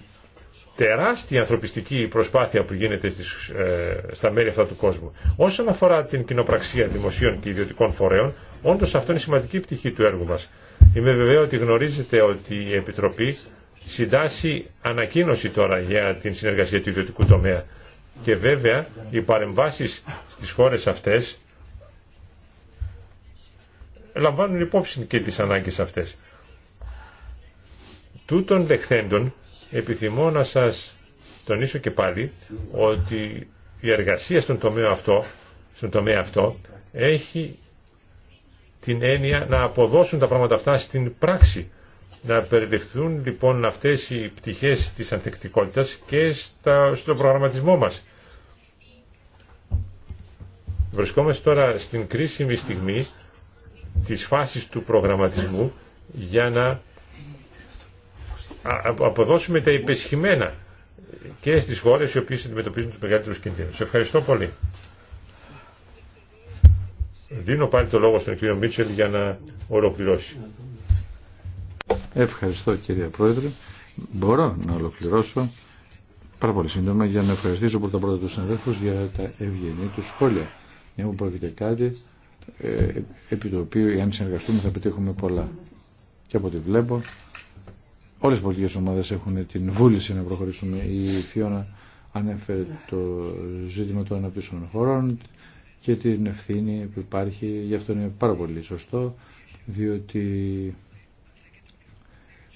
τεράστια ανθρωπιστική προσπάθεια που γίνεται ε, στα μέρη αυτά του κόσμου. Όσον αφορά την κοινοπραξία δημοσίων και ιδιωτικών φορέων, όντως αυτό είναι σημαντική πτυχή του έργου μας. Είμαι βεβαίω ότι γνωρίζετε ότι η Επιτροπή συντάσσει ανακοίνωση τώρα για την συνεργασία του ιδιωτικού τομέα. Και βέβαια οι παρεμβάσεις στις χώρες αυτές λαμβάνουν υπόψη και τις ανάγκες αυτές. Τούτων λεχθέντων Επιθυμώ να σας τονίσω και πάλι ότι η εργασία στον τομέα αυτό, στον τομέα αυτό έχει την έννοια να αποδώσουν τα πράγματα αυτά στην πράξη. Να περιληφθούν λοιπόν αυτές οι πτυχές της ανθεκτικότητας και στα, στον προγραμματισμό μας. Βρισκόμαστε τώρα στην κρίσιμη στιγμή της φάσης του προγραμματισμού για να αποδώσουμε τα υπεσχημένα και στις χώρες οι οποίες αντιμετωπίζουν τους μεγαλύτερους κινδύνους. Ευχαριστώ πολύ. Δίνω πάλι το λόγο στον κύριο Μίτσελ για να ολοκληρώσει. Ευχαριστώ κύριε Πρόεδρε. Μπορώ να ολοκληρώσω πάρα πολύ σύντομα για να ευχαριστήσω πρώτα πρώτα τους συναδέλφους για τα ευγενή του σχόλια. Για μου πρόκειται κάτι ε, επί το οποίο εάν συνεργαστούμε θα πετύχουμε πολλά. Και από ό,τι βλέπω όλες οι πολιτικές ομάδες έχουν την βούληση να προχωρήσουμε. Η Φιώνα ανέφερε το ζήτημα των αναπτύσσεων χωρών και την ευθύνη που υπάρχει. Γι' αυτό είναι πάρα πολύ σωστό, διότι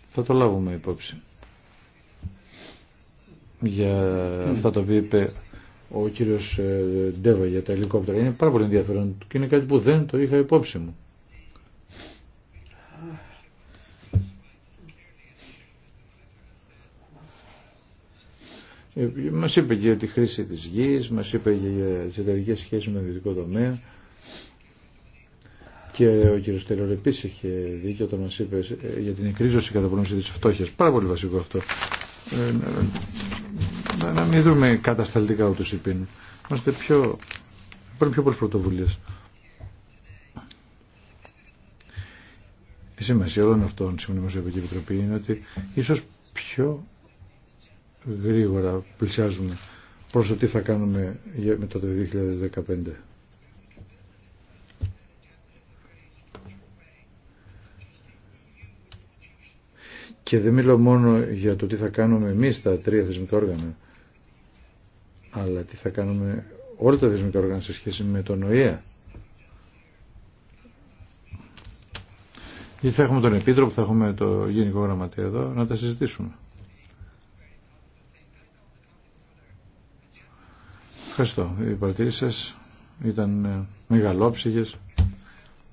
θα το λάβουμε υπόψη. Για αυτά τα οποία είπε ο κύριος ε, Ντέβα για τα ελικόπτερα. Είναι πάρα πολύ ενδιαφέρον και είναι κάτι που δεν το είχα υπόψη μου. Ε, μας είπε και για τη χρήση της γης, μας είπε και για τι εταιρικέ σχέσει με το δυτικό τομέα. Και ο κ. Τελεόρ επίση είχε δίκιο όταν μα είπε ε, για την εκρίζωση κατά πολέμηση τη φτώχεια. Πάρα πολύ βασικό αυτό. Ε, να, μην δούμε κατασταλτικά ούτω ή πίνου. Είμαστε πιο. Πρέπει πιο πολλέ πρωτοβουλίε. Η σημασία όλων αυτών, σύμφωνα με την Επιτροπή, είναι ότι ίσω πιο γρήγορα πλησιάζουμε προς το τι θα κάνουμε μετά το 2015. Και δεν μιλώ μόνο για το τι θα κάνουμε εμείς τα τρία θεσμικά όργανα, αλλά τι θα κάνουμε όλα τα θεσμικά όργανα σε σχέση με τον ΟΗΕ. Γιατί θα έχουμε τον Επίτροπο, θα έχουμε το Γενικό Γραμματέα εδώ, να τα συζητήσουμε. Ευχαριστώ. Οι παρατηρήσεις σα ήταν ε, μεγαλόψυχες.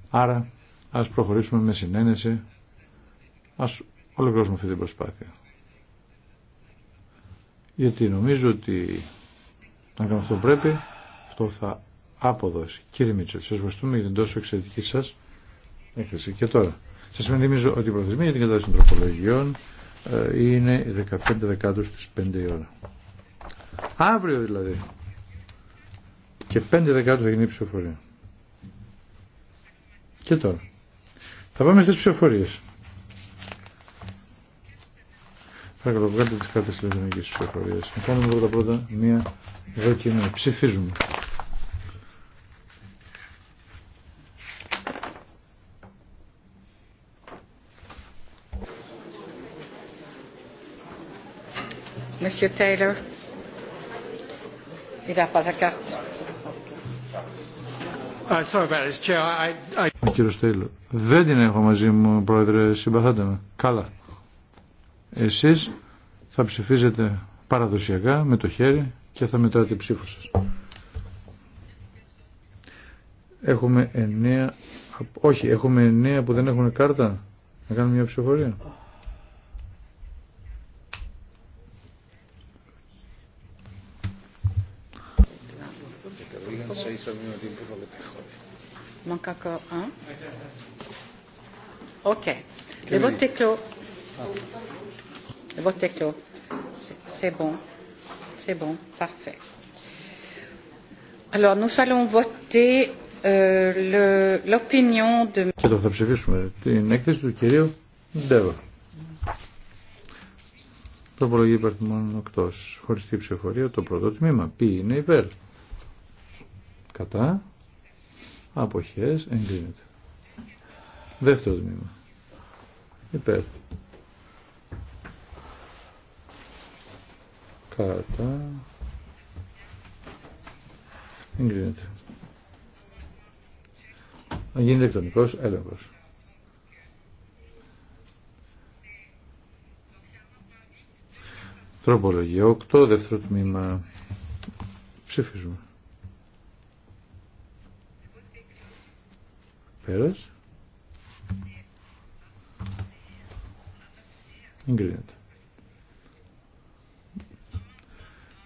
Άρα α προχωρήσουμε με συνένεση. Ας ολοκληρώσουμε αυτή την προσπάθεια. Γιατί νομίζω ότι να κάνουμε αυτό πρέπει, αυτό θα αποδώσει. Κύριε Μίτσελ, σας ευχαριστούμε για την τόσο εξαιρετική σα έκθεση. Και τώρα, σας μενθυμίζω ότι η προθεσμία για την κατάσταση των τροπολογιών ε, είναι 15 δεκάτου στις 5 η ώρα. Αύριο δηλαδή και 5 δεκάτου θα γίνει η ψηφοφορία. Και τώρα. Θα πάμε στις ψηφοφορίες. Παρακαλώ, βγάλετε τις κάρτες ηλεκτρονικής ψηφοφορίας. Να κάνουμε πρώτα πρώτα μία δοκιμή. Ψηφίζουμε. Monsieur Taylor, il n'a pas la carte. Uh, Κύριε κύριο Στέιλο, δεν την έχω μαζί μου, πρόεδρε, συμπαθάτε με. Καλά. Εσείς θα ψηφίζετε παραδοσιακά με το χέρι και θα μετράτε ψήφο σας. Έχουμε εννέα, όχι, έχουμε εννέα που δεν έχουν κάρτα. Να κάνουμε μια ψηφοφορία. Κακό. Οκ. Ok. Le vote est clos. Le vote est clos. C'est bon. C'est bon. Alors, nous allons voter euh, l'opinion de... Και τώρα θα ψηφίσουμε την έκθεση του κυρίου Ντέβα. Τροπολογία υπαριθμών 8. Χωριστή ψηφορία, το πρώτο τμήμα. Ποιοι είναι υπέρ. Κατά. Αποχές εγκρίνεται. Δεύτερο τμήμα. Υπέρ. Κατά. Εγκρίνεται. Να γίνει ηλεκτρονικός έλεγχος. Τροπολογία 8, δεύτερο τμήμα. Ψηφίζουμε. Πέρας. Εγκρίνεται.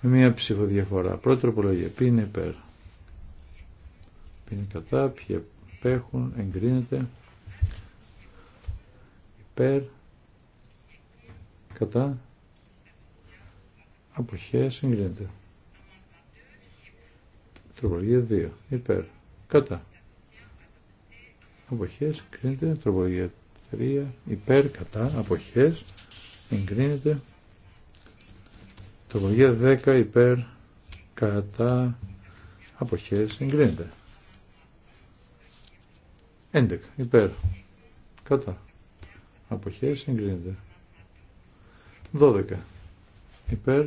Με μία ψηφοδιαφορά. Πρώτη τροπολογία. Ποιοι είναι υπέρ. Ποιοι είναι κατά. Ποιοι απέχουν. Εγκρίνεται. Υπέρ. Κατά. Αποχές. Εγκρίνεται. Τροπολογία 2. Υπέρ. Κατά αποχές, κρίνεται, τροπολογία 3, υπέρ, κατά, αποχές, εγκρίνεται, τροπολογία 10, υπέρ, κατά, αποχές, εγκρίνεται. 11, υπέρ, κατά, αποχές, εγκρίνεται. 12, υπέρ,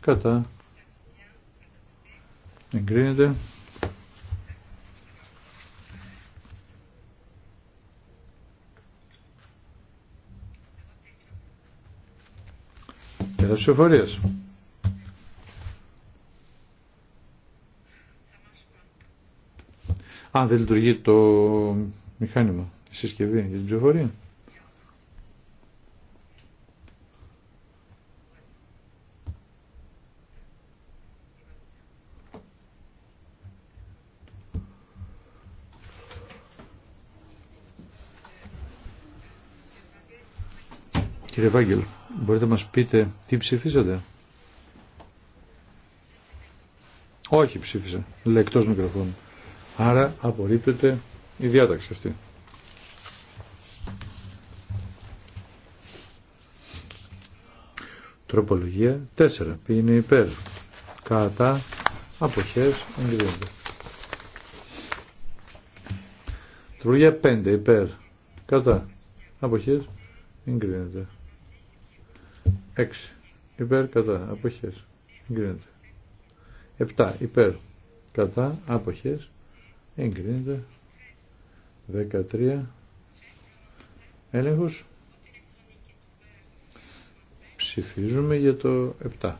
κατά, εγκρίνεται. ψηφοφορίας. Αν δεν λειτουργεί το μηχάνημα, η συσκευή για την ψηφοφορία. Κύριε Βάγγελο. Μπορείτε να μας πείτε τι ψηφίσατε. Όχι ψήφισα. Λεκτός μικροφώνου. Άρα απορρίπτεται η διάταξη αυτή. Τροπολογία 4. Ποιοι είναι υπέρ. Κατά αποχές εγκρίνεται. Τροπολογία 5. Υπέρ. Κατά αποχές εγκρίνεται. 6. Υπέρ κατά αποχές. 7. Υπέρ κατά αποχές. Εγκρίνεται. 13. Έλεγχος. Ψηφίζουμε για το 7.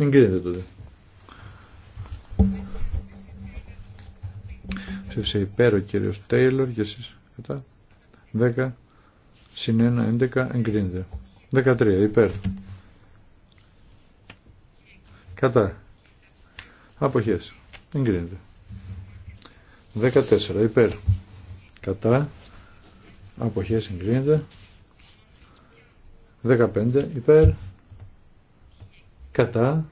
Εγκρίνεται τότε. Ψήφισε υπέρ ο κύριος Τέιλορ και εσείς κατά. 10 συν 1, 11 εγκρίνεται. 13 υπέρ. Κατά. Αποχές. Εγκρίνεται. 14 υπέρ. Κατά. Αποχές εγκρίνεται. 15 υπέρ κατά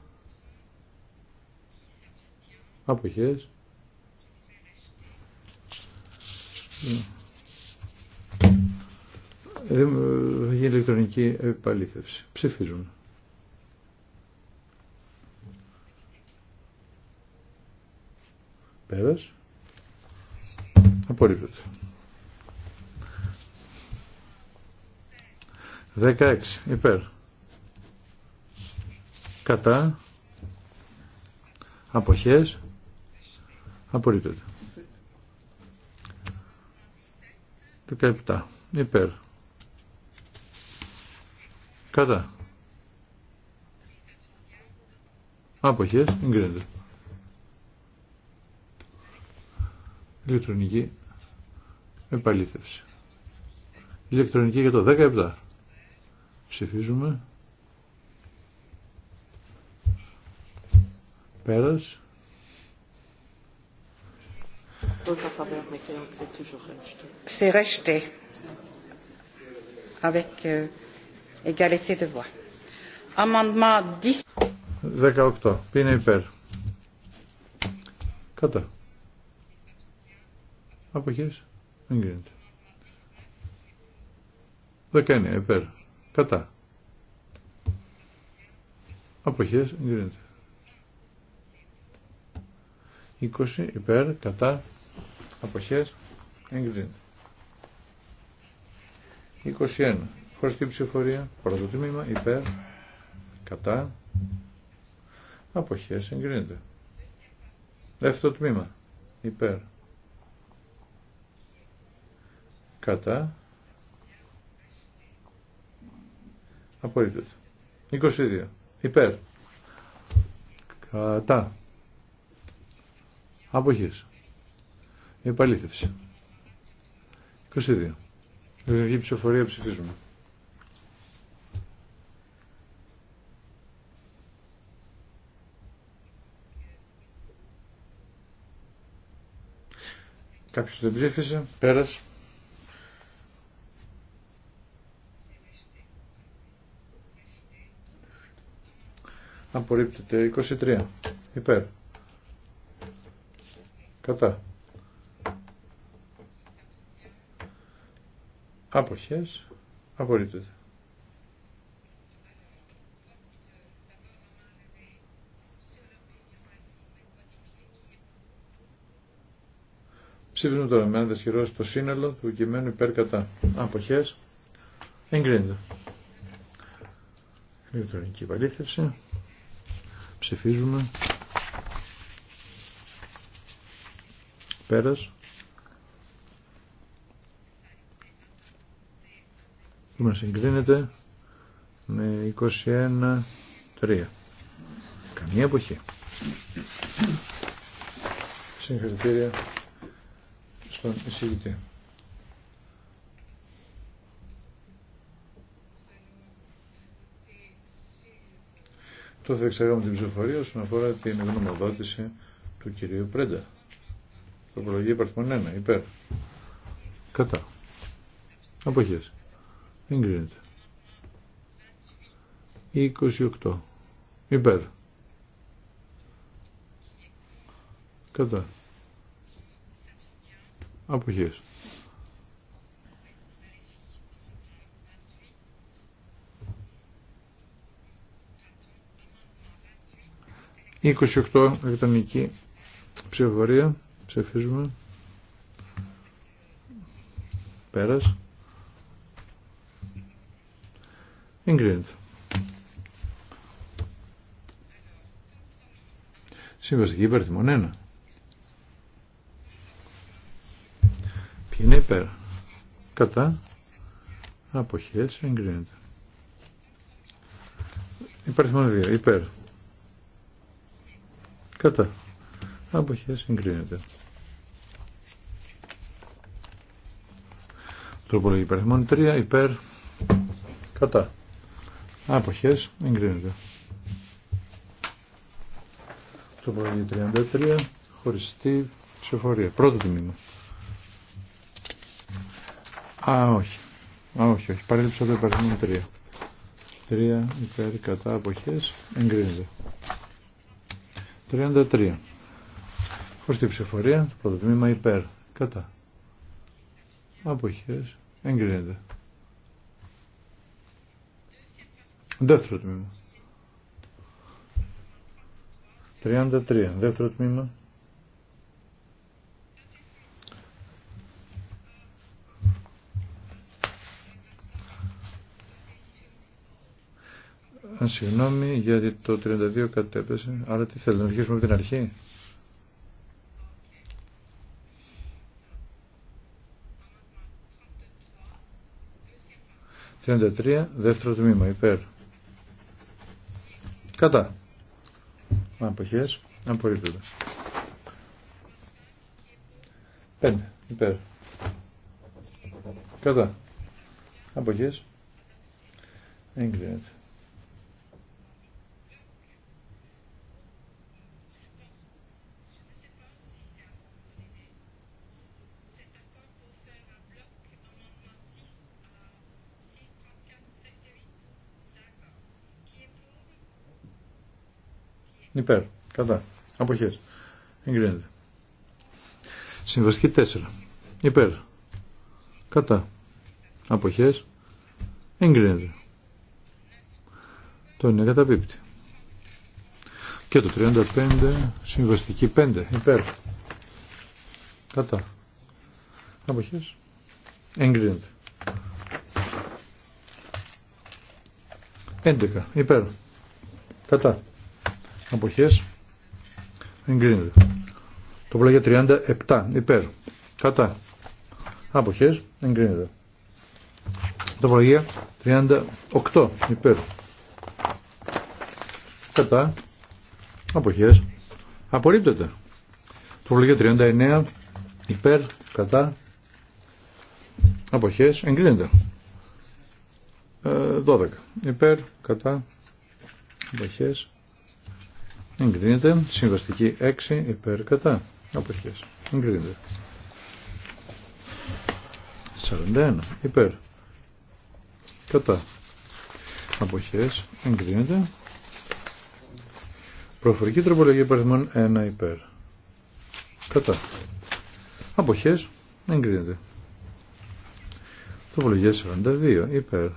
αποχές δεν θα γίνει ηλεκτρονική επαλήθευση. Ψηφίζουν Πέρας. Δέκα 16. Υπέρ κατά αποχές απορρίπτεται 17 υπέρ κατά αποχές εγκρίνεται ηλεκτρονική επαλήθευση ηλεκτρονική για το 17 ψηφίζουμε C'est rejeté avec euh, égalité de voix. Amendement 10. 18. Ποιοι είναι υπέρ. Κατά. Αποχές. Εγκρίνεται. 19. Υπέρ. Κατά. Αποχές. Εγκρίνεται. 20 υπέρ κατά αποχές εγκρίνεται. 21. Χωρίς την ψηφορία, πρώτο τμήμα, υπέρ, κατά, αποχές, εγκρίνεται. Δεύτερο τμήμα, υπέρ, κατά, απορρίπτεται. 22. Υπέρ, κατά, η Επαλήθευση. 22. Δημιουργική ψηφοφορία ψηφίζουμε. Κάποιος δεν ψήφισε. Πέρας. Απορρίπτεται 23. Υπέρ. Κατά. Αποχές. Απορρίπτεται. Ψήφισμα τώρα με ένα στο σύνολο του κειμένου υπέρ κατά. Αποχές. Εγκρίνεται. Ηλεκτρονική παλήθευση. Ψηφίζουμε. Πέρας. Μα συγκρίνεται με 21-3. Καμία εποχή. Συγχαρητήρια στον εισηγητή. Τώρα θα εξαγάμε την ψηφοφορία όσον αφορά την γνωμοδότηση του κυρίου Πρέντα. Τροπολογία υπαρθμών ένα, Υπέρ. Κατά. Αποχές. Εγκρίνεται. 28. Υπέρ. Κατά. Αποχές. 28 εκεί ψηφοφορία. Ψηφίζουμε. Πέρας. Εγκρίνεται. Συμβαστική υπερθυμόν 1. Ποιοι είναι υπέρ. Κατά. Αποχές. Εγκρίνεται. Υπερθυμόν 2. Υπέρ. Κατά. Αποχές. Εγκρίνεται. Τροπολογία υπερθυμών 3 υπέρ κατά. Άποχες εγκρίνεται. Τροπολογία 33 χωριστή ψηφορία. Πρώτο τμήμα. Α, όχι. Α, όχι, όχι. Παρέλειψα το υπερθυμών 3. 3 υπέρ κατά αποχές εγκρίνεται. 33. Χωριστή ψηφορία, πρώτο τμήμα υπέρ κατά Αποχές. Εγκρίνεται. Δεύτερο τμήμα. 33. Δεύτερο τμήμα. Συγγνώμη γιατί το 32 κατέπεσε. Άρα τι θέλει να αρχίσουμε από την αρχή. 33 δεύτερο τμήμα υπέρ κατά αποχές απορρίπτεται 5 υπέρ κατά αποχές εγκρίνεται Υπέρ. Κατά. αποχέ Εγκρίνεται. Συμβαστική 4. Υπέρ. Κατά. Αποχές. Εγκρίνεται. Το είναι καταπίπτη. Και το 35 συμβαστική 5. Υπέρ. Κατά. Αποχέ. Εγκρίνεται. 11. Υπέρ. Κατά. Αποχέ, εγκρίνεται. Το βλέπω 37 υπέρ. Κατά. άποχέ, εγκρίνεται. Τροπολογία 38 υπέρ. Κατά. εποχέ, Απορρίπτεται. Τροπολογία 39 υπέρ. Κατά. εποχέ, εγκρίνεται. 12 ε, υπέρ. Κατά. Αποχέ Εγκρίνεται. Συμβαστική 6 υπέρ κατά. Αποχές. Εγκρίνεται. 41 υπέρ. Κατά. Αποχές. Εγκρίνεται. Προφορική τροπολογία υπαριθμών 1 υπέρ. Κατά. Αποχές. Εγκρίνεται. Τροπολογία 42 υπέρ.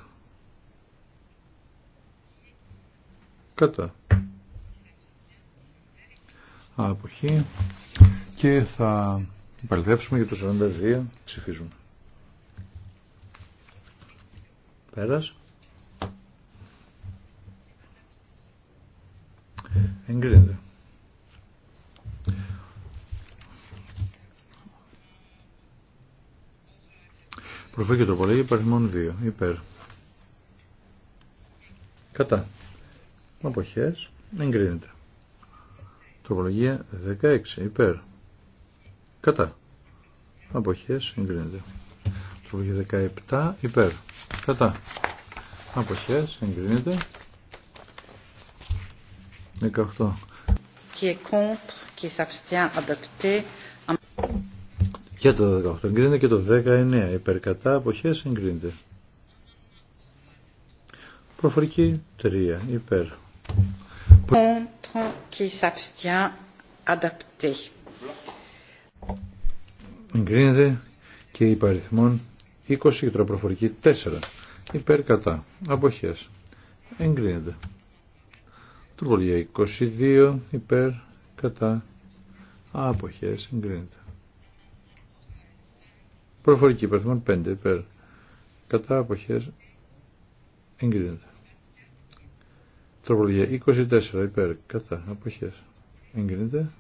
Κατά αποχή και θα παλιδεύσουμε για το 42 ψηφίζουμε. Πέρας. Εγκρίνεται. και το πολύ, υπάρχει μόνο δύο. Υπέρ. Κατά. Αποχές. Εγκρίνεται. Τροπολογία 16 υπέρ. Κατά. Αποχέ, εγκρίνεται. Τροπολογία 17 υπέρ. Κατά. Αποχέ, εγκρίνεται. 18. Και contre, qui s'abstient, Και το 18 εγκρίνεται και το 19 υπέρ. Κατά. Αποχές εγκρίνεται. Προφορική 3 υπέρ contre, qui s'abstient, adapté. Εγκρίνεται και υπαριθμών 20 και 4. Υπέρ κατά. Αποχές. Εγκρίνεται. Τροπολογία 22 υπέρ κατά. Αποχές. Εγκρίνεται. Προφορική υπαριθμών 5 υπέρ κατά. Αποχές. Εγκρίνεται. Τροπολογία 24 υπέρ κατά αποχές εγκρίνεται.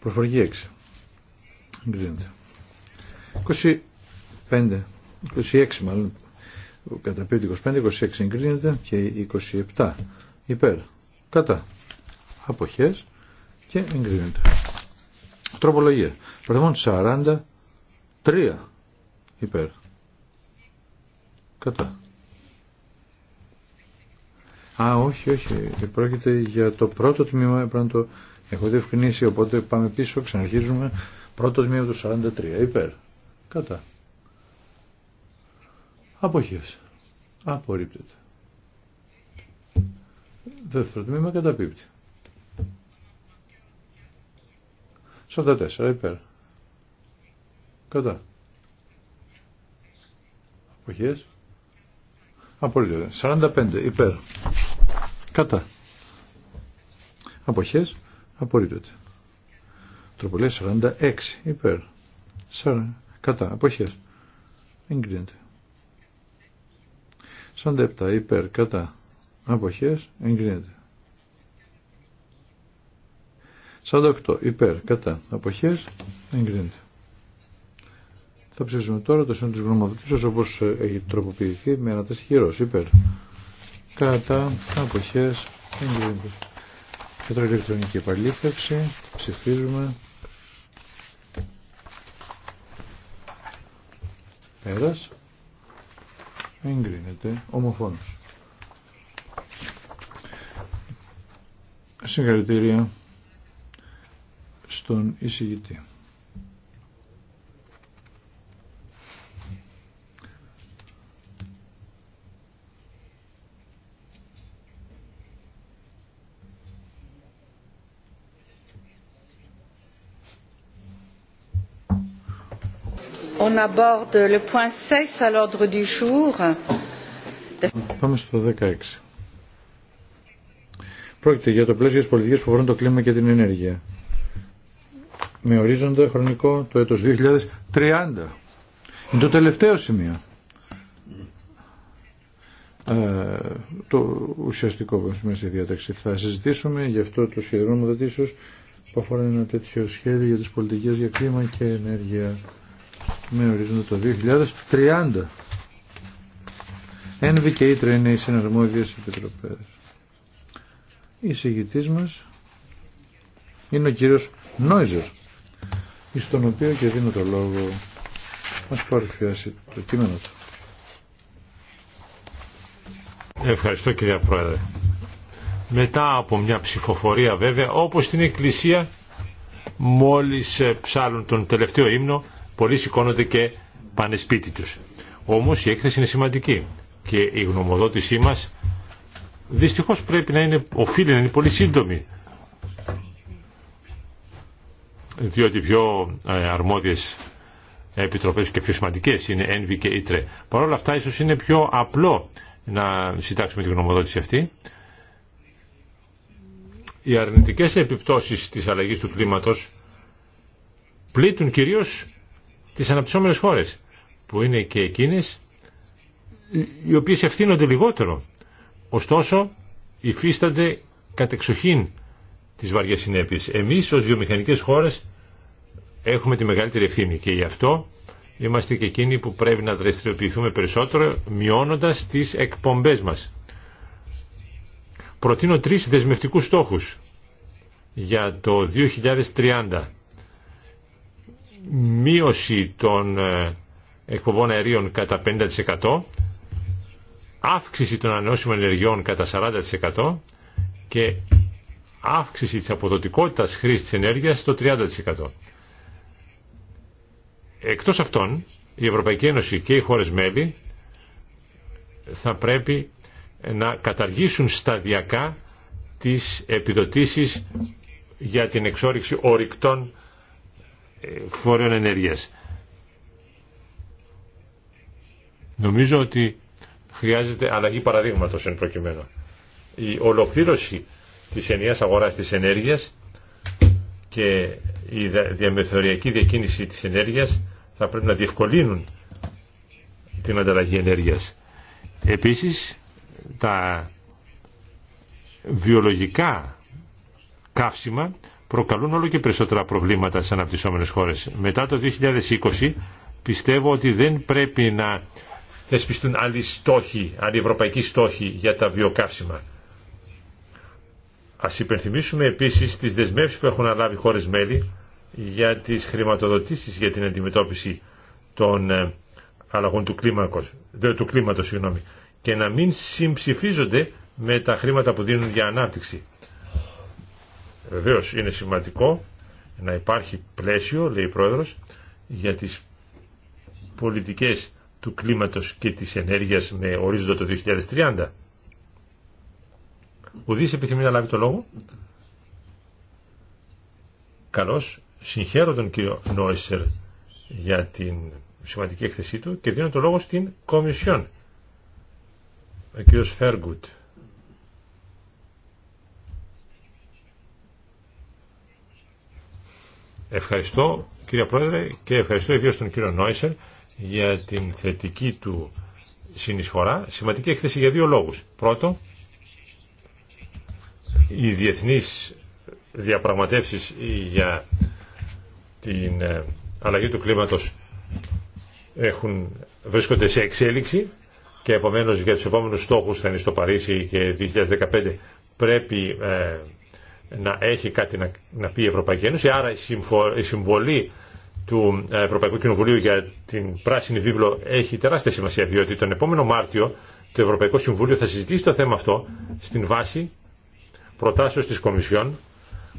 Προφορική 6 εγκρίνεται. 25, 26 μάλλον, κατά 25, 26 εγκρίνεται και 27 υπέρ κατά αποχές και εγκρίνεται. Τροπολογία. προθεμόν 43 υπέρ Κατά. Α, όχι, όχι. Πρόκειται για το πρώτο τμήμα, πρέπει να το έχω διευκρινίσει, οπότε πάμε πίσω, ξαναρχίζουμε. Πρώτο τμήμα του 43, υπέρ. Κατά. Αποχίες. Απορρίπτεται. Δεύτερο τμήμα καταπίπτει. 44, υπέρ. Κατά. Αποχίες. Απορρίπτεται. 45 υπέρ. Κατά. Αποχές. Απορρίπτεται. Τροπολία 46 υπέρ. Κατά. Αποχές. Εγκρίνεται. 47 υπέρ. Κατά. Αποχές. Εγκρίνεται. 48 υπέρ. Κατά. Αποχές. Εγκρίνεται. Θα ψηφίσουμε τώρα το σύνολο τη γνωμοδοτήσεως όπως ε, έχει τροποποιηθεί με ένα χειρός υπέρ. Κατά αποχέ. εγκρίνεται. Και ηλεκτρονική επαλήθευση. Ψηφίζουμε. Πέρας. Εγκρίνεται. Ομοφόνος. Συγχαρητήρια στον εισηγητή. aborde le point à l'ordre du jour. Πάμε στο 16. Πρόκειται για το πλαίσιο τη πολιτική που αφορούν το κλίμα και την ενέργεια. Με ορίζοντα χρονικό το έτο 2030. Είναι το τελευταίο σημείο. Ε, το ουσιαστικό που έχουμε στη διάταξη. Θα συζητήσουμε γι' αυτό το σχέδιο νομοθετήσεως που αφορά ένα τέτοιο σχέδιο για τι πολιτικέ για κλίμα και ενέργεια με ορίζοντα το 2030. Ένβη και Ήτρα είναι οι συναρμόδιες επιτροπές. Η συγητής μας είναι ο κύριος Νόιζερ, εις τον οποίο και δίνω το λόγο μας παρουσιάσει το κείμενο του. Ευχαριστώ κυρία Πρόεδρε. Μετά από μια ψηφοφορία βέβαια, όπως στην Εκκλησία, μόλις ψάλουν τον τελευταίο ύμνο, πολλοί σηκώνονται και πάνε σπίτι τους. Όμως η έκθεση είναι σημαντική και η γνωμοδότησή μας δυστυχώς πρέπει να είναι, οφείλει να είναι πολύ σύντομη διότι πιο ε, αρμόδιες επιτροπές και πιο σημαντικές είναι ΕΝΒΙ και ήτρε. Παρ' όλα αυτά ίσως είναι πιο απλό να συντάξουμε τη γνωμοδότηση αυτή. Οι αρνητικές επιπτώσεις της αλλαγής του κλίματος πλήττουν κυρίως τις αναπτυσσόμενες χώρες που είναι και εκείνες οι οποίες ευθύνονται λιγότερο. Ωστόσο υφίστανται κατεξοχήν τις βαριές συνέπειες. Εμείς ως βιομηχανικές χώρες έχουμε τη μεγαλύτερη ευθύνη και γι' αυτό είμαστε και εκείνοι που πρέπει να δραστηριοποιηθούμε περισσότερο μειώνοντας τις εκπομπές μας. Προτείνω τρεις δεσμευτικούς στόχους για το 2030 μείωση των ε, εκπομπών αερίων κατά 50%, αύξηση των ανανεώσιμων ενεργειών κατά 40% και αύξηση της αποδοτικότητας χρήσης της ενέργειας στο 30%. Εκτός αυτών, η Ευρωπαϊκή Ένωση και οι χώρες μέλη θα πρέπει να καταργήσουν σταδιακά τις επιδοτήσεις για την εξόριξη ορυκτών φορέων ενέργειας. Νομίζω ότι χρειάζεται αλλαγή παραδείγματος εν προκειμένου. Η ολοκλήρωση της ενιαίας αγοράς της ενέργειας και η διαμεθοριακή διακίνηση της ενέργειας θα πρέπει να διευκολύνουν την ανταλλαγή ενέργειας. Επίσης, τα βιολογικά καύσιμα προκαλούν όλο και περισσότερα προβλήματα στις αναπτυσσόμενες χώρες. Μετά το 2020 πιστεύω ότι δεν πρέπει να θεσπιστούν άλλοι στόχοι, άλλοι ευρωπαϊκοί στόχοι για τα βιοκαύσιμα. Ας υπενθυμίσουμε επίσης τις δεσμεύσεις που έχουν αναλάβει χώρες μέλη για τις χρηματοδοτήσεις για την αντιμετώπιση των ε, αλλαγών του, κλίμακος, κλίματος και να μην συμψηφίζονται με τα χρήματα που δίνουν για ανάπτυξη. Βεβαίως είναι σημαντικό να υπάρχει πλαίσιο, λέει η Πρόεδρος, για τις πολιτικές του κλίματος και της ενέργειας με ορίζοντα το 2030. Ουδής επιθυμεί να λάβει το λόγο. Καλώς, συγχαίρω τον κύριο Νόισερ για την σημαντική έκθεσή του και δίνω το λόγο στην Κομισιόν. Ο κύριος Φεργουτ. Ευχαριστώ κύριε Πρόεδρε και ευχαριστώ ιδίως τον κύριο Νόισερ για την θετική του συνεισφορά. Σημαντική έκθεση για δύο λόγους. Πρώτο, οι διεθνείς διαπραγματεύσεις για την ε, αλλαγή του κλίματος έχουν, βρίσκονται σε εξέλιξη και επομένως για τους επόμενους στόχους θα είναι στο Παρίσι και 2015 πρέπει ε, να έχει κάτι να, να πει η Ευρωπαϊκή Ένωση. Άρα η συμβολή του ε, Ευρωπαϊκού Κοινοβουλίου για την Πράσινη Βίβλο έχει τεράστια σημασία, διότι τον επόμενο Μάρτιο το Ευρωπαϊκό Συμβούλιο θα συζητήσει το θέμα αυτό στην βάση προτάσεως της Κομισιόν.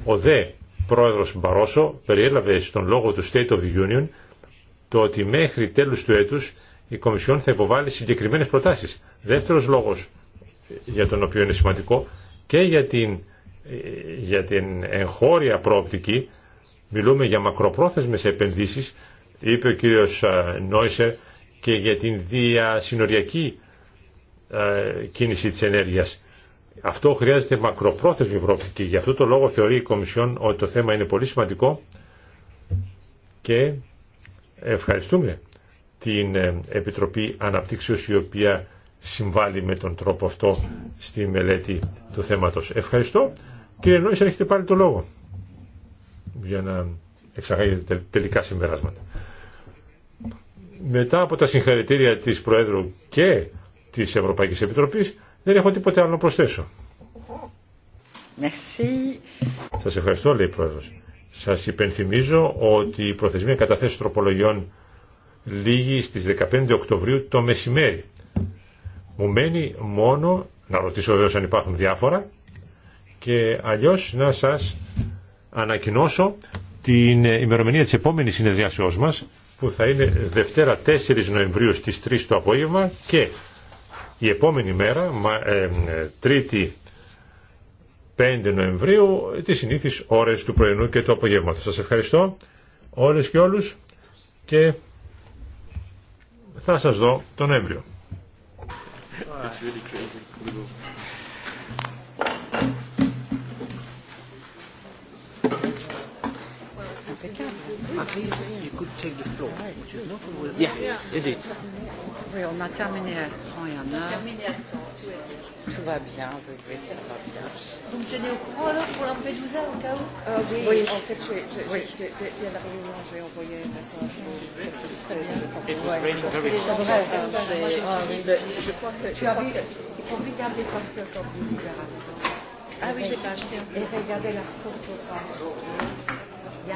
Ο δε πρόεδρος Μπαρόσο περιέλαβε στον λόγο του State of the Union το ότι μέχρι τέλους του έτους η Κομισιόν θα υποβάλει συγκεκριμένες προτάσεις. Δεύτερος λόγος για τον οποίο είναι σημαντικό και για την για την εγχώρια προοπτική, μιλούμε για μακροπρόθεσμες επενδύσεις, είπε ο κύριος ε, Νόισερ και για την διασυνοριακή ε, κίνηση της ενέργειας. Αυτό χρειάζεται μακροπρόθεσμη προοπτική. Γι' αυτό το λόγο θεωρεί η Κομισιόν ότι το θέμα είναι πολύ σημαντικό και ευχαριστούμε την ε, Επιτροπή Αναπτύξεως η οποία συμβάλλει με τον τρόπο αυτό στη μελέτη του θέματος. Ευχαριστώ. Κύριε αν έχετε πάρει το λόγο για να εξαγάγετε τελικά συμπεράσματα. Μετά από τα συγχαρητήρια της Προέδρου και της Ευρωπαϊκής Επιτροπής, δεν έχω τίποτε άλλο να προσθέσω. Merci. Σας ευχαριστώ, λέει η Πρόεδρος. Σας υπενθυμίζω ότι η προθεσμία καταθέσεων τροπολογιών λύγει στις 15 Οκτωβρίου το μεσημέρι. Μου μένει μόνο, να ρωτήσω βέβαια αν υπάρχουν διάφορα, και αλλιώς να σας ανακοινώσω την ημερομηνία της επόμενης συνεδριάσεώς μας που θα είναι Δευτέρα 4 Νοεμβρίου στις 3 το απόγευμα και η επόμενη μέρα, ε, Τρίτη 5 Νοεμβρίου, τις συνήθεις ώρες του πρωινού και του απογεύματος. Σας ευχαριστώ όλες και όλους και θα σας δω τον Νοέμβριο. on a terminé à en Tout va bien, ça va bien. Vous au courant pour Lampedusa au cas où euh, oui, en fait, Je crois Ah oui, j'ai pas acheté. Et regardez la photo. Il y a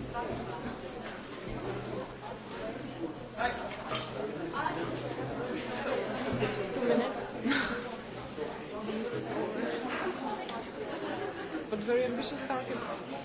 but very ambitious targets.